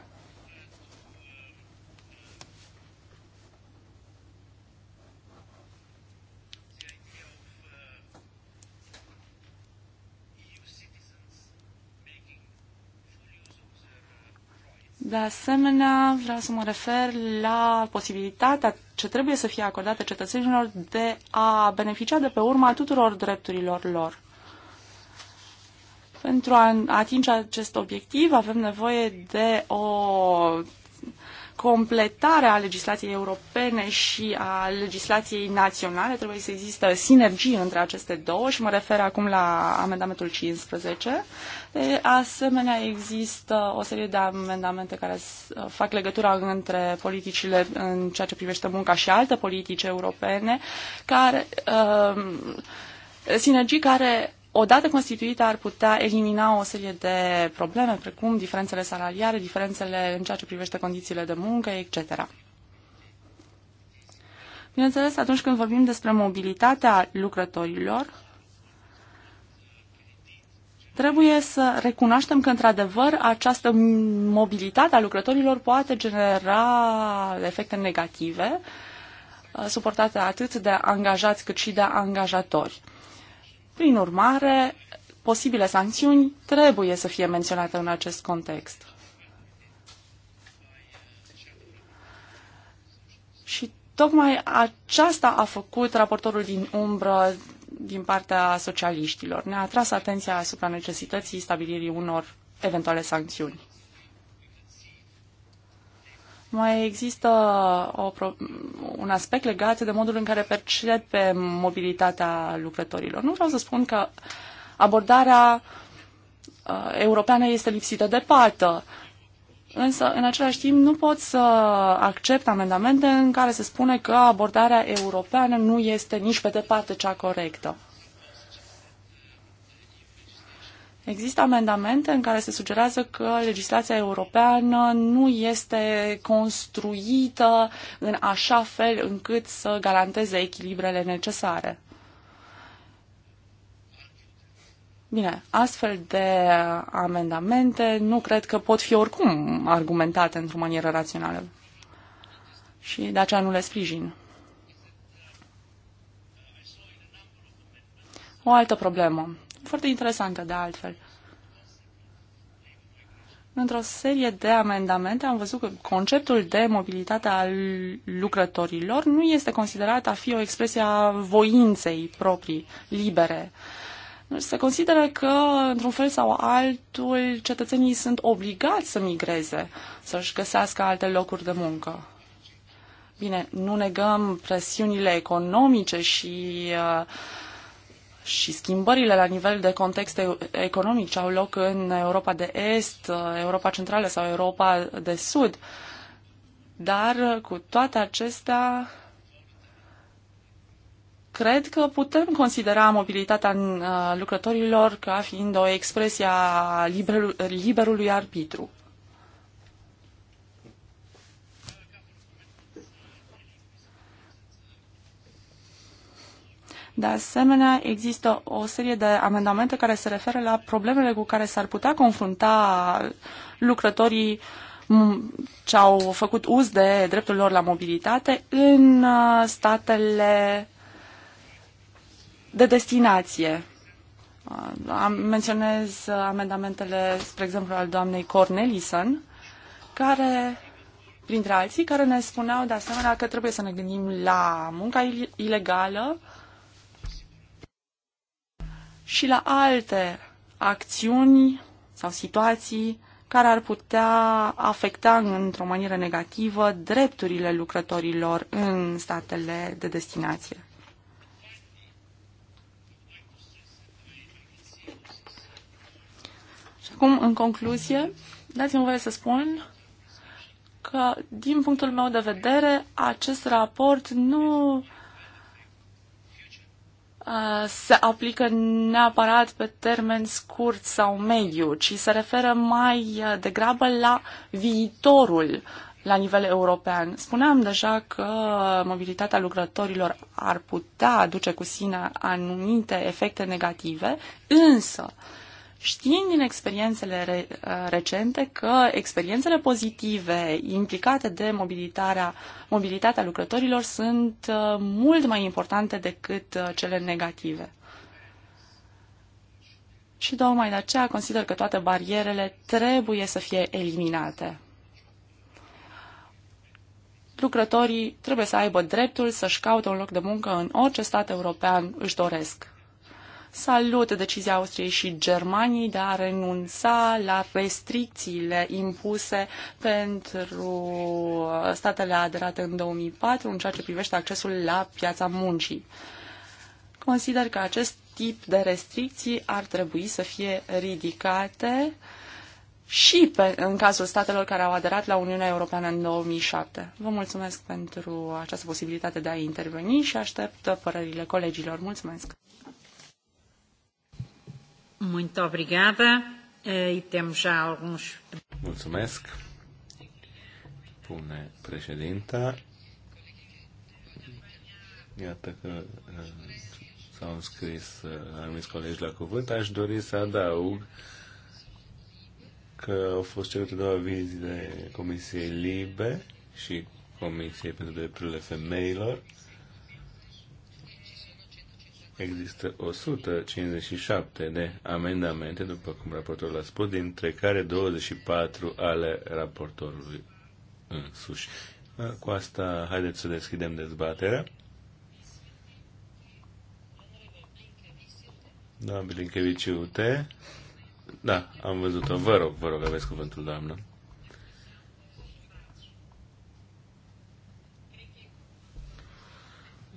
De asemenea, vreau să mă refer la posibilitatea ce trebuie să fie acordată cetățenilor de a beneficia de pe urma tuturor drepturilor lor. Pentru a atinge acest obiectiv avem nevoie de o completare a legislației europene și a legislației naționale. Trebuie să există sinergie între aceste două și mă refer acum la amendamentul 15. De asemenea, există o serie de amendamente care uh, fac legătura între politicile în ceea ce privește munca și alte politici europene, care, uh, sinergii care odată constituită, ar putea elimina o serie de probleme, precum diferențele salariare, diferențele în ceea ce privește condițiile de muncă, etc. Bineînțeles, atunci când vorbim despre mobilitatea lucrătorilor, trebuie să recunoaștem că, într-adevăr, această mobilitate a lucrătorilor poate genera efecte negative, suportate atât de angajați cât și de angajatori. Prin urmare, posibile sancțiuni trebuie să fie menționate în acest context. Și tocmai aceasta a făcut raportorul din umbră din partea socialiștilor. Ne-a atras atenția asupra necesității stabilirii unor eventuale sancțiuni. Mai există o, un aspect legat de modul în care percepe mobilitatea lucrătorilor. Nu vreau să spun că abordarea uh, europeană este lipsită de pată, însă în același timp nu pot să accept amendamente în care se spune că abordarea europeană nu este nici pe departe cea corectă. Există amendamente în care se sugerează că legislația europeană nu este construită în așa fel încât să garanteze echilibrele necesare. Bine, astfel de amendamente nu cred că pot fi oricum argumentate într-o manieră rațională și de aceea nu le sprijin. O altă problemă foarte interesantă de altfel. Într-o serie de amendamente am văzut că conceptul de mobilitate al lucrătorilor nu este considerat a fi o expresie a voinței proprii, libere. Se consideră că, într-un fel sau altul, cetățenii sunt obligați să migreze, să-și găsească alte locuri de muncă. Bine, nu negăm presiunile economice și uh, și schimbările la nivel de context economic ce au loc în Europa de Est, Europa Centrală sau Europa de Sud. Dar cu toate acestea, cred că putem considera mobilitatea uh, lucrătorilor ca fiind o expresie a liberului arbitru. De asemenea, există o serie de amendamente care se referă la problemele cu care s-ar putea confrunta lucrătorii ce au făcut uz de dreptul lor la mobilitate în uh, statele de destinație. Uh, am, menționez uh, amendamentele, spre exemplu, al doamnei Cornelison, care, printre alții, care ne spuneau de asemenea că trebuie să ne gândim la munca ilegală, și la alte acțiuni sau situații care ar putea afecta într-o manieră negativă drepturile lucrătorilor în statele de destinație. Și acum, în concluzie, dați-mi voie să spun că, din punctul meu de vedere, acest raport nu Uh, se aplică neapărat pe termen scurt sau mediu, ci se referă mai uh, degrabă la viitorul la nivel european. Spuneam deja că mobilitatea lucrătorilor ar putea aduce cu sine anumite efecte negative, însă uh, Știind din experiențele re, uh, recente că experiențele pozitive implicate de mobilitarea, mobilitatea lucrătorilor sunt uh, mult mai importante decât uh, cele negative. Și tocmai de aceea consider că toate barierele trebuie să fie eliminate. Lucrătorii trebuie să aibă dreptul să-și caute un loc de muncă în orice stat european își doresc salută decizia Austriei și Germaniei de a renunța la restricțiile impuse pentru uh, statele aderate în 2004 în ceea ce privește accesul la piața muncii. Consider că acest tip de restricții ar trebui să fie ridicate și pe, în cazul statelor care au aderat la Uniunea Europeană în 2007. Vă mulțumesc pentru această posibilitate de a interveni și aștept părerile colegilor. Mulțumesc! Muito obrigada. Eh, e temos já alguns... Mulțumesc. Pune președinta. Iată că eh, s-au înscris eh, anumiți colegi la cuvânt. Aș dori să adaug că au fost cele două vizite Comisiei Libe și Comisiei pentru Drepturile Femeilor Există 157 de amendamente, după cum raportorul a spus, dintre care 24 ale raportorului însuși. Cu asta, haideți să deschidem dezbaterea. Da, Bilinkeviciu, te... Da, am văzut-o. Vă rog, vă rog, aveți cuvântul, doamnă.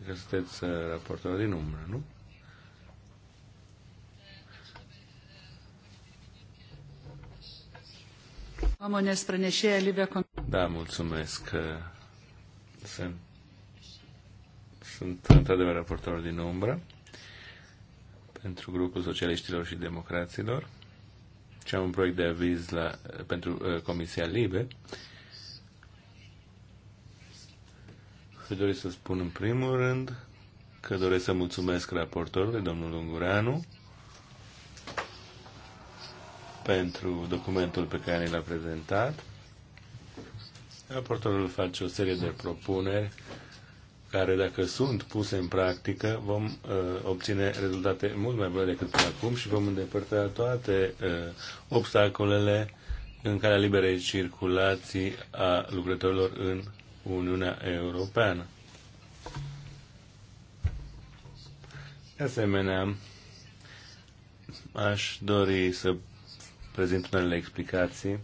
Că sunteți uh, raportor din umbră, nu? Nuomonės pranešėja Da, mulțumesc. Sunt, sunt într-adevăr raportor din umbră pentru grupul socialiștilor și democraților și am un proiect de aviz la, pentru uh, Comisia Libe. Vă doresc să spun în primul rând că doresc să mulțumesc raportorului, domnul Ungureanu, pentru documentul pe care l-a prezentat. Raportorul face o serie de propuneri care, dacă sunt puse în practică, vom uh, obține rezultate mult mai bune decât până acum și vom îndepărta toate uh, obstacolele în calea liberei circulații a lucrătorilor în Uniunea Europeană. De asemenea, aș dori să prezint unele explicații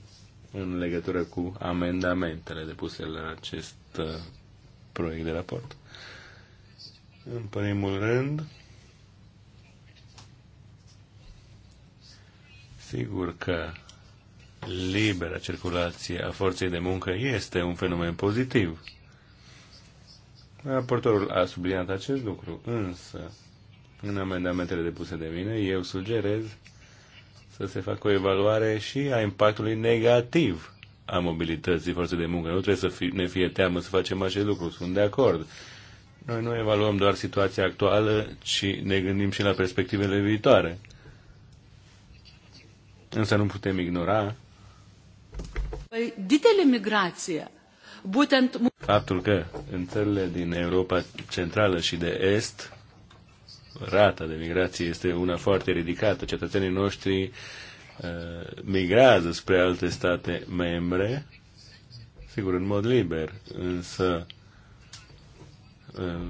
în legătură cu amendamentele depuse la acest uh, proiect de raport. În primul rând, sigur că libera circulație a forței de muncă este un fenomen pozitiv. Raportorul a subliniat acest lucru, însă, în amendamentele depuse de mine, eu sugerez să se facă o evaluare și a impactului negativ a mobilității forței de muncă. Nu trebuie să fie, ne fie teamă să facem acest lucru, sunt de acord. Noi nu evaluăm doar situația actuală, ci ne gândim și la perspectivele viitoare. Însă nu putem ignora păi, didelė migracija. Būtent... Faptul că în țările din Europa Centrală și de Est rata de migrație este una foarte ridicată. Cetățenii noștri uh, migrează spre alte state membre, sigur, în mod liber, însă uh,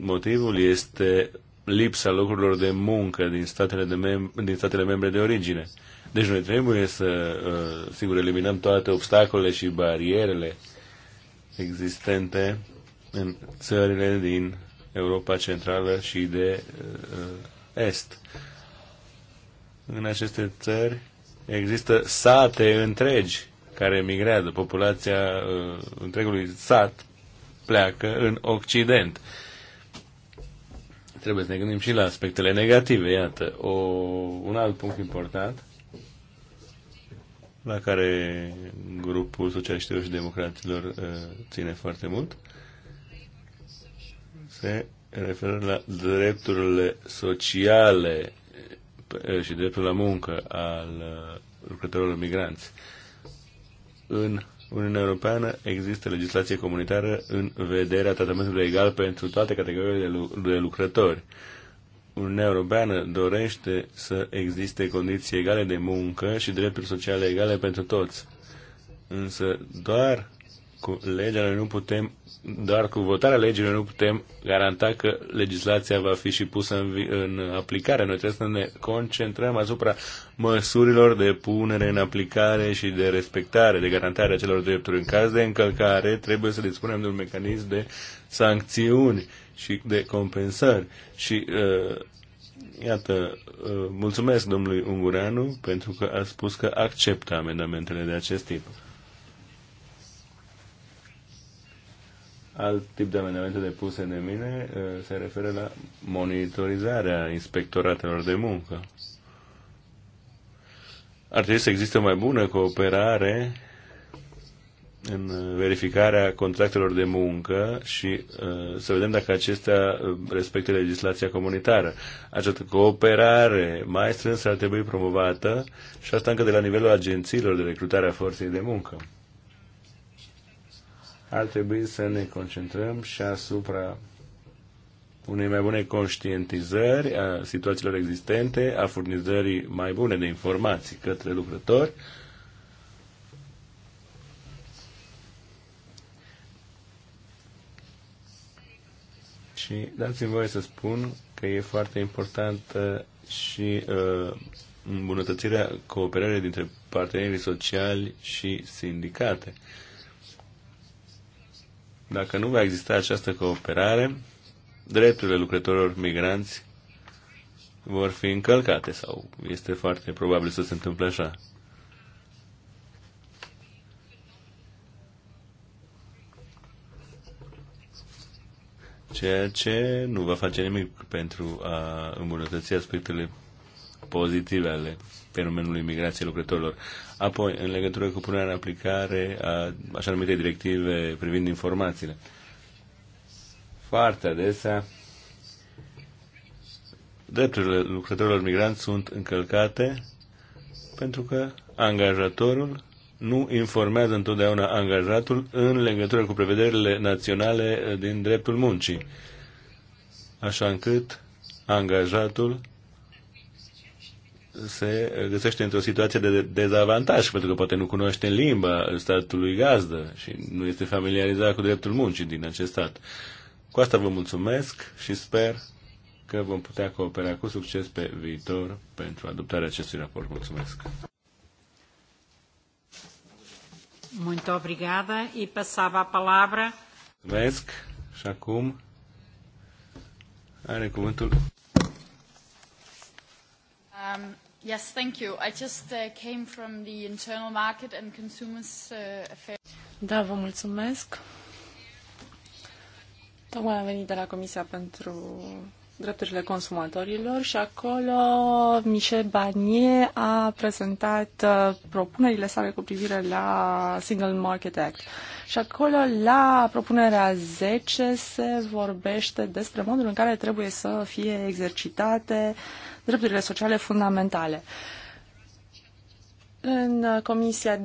motivul este lipsa locurilor de muncă din statele, de mem- din statele membre de origine. Deci noi trebuie să, uh, sigur, eliminăm toate obstacolele și barierele existente în țările din Europa Centrală și de uh, uh, Est. În aceste țări există sate întregi care migrează. Populația uh, întregului sat pleacă în Occident trebuie să ne gândim și la aspectele negative, iată. O, un alt punct important la care grupul socialiștilor și democraților uh, ține foarte mult este referent la drepturile sociale și dreptul la muncă al uh, lucrătorilor migranți. În Uniunea Europeană există legislație comunitară în vederea tratamentului egal pentru toate categoriile de lucrători. Uniunea Europeană dorește să existe condiții egale de muncă și drepturi sociale egale pentru toți. Însă doar cu legea noi nu putem doar cu votarea legilor nu putem garanta că legislația va fi și pusă în, în aplicare. Noi trebuie să ne concentrăm asupra măsurilor de punere în aplicare și de respectare, de garantare a celor drepturi. În caz de încălcare, trebuie să dispunem de un mecanism de sancțiuni și de compensări. Și uh, iată, uh, mulțumesc domnului Ungureanu pentru că a spus că acceptă amendamentele de acest tip. Alt tip de amendamente depuse de mine uh, se referă la monitorizarea inspectoratelor de muncă. Ar trebui să existe o mai bună cooperare în verificarea contractelor de muncă și uh, să vedem dacă acestea uh, respectă legislația comunitară. Această cooperare mai strânsă ar trebui promovată și asta încă de la nivelul agențiilor de recrutare a forței de muncă ar trebui să ne concentrăm și asupra unei mai bune conștientizări a situațiilor existente, a furnizării mai bune de informații către lucrători, Și dați-mi voie să spun că e foarte importantă și uh, îmbunătățirea cooperării dintre partenerii sociali și sindicate. Uh, dacă nu va exista această cooperare, drepturile lucrătorilor migranți vor fi încălcate sau este foarte probabil să se întâmple așa. Ceea ce nu va face nimic pentru a îmbunătăți aspectele pozitive ale fenomenului migrației lucrătorilor. Apoi, în legătură cu punerea în aplicare a așa numite directive privind informațiile. Foarte adesea, drepturile lucrătorilor migranți sunt încălcate pentru că angajatorul nu informează întotdeauna angajatul în legătură cu prevederile naționale din dreptul muncii, așa încât angajatul se găsește într-o situație de dezavantaj, pentru că poate nu cunoaște limba statului gazdă și nu este familiarizat cu dreptul muncii din acest stat. Cu asta vă mulțumesc și sper că vom putea coopera cu succes pe viitor pentru adoptarea acestui raport. Mulțumesc! Muito obrigada e passava a palavra. Mulțumesc și acum Um, Yes, thank you. I just uh, came from the Internal Market and Consumers uh, Affairs. Da, vă mulțumesc. Tocmai am venit de la Comisia pentru drepturile consumatorilor și acolo Michel Barnier a prezentat uh, propunerile sale cu privire la Single Market Act. Și acolo, la propunerea 10, se vorbește despre modul în care trebuie să fie exercitate drepturile sociale fundamentale. Uh, în comisia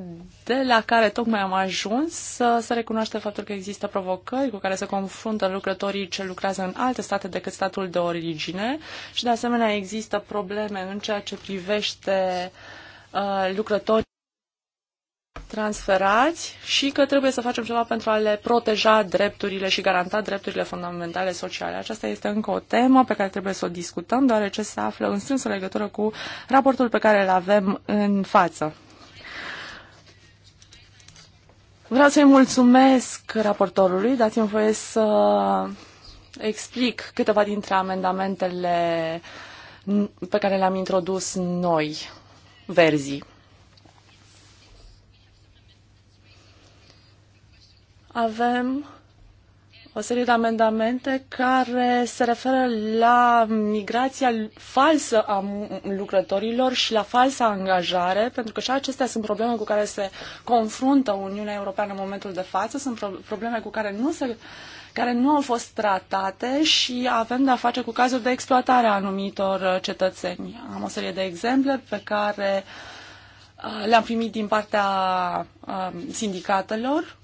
de la care tocmai am ajuns să, să recunoaște faptul că există provocări cu care se confruntă lucrătorii ce lucrează în alte state decât statul de origine și de asemenea există probleme în ceea ce privește uh, lucrătorii transferați și că trebuie să facem ceva pentru a le proteja drepturile și garanta drepturile fundamentale sociale. Aceasta este încă o temă pe care trebuie să o discutăm, deoarece se află în strânsă legătură cu raportul pe care îl avem în față. Vreau să-i mulțumesc raportorului, dați-mi voie să explic câteva dintre amendamentele pe care le-am introdus noi, verzii. avem o serie de amendamente care se referă la migrația falsă a lucrătorilor și la falsa angajare, pentru că și acestea sunt probleme cu care se confruntă Uniunea Europeană în momentul de față, sunt probleme cu care nu se care nu au fost tratate și avem de-a face cu cazuri de exploatare a anumitor uh, cetățeni. Am o serie de exemple pe care uh, le-am primit din partea uh, sindicatelor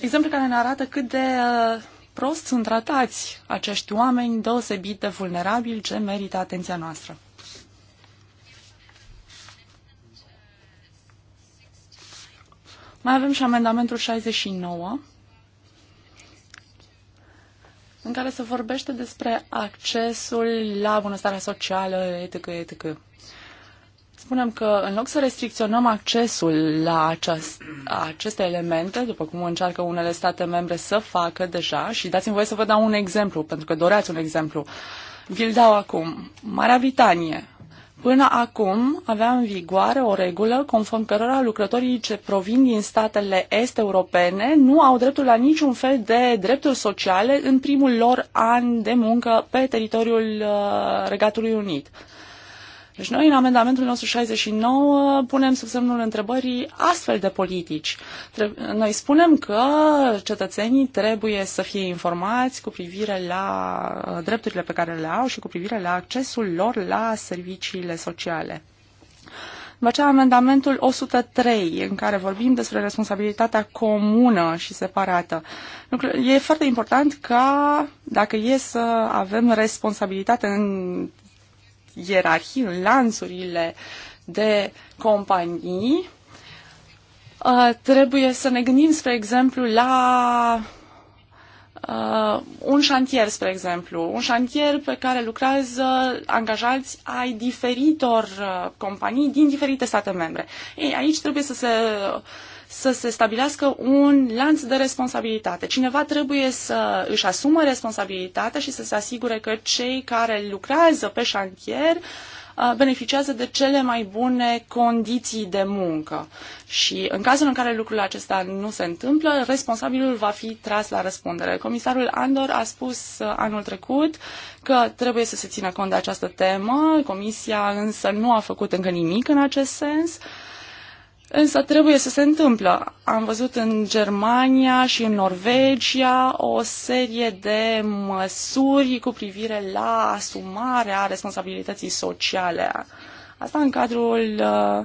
exemplu care ne arată cât de uh, prost sunt tratați acești oameni deosebit de vulnerabili ce merită atenția noastră. Mai avem și amendamentul 69, în care se vorbește despre accesul la bunăstarea socială, etică, etică spunem că în loc să restricționăm accesul la aceast, aceste elemente, după cum încearcă unele state membre să facă deja, și dați-mi voie să vă dau un exemplu, pentru că doreați un exemplu, vi-l dau acum. Marea Britanie. Până acum avea în vigoare o regulă conform cărora lucrătorii ce provin din statele est-europene nu au dreptul la niciun fel de drepturi sociale în primul lor an de muncă pe teritoriul uh, Regatului Unit. Deci noi, în amendamentul nostru 69, punem sub semnul întrebării astfel de politici. Noi spunem că cetățenii trebuie să fie informați cu privire la uh, drepturile pe care le au și cu privire la accesul lor la serviciile sociale. După aceea, amendamentul 103, în care vorbim despre responsabilitatea comună și separată. E foarte important ca, dacă e să avem responsabilitate în ierarhii, în lanțurile de companii, trebuie să ne gândim, spre exemplu, la un șantier, spre exemplu, un șantier pe care lucrează angajați ai diferitor companii din diferite state membre. Ei, aici trebuie să se să se stabilească un lanț de responsabilitate. Cineva trebuie să își asumă responsabilitatea și să se asigure că cei care lucrează pe șantier uh, beneficiază de cele mai bune condiții de muncă. Și în cazul în care lucrul acesta nu se întâmplă, responsabilul va fi tras la răspundere. Comisarul Andor a spus uh, anul trecut că trebuie să se țină cont de această temă, comisia însă nu a făcut încă nimic în acest sens. Uh, Însă trebuie să se întâmplă. Am văzut în Germania și în Norvegia o serie de măsuri cu privire la asumarea responsabilității sociale. Asta în cadrul uh,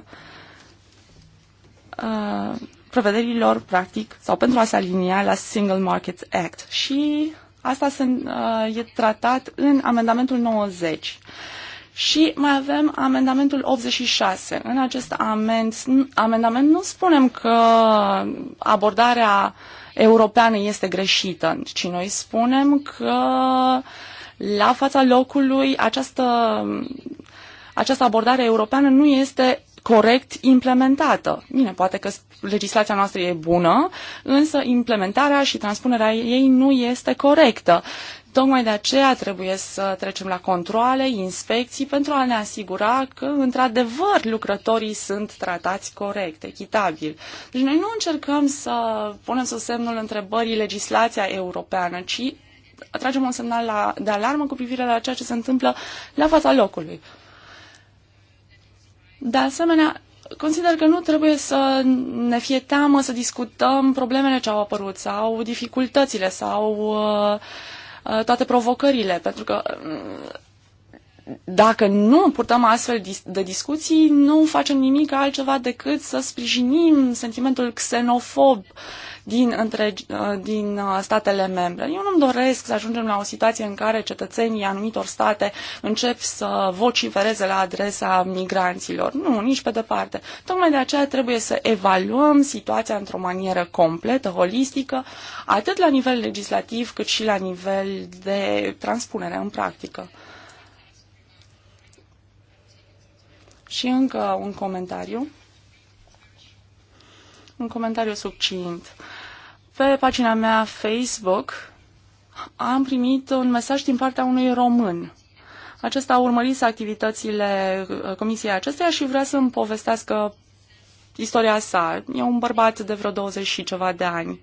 uh, prevederilor, practic, sau pentru a se alinia la Single Market Act. Și asta se, uh, e tratat în amendamentul 90. Uh, și mai avem amendamentul 86. În acest amend, amendament nu spunem că abordarea europeană este greșită, ci noi spunem că la fața locului această, această abordare europeană nu este corect implementată. Bine, poate că legislația noastră e bună, însă implementarea și transpunerea ei nu este corectă. Tocmai de aceea trebuie să trecem la controle, inspecții, pentru a ne asigura că, într-adevăr, lucrătorii sunt tratați corect, echitabil. Deci noi nu încercăm să punem sub semnul întrebării legislația europeană, ci atragem un semnal la, de alarmă cu privire la ceea ce se întâmplă la fața locului. De asemenea, consider că nu trebuie să ne fie teamă să discutăm problemele ce au apărut sau dificultățile sau uh, Uh, toate provocările, pentru că mm, dacă nu purtăm astfel de discuții, nu facem nimic altceva decât să sprijinim sentimentul xenofob uh, din, între uh, din uh, statele membre. Eu nu-mi doresc să ajungem la o situație în care cetățenii anumitor state încep să vocifereze la adresa migranților. Nu, nici pe departe. Tocmai de aceea trebuie să evaluăm situația într-o manieră completă, holistică, atât la nivel legislativ cât și la nivel de transpunere în practică. Și încă un comentariu. Un comentariu succint. Pe pagina mea Facebook am primit un mesaj din partea unui român. Acesta a urmărit activitățile uh, comisiei acesteia și vrea să-mi povestească istoria sa. E un bărbat de vreo 20 și ceva de ani.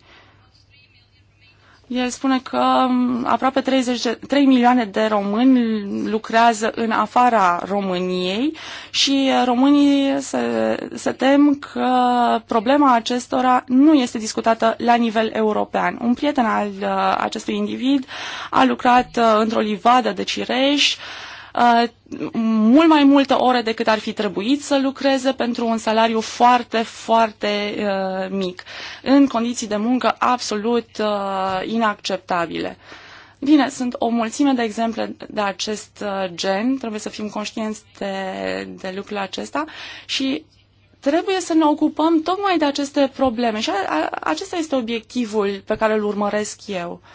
El spune că um, aproape 30 de, 3 milioane de români lucrează în afara României și uh, românii se, se tem că problema acestora nu este discutată la nivel european. Un prieten al uh, acestui individ a lucrat uh, într-o livadă de cireși, Uh, mult mai multe ore decât ar fi trebuit să lucreze pentru un salariu foarte, foarte uh, mic, în condiții de muncă absolut uh, inacceptabile. Bine, sunt o mulțime de exemple de acest gen, trebuie să fim conștienți de, de lucrul acesta și trebuie să ne ocupăm tocmai de aceste probleme și a, a, acesta este obiectivul pe care îl urmăresc eu. Uh,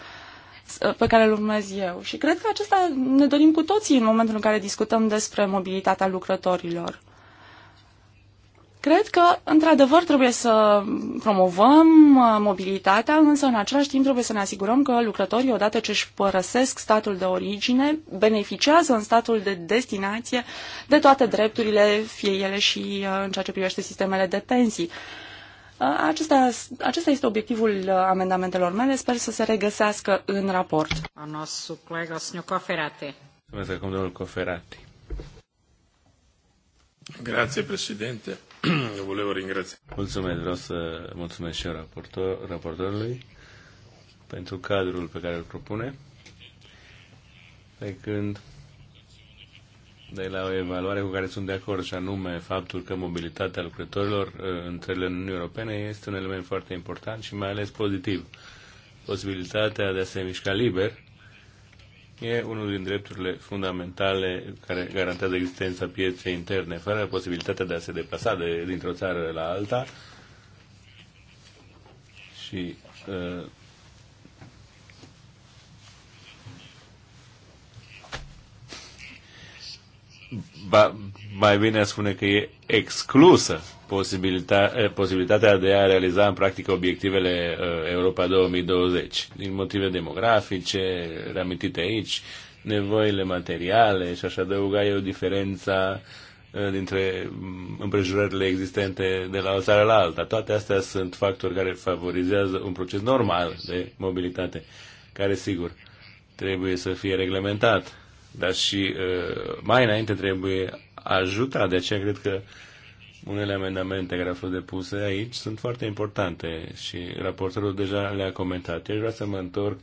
Uh, pe care îl urmez eu. Și cred că acesta ne dorim cu toții în momentul în care discutăm despre mobilitatea lucrătorilor. Cred că, într-adevăr, trebuie să promovăm uh, mobilitatea, însă, în același timp, trebuie să ne asigurăm că lucrătorii, odată ce își părăsesc statul de origine, beneficiază în statul de destinație de toate drepturile, fie ele și uh, în ceea ce privește sistemele de pensii. Uh, acesta, acesta este obiectivul uh, amendamentelor mele. Sper să se regăsească în raport. A nostru colega, signor Coferate. Mulțumesc acum, domnul Coferati. Grazie, președinte. Volevo ringrazia. Mulțumesc, vreau să mulțumesc și eu raportor, raportorului pentru cadrul pe care îl propune. Pe când de la o evaluare cu care sunt de acord, și anume faptul că mobilitatea lucrătorilor uh, în țările Uniunii Europene este un element foarte important și mai ales pozitiv. Posibilitatea de a se mișca liber e unul din drepturile fundamentale care garantează existența pieței interne, fără posibilitatea de a se deplasa de, dintr-o țară la alta și uh, ba, mai bine spune că e exclusă posibilita- eh, posibilitatea de a realiza în practică obiectivele eh, Europa 2020 din motive demografice, reamintite aici, nevoile materiale și aș adăuga eu diferența eh, dintre mm, împrejurările existente de la o țară la alta. Toate astea sunt factori care favorizează un proces normal de mobilitate, care sigur trebuie să fie reglementat dar și uh, mai înainte trebuie ajutat. De aceea cred că unele amendamente care au fost depuse aici sunt foarte importante și raportorul deja le-a comentat. Eu vreau să mă întorc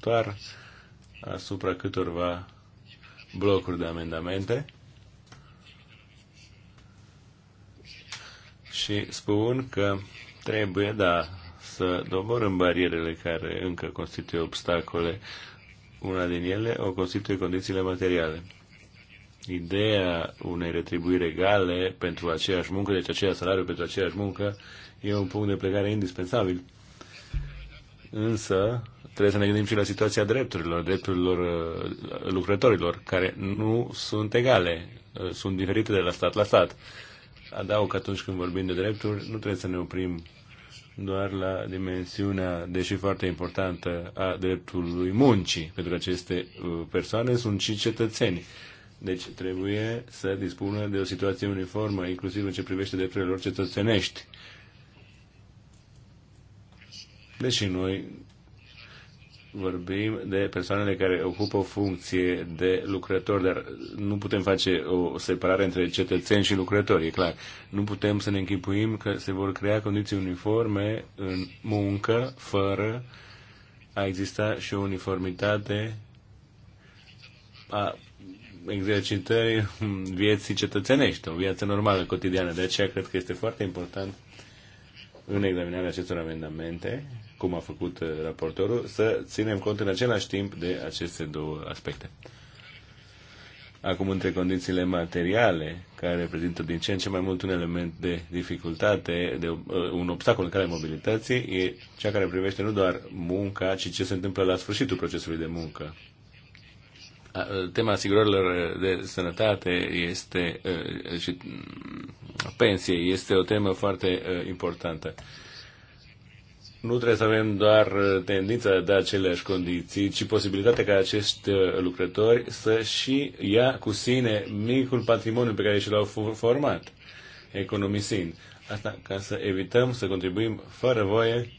doar asupra câtorva blocuri de amendamente și spun că trebuie, da, să doborâm barierele care încă constituie obstacole una din ele o constituie condițiile materiale. Ideea unei retribuiri egale pentru aceeași muncă, deci aceeași salariu pentru aceeași muncă, e un punct de plecare indispensabil. Însă, trebuie să ne gândim și la situația drepturilor, drepturilor uh, lucrătorilor, care nu sunt egale, uh, sunt diferite de la stat la stat. Adaug că atunci când vorbim de drepturi, nu trebuie să ne oprim doar la dimensiunea, deși foarte importantă, a dreptului muncii. Pentru că aceste uh, persoane sunt și cetățeni. Deci trebuie să dispună de o situație uniformă, inclusiv în ce privește drepturile lor cetățenești. Deși noi vorbim de persoanele care ocupă o funcție de lucrător, dar nu putem face o separare între cetățeni și lucrători, e clar. Nu putem să ne închipuim că se vor crea condiții uniforme în muncă fără a exista și o uniformitate a exercitării vieții cetățenești, o viață normală, cotidiană. De aceea cred că este foarte important în examinarea acestor amendamente cum a făcut uh, raportorul, să ținem cont în același timp de aceste două aspecte. Acum, între condițiile materiale, care reprezintă din ce în ce mai mult un element de dificultate, de uh, un obstacol în calea mobilității, e cea care privește nu doar munca, ci ce se întâmplă la sfârșitul procesului de muncă. Uh, tema asigurărilor de sănătate este și mm, pensie este o temă foarte importantă nu trebuie să avem doar uh, tendința de aceleași condiții, ci posibilitatea ca acești uh, lucrători să și ia cu sine micul patrimoniu pe care și l-au format, economisind. Asta ca să evităm să contribuim fără voie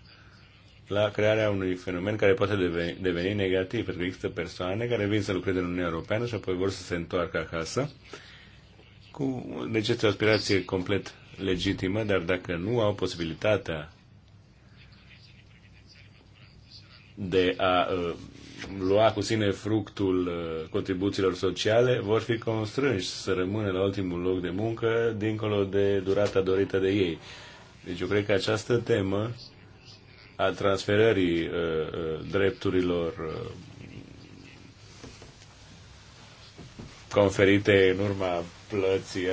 la crearea unui fenomen care poate deveni, deveni negativ, pentru că există persoane care vin să lucreze în Uniunea Europeană și apoi vor să se întoarcă acasă. Cu, deci este o aspirație complet legitimă, dar dacă nu au posibilitatea de a uh, lua cu sine fructul uh, contribuțiilor sociale vor fi constrânși să rămână la ultimul loc de muncă dincolo de durata dorită de ei. Deci eu cred că această temă a transferării uh, drepturilor conferite în urma plății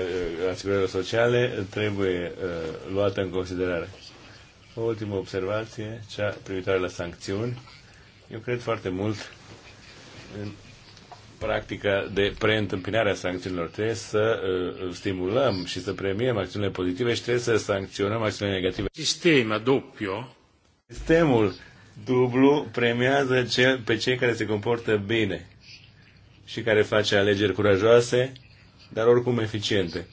asigurărilor sociale trebuie luată în considerare. O ultimă observație, cea privitoare la sancțiuni eu cred foarte mult în practica de preîntâmpinare a sancțiunilor. Trebuie să uh, stimulăm și să premiem acțiunile pozitive și trebuie să sancționăm acțiunile negative. Sistema doppio. Sistemul dublu premiază ce, pe cei care se comportă bine și care face alegeri curajoase, dar oricum eficiente.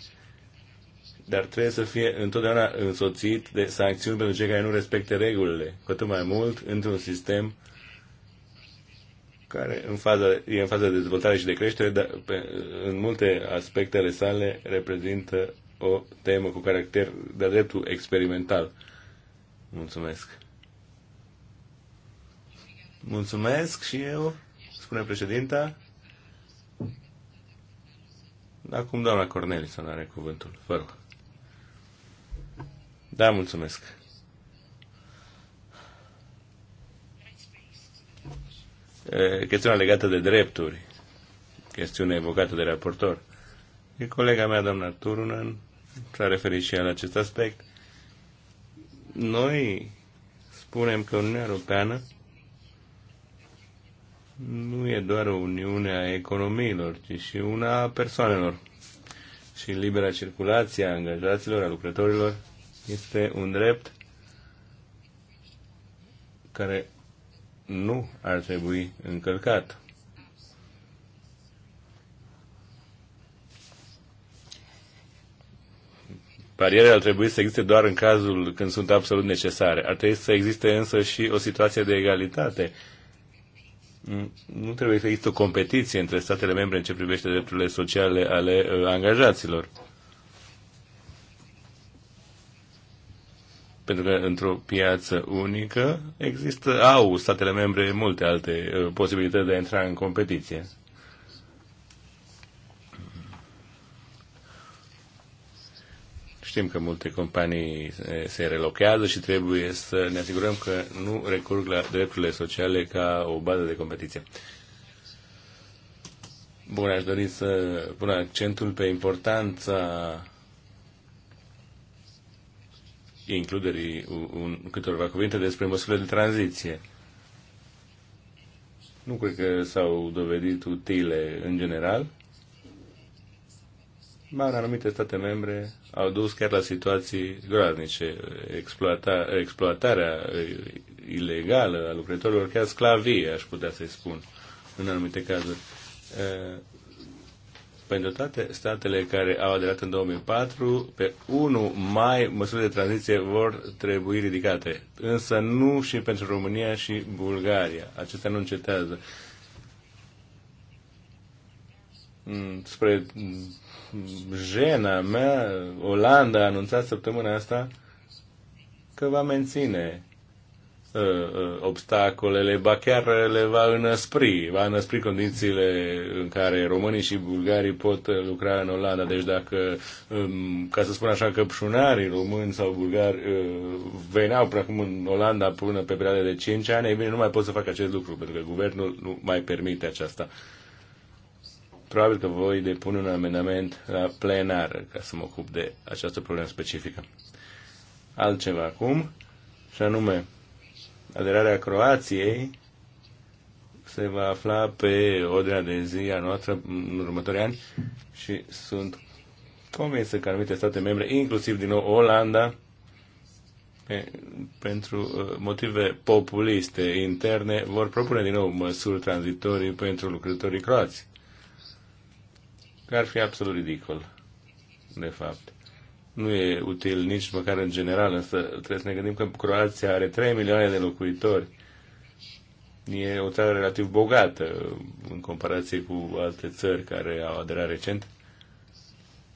Dar trebuie să fie întotdeauna însoțit de sancțiuni pentru cei care nu respectă regulile, cu atât mai mult într-un sistem care în fază, e în fază de dezvoltare și de creștere, dar pe, în multe aspectele sale reprezintă o temă cu caracter de dreptul experimental. Mulțumesc. Mulțumesc și eu, spune președinta. Acum doamna să are cuvântul. Vă rog. Da, mulțumesc. chestiunea legată de drepturi, chestiune evocată de raportor. E colega mea, doamna Turunen, s-a referit și ea la acest aspect. Noi spunem că Uniunea Europeană nu e doar o uniune a economiilor, ci și una a persoanelor. Și libera circulație a angajaților, a lucrătorilor, este un drept care nu ar trebui încălcat. Barierele ar trebui să existe doar în cazul când sunt absolut necesare. Ar trebui să existe însă și o situație de egalitate. Nu trebuie să existe o competiție între statele membre în ce privește drepturile sociale ale uh, angajaților. pentru că într-o piață unică există, au statele membre multe alte uh, posibilități de a intra în competiție. Știm că multe companii eh, se relochează și trebuie să ne asigurăm că nu recurg la drepturile sociale ca o bază de competiție. Bun, aș dori să pun accentul pe importanța includerii un, un, câteva cuvinte despre măsurile de tranziție. Nu cred că s-au dovedit utile în general, dar anumite state membre au dus chiar la situații groaznice. Exploata, exploatarea uh, ilegală a lucrătorilor, chiar sclavie, aș putea să-i spun, în anumite cazuri. Uh, pentru toate statele care au aderat în 2004, pe 1 mai măsuri de tranziție vor trebui ridicate. Însă nu și pentru România și Bulgaria. Acestea nu încetează. Mm, spre jena mea, Olanda a anunțat săptămâna asta că va menține Uh, uh, obstacolele, ba chiar le va înăspri, va înăspri condițiile în care românii și bulgarii pot lucra în Olanda. Deci dacă, um, ca să spun așa, căpșunarii români sau bulgari uh, veneau până acum în Olanda până pe perioada de 5 ani, ei bine, nu mai pot să facă acest lucru, pentru că guvernul nu mai permite aceasta. Probabil că voi depune un amendament la plenar ca să mă ocup de această problemă specifică. Altceva acum, și anume, aderarea Croației se va afla pe ordinea de zi a noastră în următorii ani și sunt convinsă că anumite state membre, inclusiv din nou Olanda, pe, pentru uh, motive populiste interne, vor propune din nou măsuri tranzitorii pentru lucrătorii croați. Că ar fi absolut ridicol, de fapt nu e util nici măcar în general, însă trebuie să ne gândim că Croația are 3 milioane de locuitori. E o țară relativ bogată în comparație cu alte țări care au aderat recent.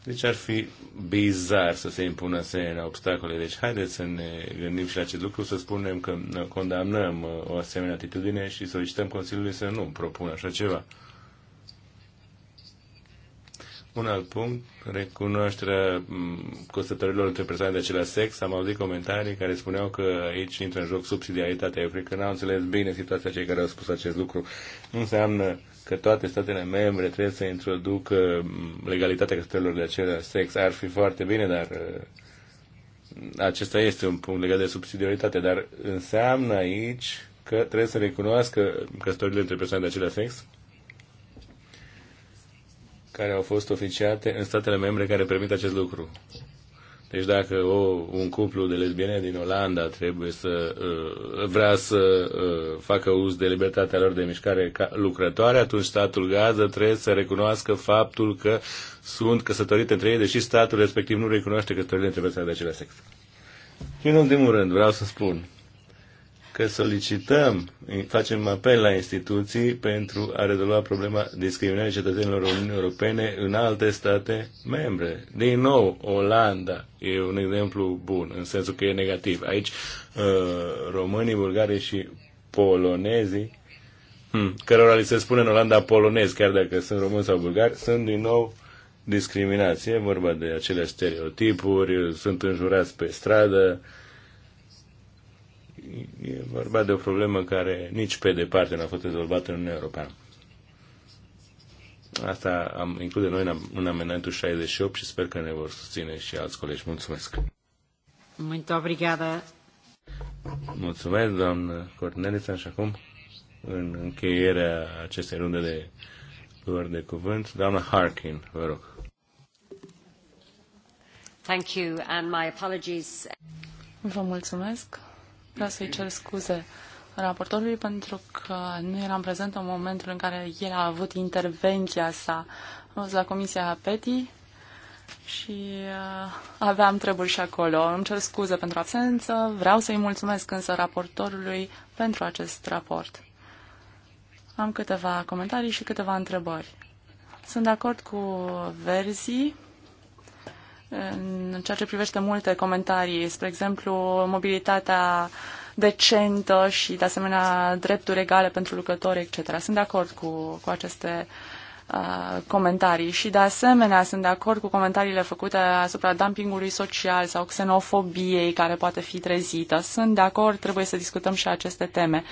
Deci ar fi bizar să se impună asemenea obstacole. Deci haideți să ne gândim și la acest lucru, să spunem că condamnăm o asemenea atitudine și solicităm Consiliului să nu propună așa ceva. Un alt punct, recunoașterea mm, costătorilor între persoane de același sex. Am auzit comentarii care spuneau că aici intră în joc subsidiaritatea. Eu cred că n-au înțeles bine situația cei care au spus acest lucru. Nu înseamnă că toate statele membre trebuie să introducă mm, legalitatea căsătorilor de același sex. Ar fi foarte bine, dar mm, acesta este un punct legat de subsidiaritate, dar înseamnă aici că trebuie să recunoască căsătorile între persoane de același sex care au fost oficiate în statele membre care permit acest lucru. Deci dacă o, un cuplu de lesbiene din Olanda trebuie să uh, vrea să uh, facă uz de libertatea lor de mișcare ca lucrătoare, atunci statul gază trebuie să recunoască faptul că sunt căsătorite între ei, deși statul respectiv nu recunoaște căsătorile între persoane de același sex. Și în ultimul rând, vreau să spun că solicităm, facem apel la instituții pentru a rezolva problema discriminării cetățenilor Uniunii Europene în alte state membre. Din nou, Olanda e un exemplu bun, în sensul că e negativ. Aici, uh, românii, bulgarii și polonezii, hmm, cărora li se spune în Olanda polonez, chiar dacă sunt români sau bulgari, sunt din nou discriminație, e vorba de acele stereotipuri, sunt înjurați pe stradă, e vorba de o problemă care nici pe departe nu a fost rezolvată în Uniunea Europeană. Asta am include noi în amendamentul 68 și sper că ne vor susține și alți colegi. Mulțumesc! Muito obrigada. Mulțumesc, doamnă Cornelita, și acum, în încheierea acestei runde de luări de cuvânt, doamna Harkin, vă rog. Thank you and my apologies. Vă mulțumesc. Vreau să-i cer scuze raportorului pentru că nu eram prezent în momentul în care el a avut intervenția sa. Am fost la Comisia PETI și uh, aveam treburi și acolo. Îmi cer scuze pentru absență, vreau să-i mulțumesc însă raportorului pentru acest raport. Am câteva comentarii și câteva întrebări. Sunt de acord cu verzii în ceea ce privește multe comentarii, spre exemplu, mobilitatea decentă și, de asemenea, drepturi egale pentru lucrători, etc. Sunt de acord cu, cu aceste Uh, comentarii și de asemenea sunt de acord cu comentariile făcute asupra dumpingului social sau xenofobiei care poate fi trezită. Sunt de acord, trebuie să discutăm și aceste teme.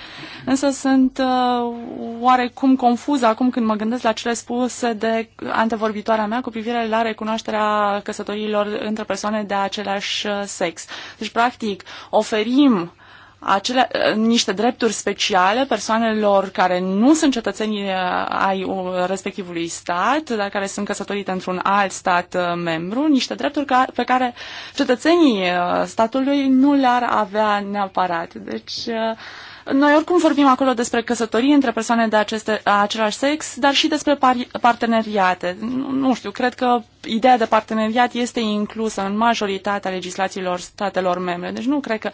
Însă sunt uh, oarecum confuză acum când mă gândesc la cele spuse de antevorbitoarea mea cu privire la recunoașterea căsătorilor între persoane de același sex. Deci, practic, oferim uh, acele, niște drepturi speciale persoanelor care nu sunt cetățenii uh, ai uh, respectivului stat, dar care sunt căsătorite într-un alt stat uh, membru, niște drepturi ca, pe care cetățenii statului nu le-ar avea neapărat. Deci, noi oricum vorbim acolo despre căsătorie între persoane de aceste, același sex, dar și despre par, parteneriate. Nu, nu știu, cred că ideea de parteneriat este inclusă în majoritatea legislațiilor statelor membre. Deci nu cred că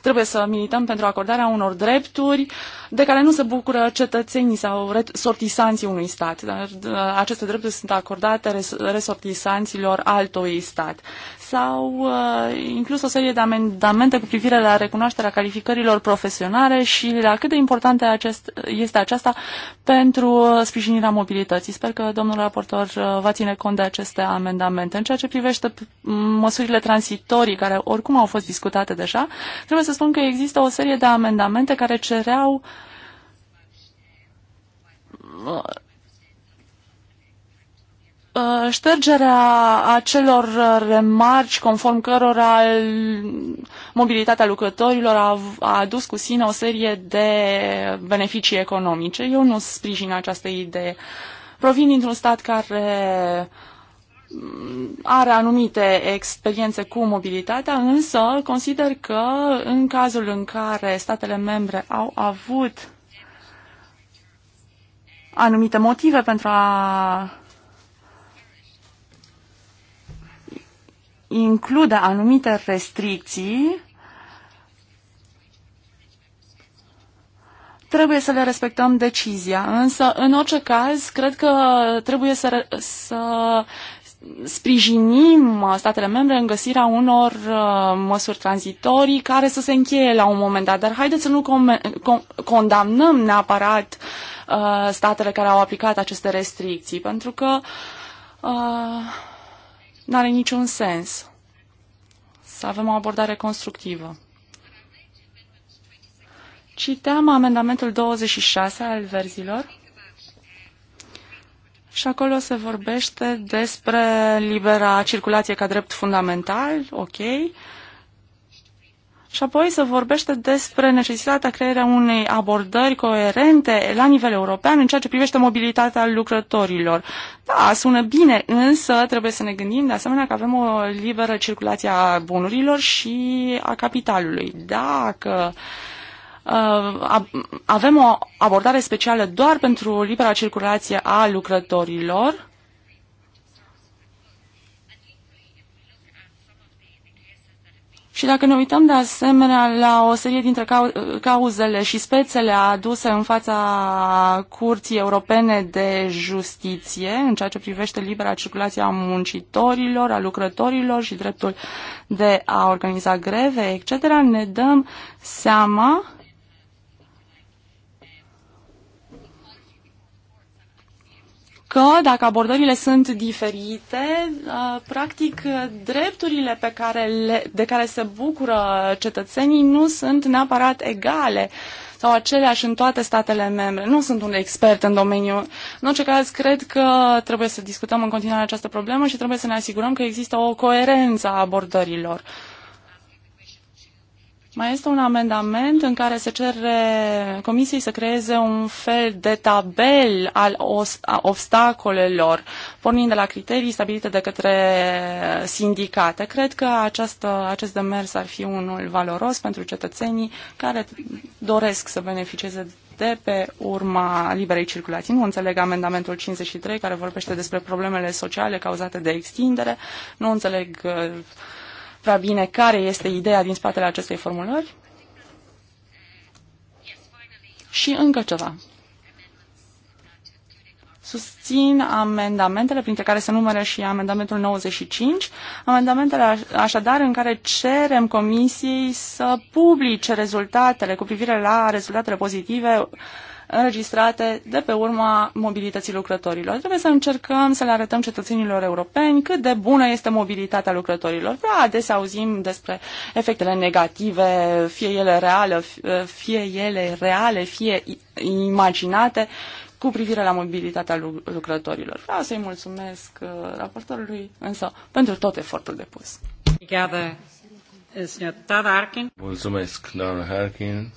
trebuie să milităm pentru acordarea unor drepturi de care nu se bucură cetățenii sau resortisanții unui stat, dar aceste drepturi sunt acordate resortisanților altui stat. Sau uh, inclus o serie de amendamente cu privire la recunoașterea calificărilor profesionale și la cât de importantă este aceasta pentru sprijinirea mobilității. Sper că domnul raportor uh, va ține cont de aceste amendamente. În ceea ce privește măsurile transitorii care oricum au fost discutate deja, trebuie să spun că există o serie de amendamente care cereau uh, ștergerea acelor remarci conform cărora mobilitatea lucrătorilor a, a adus cu sine o serie de beneficii economice. Eu nu sprijin această idee. Provin dintr-un stat care are anumite experiențe cu mobilitatea, însă consider că în cazul în care statele membre au avut anumite motive pentru a include anumite restricții, trebuie să le respectăm decizia, însă în orice caz cred că trebuie să, să sprijinim statele membre în găsirea unor uh, măsuri tranzitorii care să se încheie la un moment dat. Dar haideți să nu condamnăm neapărat uh, statele care au aplicat aceste restricții, pentru că uh, nu are niciun sens să avem o abordare constructivă. Citeam amendamentul 26 al verzilor și acolo se vorbește despre libera circulație ca drept fundamental, ok. Și apoi se vorbește despre necesitatea crearea unei abordări coerente la nivel european în ceea ce privește mobilitatea lucrătorilor. Da, sună bine, însă trebuie să ne gândim de asemenea că avem o liberă circulație a bunurilor și a capitalului. Dacă uh, Uh, avem o abordare specială doar pentru libera circulație a lucrătorilor. Și dacă ne uităm de asemenea la o serie dintre cauzele și spețele aduse în fața Curții Europene de Justiție în ceea ce privește libera circulație a muncitorilor, a lucrătorilor și dreptul de a organiza greve, etc., ne dăm seama că dacă abordările sunt diferite, uh, practic drepturile pe care le, de care se bucură cetățenii nu sunt neapărat egale sau aceleași în toate statele membre. Nu sunt un expert în domeniu. În orice caz, cred că trebuie să discutăm în continuare această problemă și trebuie să ne asigurăm că există o coerență a abordărilor. Mai este un amendament în care se cere Comisiei să creeze un fel de tabel al obstacolelor, pornind de la criterii stabilite de către sindicate. Cred că această, acest demers ar fi unul valoros pentru cetățenii care doresc să beneficieze de pe urma liberei circulații. Nu înțeleg amendamentul 53 care vorbește despre problemele sociale cauzate de extindere. Nu înțeleg uh, prea bine care este ideea din spatele acestei formulări. Și încă ceva. Susțin amendamentele, printre care se numără și amendamentul 95, amendamentele așadar în care cerem comisiei să publice rezultatele cu privire la rezultatele pozitive uh, înregistrate de pe urma mobilității lucrătorilor. Trebuie să încercăm să le arătăm cetățenilor europeni cât de bună este mobilitatea lucrătorilor. Prea da, adesea auzim despre efectele negative, fie ele reale, fie ele reale, fie imaginate cu privire la mobilitatea lucrătorilor. Vreau să-i mulțumesc uh, raportorului, însă, pentru tot efortul depus. Mulțumesc, doamnă Harkin.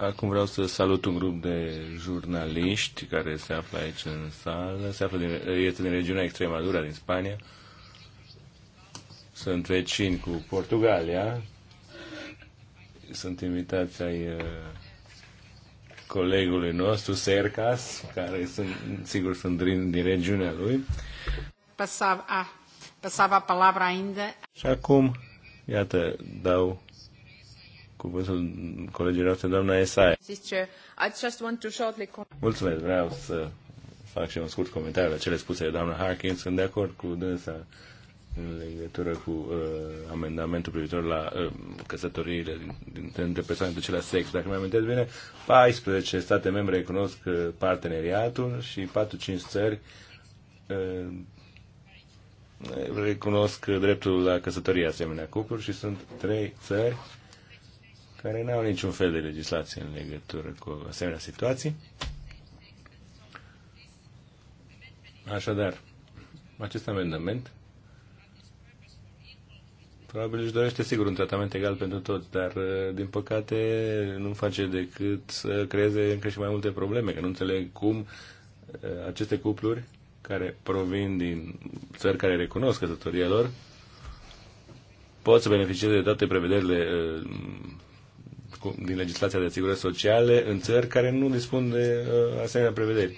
Acum vreau să salut un grup de jurnaliști care se află aici în sală. Se află din, este din regiunea Extremadura, din Spania. Sunt vecini cu Portugalia. Sunt invitați ai uh, colegului nostru, Sercas, care sunt, sigur sunt din, din regiunea lui. Pasava, ah, pasava palabra ainda. Și acum, iată, dau cuvântul colegii noastre, doamna Esaia. Mulțumesc, vreau să fac și un scurt comentariu la cele spuse de doamna Harkin. Sunt de acord cu dânsa în legătură cu uh, amendamentul privitor la uh, căsătoriile dintre, din persoane de același sex. Dacă mi amintesc bine, 14 state membre recunosc uh, parteneriatul și 4-5 țări uh, recunosc dreptul la căsătorie asemenea cupluri și sunt 3 țări care n-au niciun fel de legislație în legătură cu asemenea situații. Așadar, acest amendament probabil își dorește sigur un tratament egal pentru toți, dar uh, din păcate nu face decât să creeze încă și mai multe probleme, că nu înțeleg cum uh, aceste cupluri care provin din țări care recunosc căsătoria lor pot să beneficieze de toate prevederile uh, cu, din legislația de asigurări sociale în țări care nu dispun de uh, asemenea prevederi.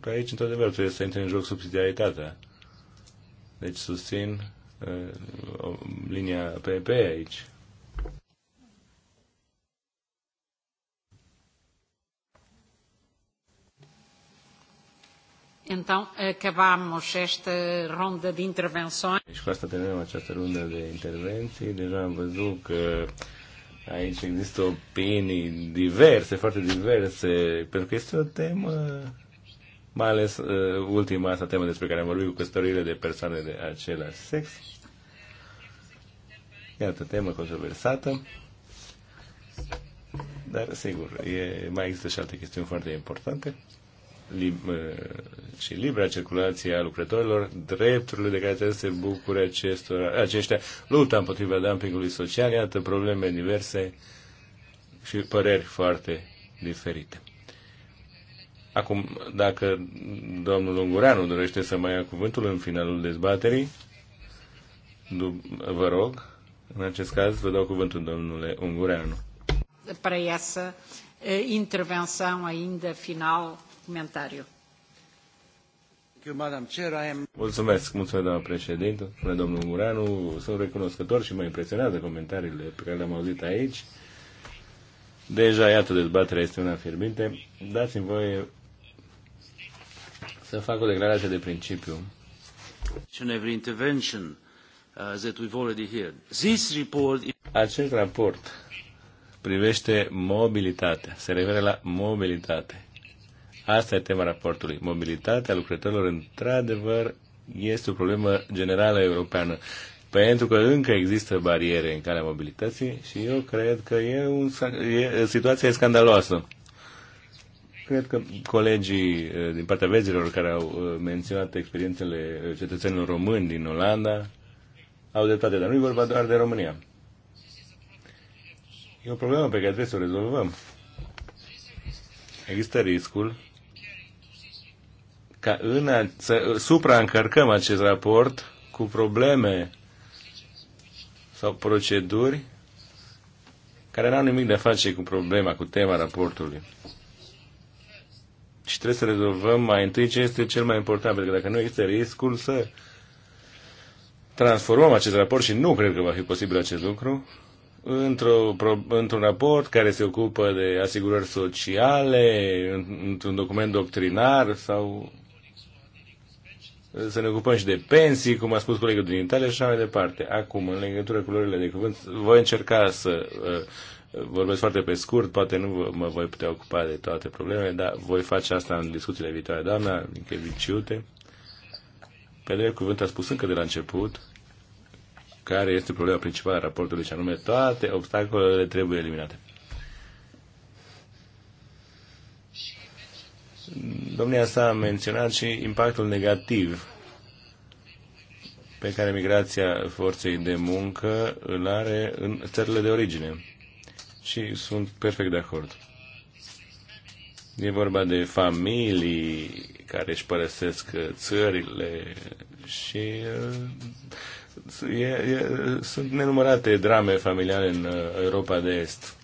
Că aici, într-adevăr, trebuie să intre în joc subsidiaritatea. Deci susțin uh, linia PP aici. Então, acabamos esta rondă de intervenções. Deci cu asta terminăm această rundă de intervenții. Deja am văzut că aici există opinii diverse, foarte diverse, pentru că este o temă, mai ales uh, ultima asta temă despre care am vorbit cu căsătorile de persoane de același sex. Iată, temă controversată. Dar, sigur, e, mai există și alte chestiuni foarte importante. Eh, și libera circulație a lucrătorilor, drepturile de care trebuie să se bucure acestora, aceștia, lupta împotriva dumpingului social, iată probleme diverse și păreri foarte diferite. Acum, dacă domnul Ungureanu dorește să mai ia cuvântul în finalul dezbaterii, vă rog, în acest caz vă dau cuvântul domnule Ungureanu. Pentru essa eh, intervenção ainda final comentariu. Mulțumesc, mulțumesc, doamna președintă, domnul Muranu. Sunt recunoscător și mă impresionează comentariile pe care le-am auzit aici. Deja, iată, dezbaterea este una fierbinte. Dați-mi voie să fac o declarație de principiu. Uh, Acest raport privește mobilitatea, se referă la mobilitate. Asta e tema raportului. Mobilitatea lucrătorilor, într-adevăr, este o problemă generală europeană. Pentru că încă există bariere în calea mobilității și eu cred că e, un, e situația e scandaloasă. Cred că colegii eh, din partea vezilor care au eh, menționat experiențele eh, cetățenilor români din Olanda au dreptate, dar nu e vorba doar de România. E o problemă pe care trebuie să o rezolvăm. Există riscul ca în a, să supraîncărcăm acest raport cu probleme sau proceduri care n-au nimic de a face cu problema, cu tema raportului. Și trebuie să rezolvăm mai întâi ce este cel mai important, pentru că dacă nu există riscul să transformăm acest raport, și nu cred că va fi posibil acest lucru, într-un într raport care se ocupă de asigurări sociale, într-un document doctrinar sau să ne ocupăm și de pensii, cum a spus colegul din Italia și așa mai departe. Acum, în legătură cu lorile de cuvânt, voi încerca să uh, vorbesc foarte pe scurt, poate nu mă voi putea ocupa de toate problemele, dar voi face asta în discuțiile viitoare. Doamna Linkeviciute, pe de cuvânt a spus încă de la început care este problema principală a raportului și anume toate obstacolele trebuie eliminate. Domnia s-a menționat și impactul negativ pe care migrația forței de muncă îl are în țările de origine. Și sunt perfect de acord. E vorba de familii care își părăsesc țările și uh, e, e, sunt nenumărate drame familiale în uh, Europa de Est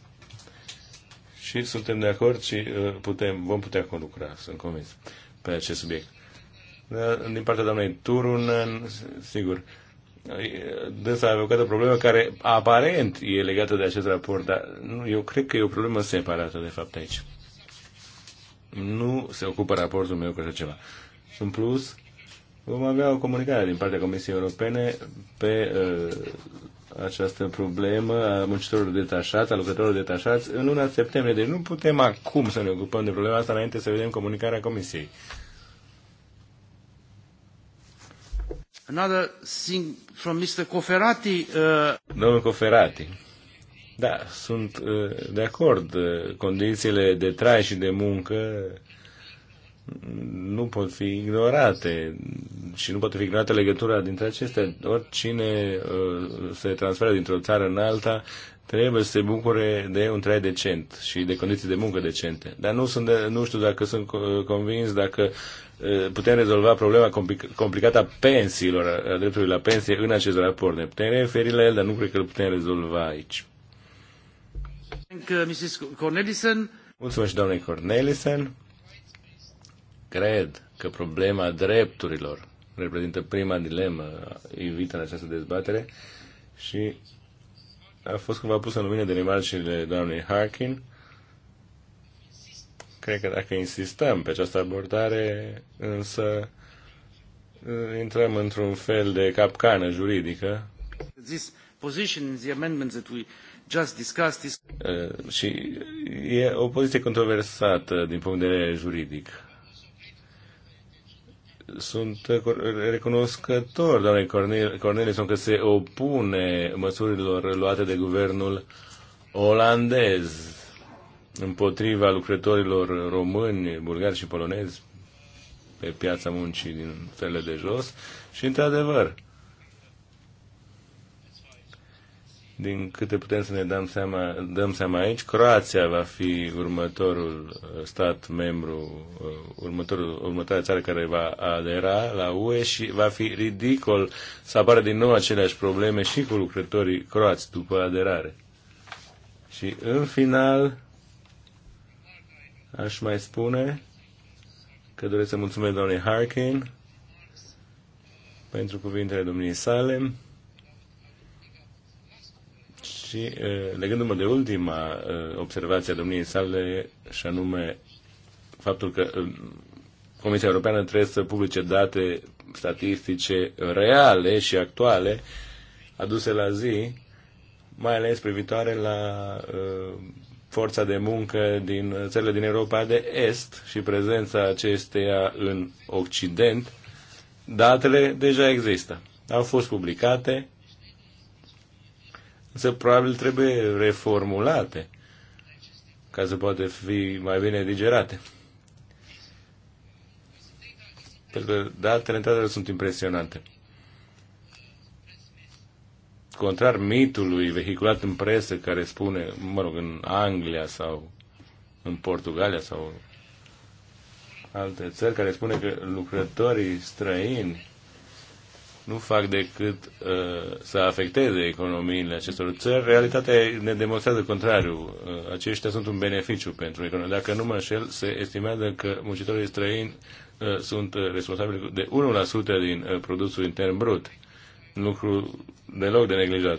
și suntem de acord și uh, putem, vom putea conlucra, sunt convins, pe acest subiect. Da, din partea doamnei Turunen, sigur, dânsa a evocat o problemă care aparent e legată de acest raport, dar nu, eu cred că e o problemă separată, de fapt, aici. Nu se ocupă raportul meu cu așa ceva. În plus, vom avea o comunicare din partea Comisiei Europene pe uh, această problemă a muncitorilor detașați, a lucrătorilor detașați, în luna septembrie. Deci nu putem acum să ne ocupăm de problema asta înainte să vedem comunicarea Comisiei. Another thing from Mr. Coferati. Uh... Domnul Coferati. Da, sunt uh, de acord. Uh, condițiile de trai și de muncă nu pot fi ignorate și nu poate fi ignorată legătura dintre acestea. Oricine uh, se transferă dintr-o țară în alta trebuie să se bucure de un trai decent și de condiții de muncă decente. Dar nu, sunt de, nu știu dacă sunt convins dacă uh, putem rezolva problema complicată a pensiilor, a dreptului la pensie în acest raport. Ne putem referi la el, dar nu cred că îl putem rezolva aici. Mulțumesc, doamne Cornelison. Cred că problema drepturilor reprezintă prima dilemă invită în această dezbatere și a fost cumva pusă în lumină de remarcile doamnei Harkin. Cred că dacă insistăm pe această abordare, însă uh, intrăm într-un fel de capcană juridică. This position in the amendment that we just discussed is... Uh, și e o poziție controversată din punct de vedere juridic sunt recunoscător, doamne Cornelison, că se opune măsurilor luate de guvernul olandez împotriva lucrătorilor români, bulgari și polonezi pe piața muncii din țările de jos și, într-adevăr, Din câte putem să ne dăm seama, dăm seama aici, Croația va fi următorul uh, stat membru, uh, următorul, următoarea țară care va adera la UE și va fi ridicol să apară din nou aceleași probleme și cu lucrătorii croați după aderare. Și în final, aș mai spune că doresc să mulțumesc doamnei Harkin pentru cuvintele domniei Salem. Și legându-mă de ultima observație a domniei sale, și anume faptul că Comisia Europeană trebuie să publice date statistice reale și actuale aduse la zi, mai ales privitoare la forța de muncă din țările din Europa de Est și prezența acesteia în Occident, datele deja există. Au fost publicate însă probabil trebuie reformulate ca să poată fi mai bine digerate. Pentru că datele într sunt impresionante. Contrar mitului vehiculat în presă care spune, mă rog, în Anglia sau în Portugalia sau alte țări, care spune că lucrătorii străini nu fac decât uh, să afecteze economiile acestor țări. Realitatea ne demonstrează contrariu. Uh, aceștia sunt un beneficiu pentru economie. Dacă nu mă înșel, se estimează că muncitorii străini uh, sunt uh, responsabili de 1% din uh, produsul intern brut. Lucru deloc de neglijat.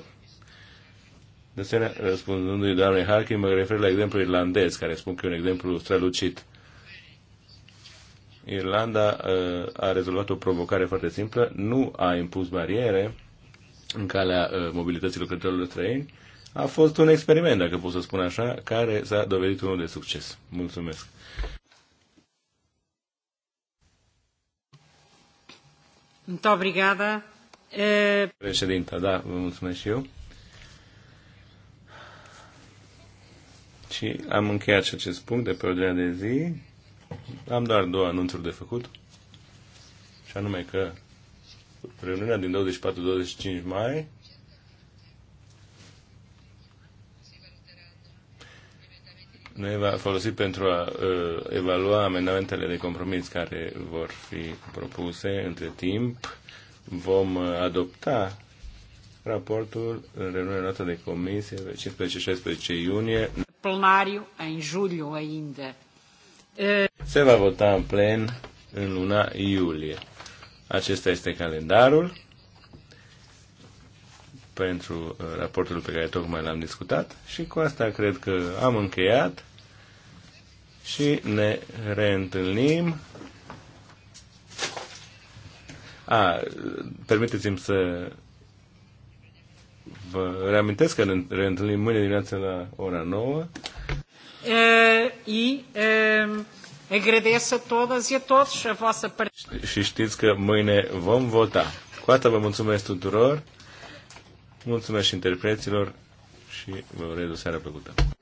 De asemenea, răspunzându-i doamnei Harkin, mă refer la exemplul irlandez, care spun că e un exemplu strălucit. Irlanda uh, a rezolvat o provocare foarte simplă, nu a impus bariere în calea uh, mobilității lucrătorilor străini. A fost un experiment, dacă pot să spun așa, care s-a dovedit unul de succes. Mulțumesc! Muito obrigada. Eh, Președinta, da, vă mulțumesc și eu. Și am încheiat și acest punct de pe ordinea de zi. Am doar două anunțuri de făcut, și anume că reuniunea din 24-25 mai ne va folosi pentru a uh, evalua amendamentele de compromis care vor fi propuse între timp. Vom uh, adopta raportul în reuniunea noastră de comisie 15-16 iunie. Plenariu în iulie, ainda. Se va vota în plen în luna iulie. Acesta este calendarul pentru uh, raportul pe care tocmai l-am discutat și cu asta cred că am încheiat și ne reîntâlnim. A, permiteți-mi să vă reamintesc că ne reîntâlnim mâine dimineață la ora 9. Eh, e eh, agradeço a todas e a todos a vossa participação. Și știți că mâine vom vota. Cu asta vă mulțumesc tuturor, mulțumesc și interpreților și vă urez o seară plăcută.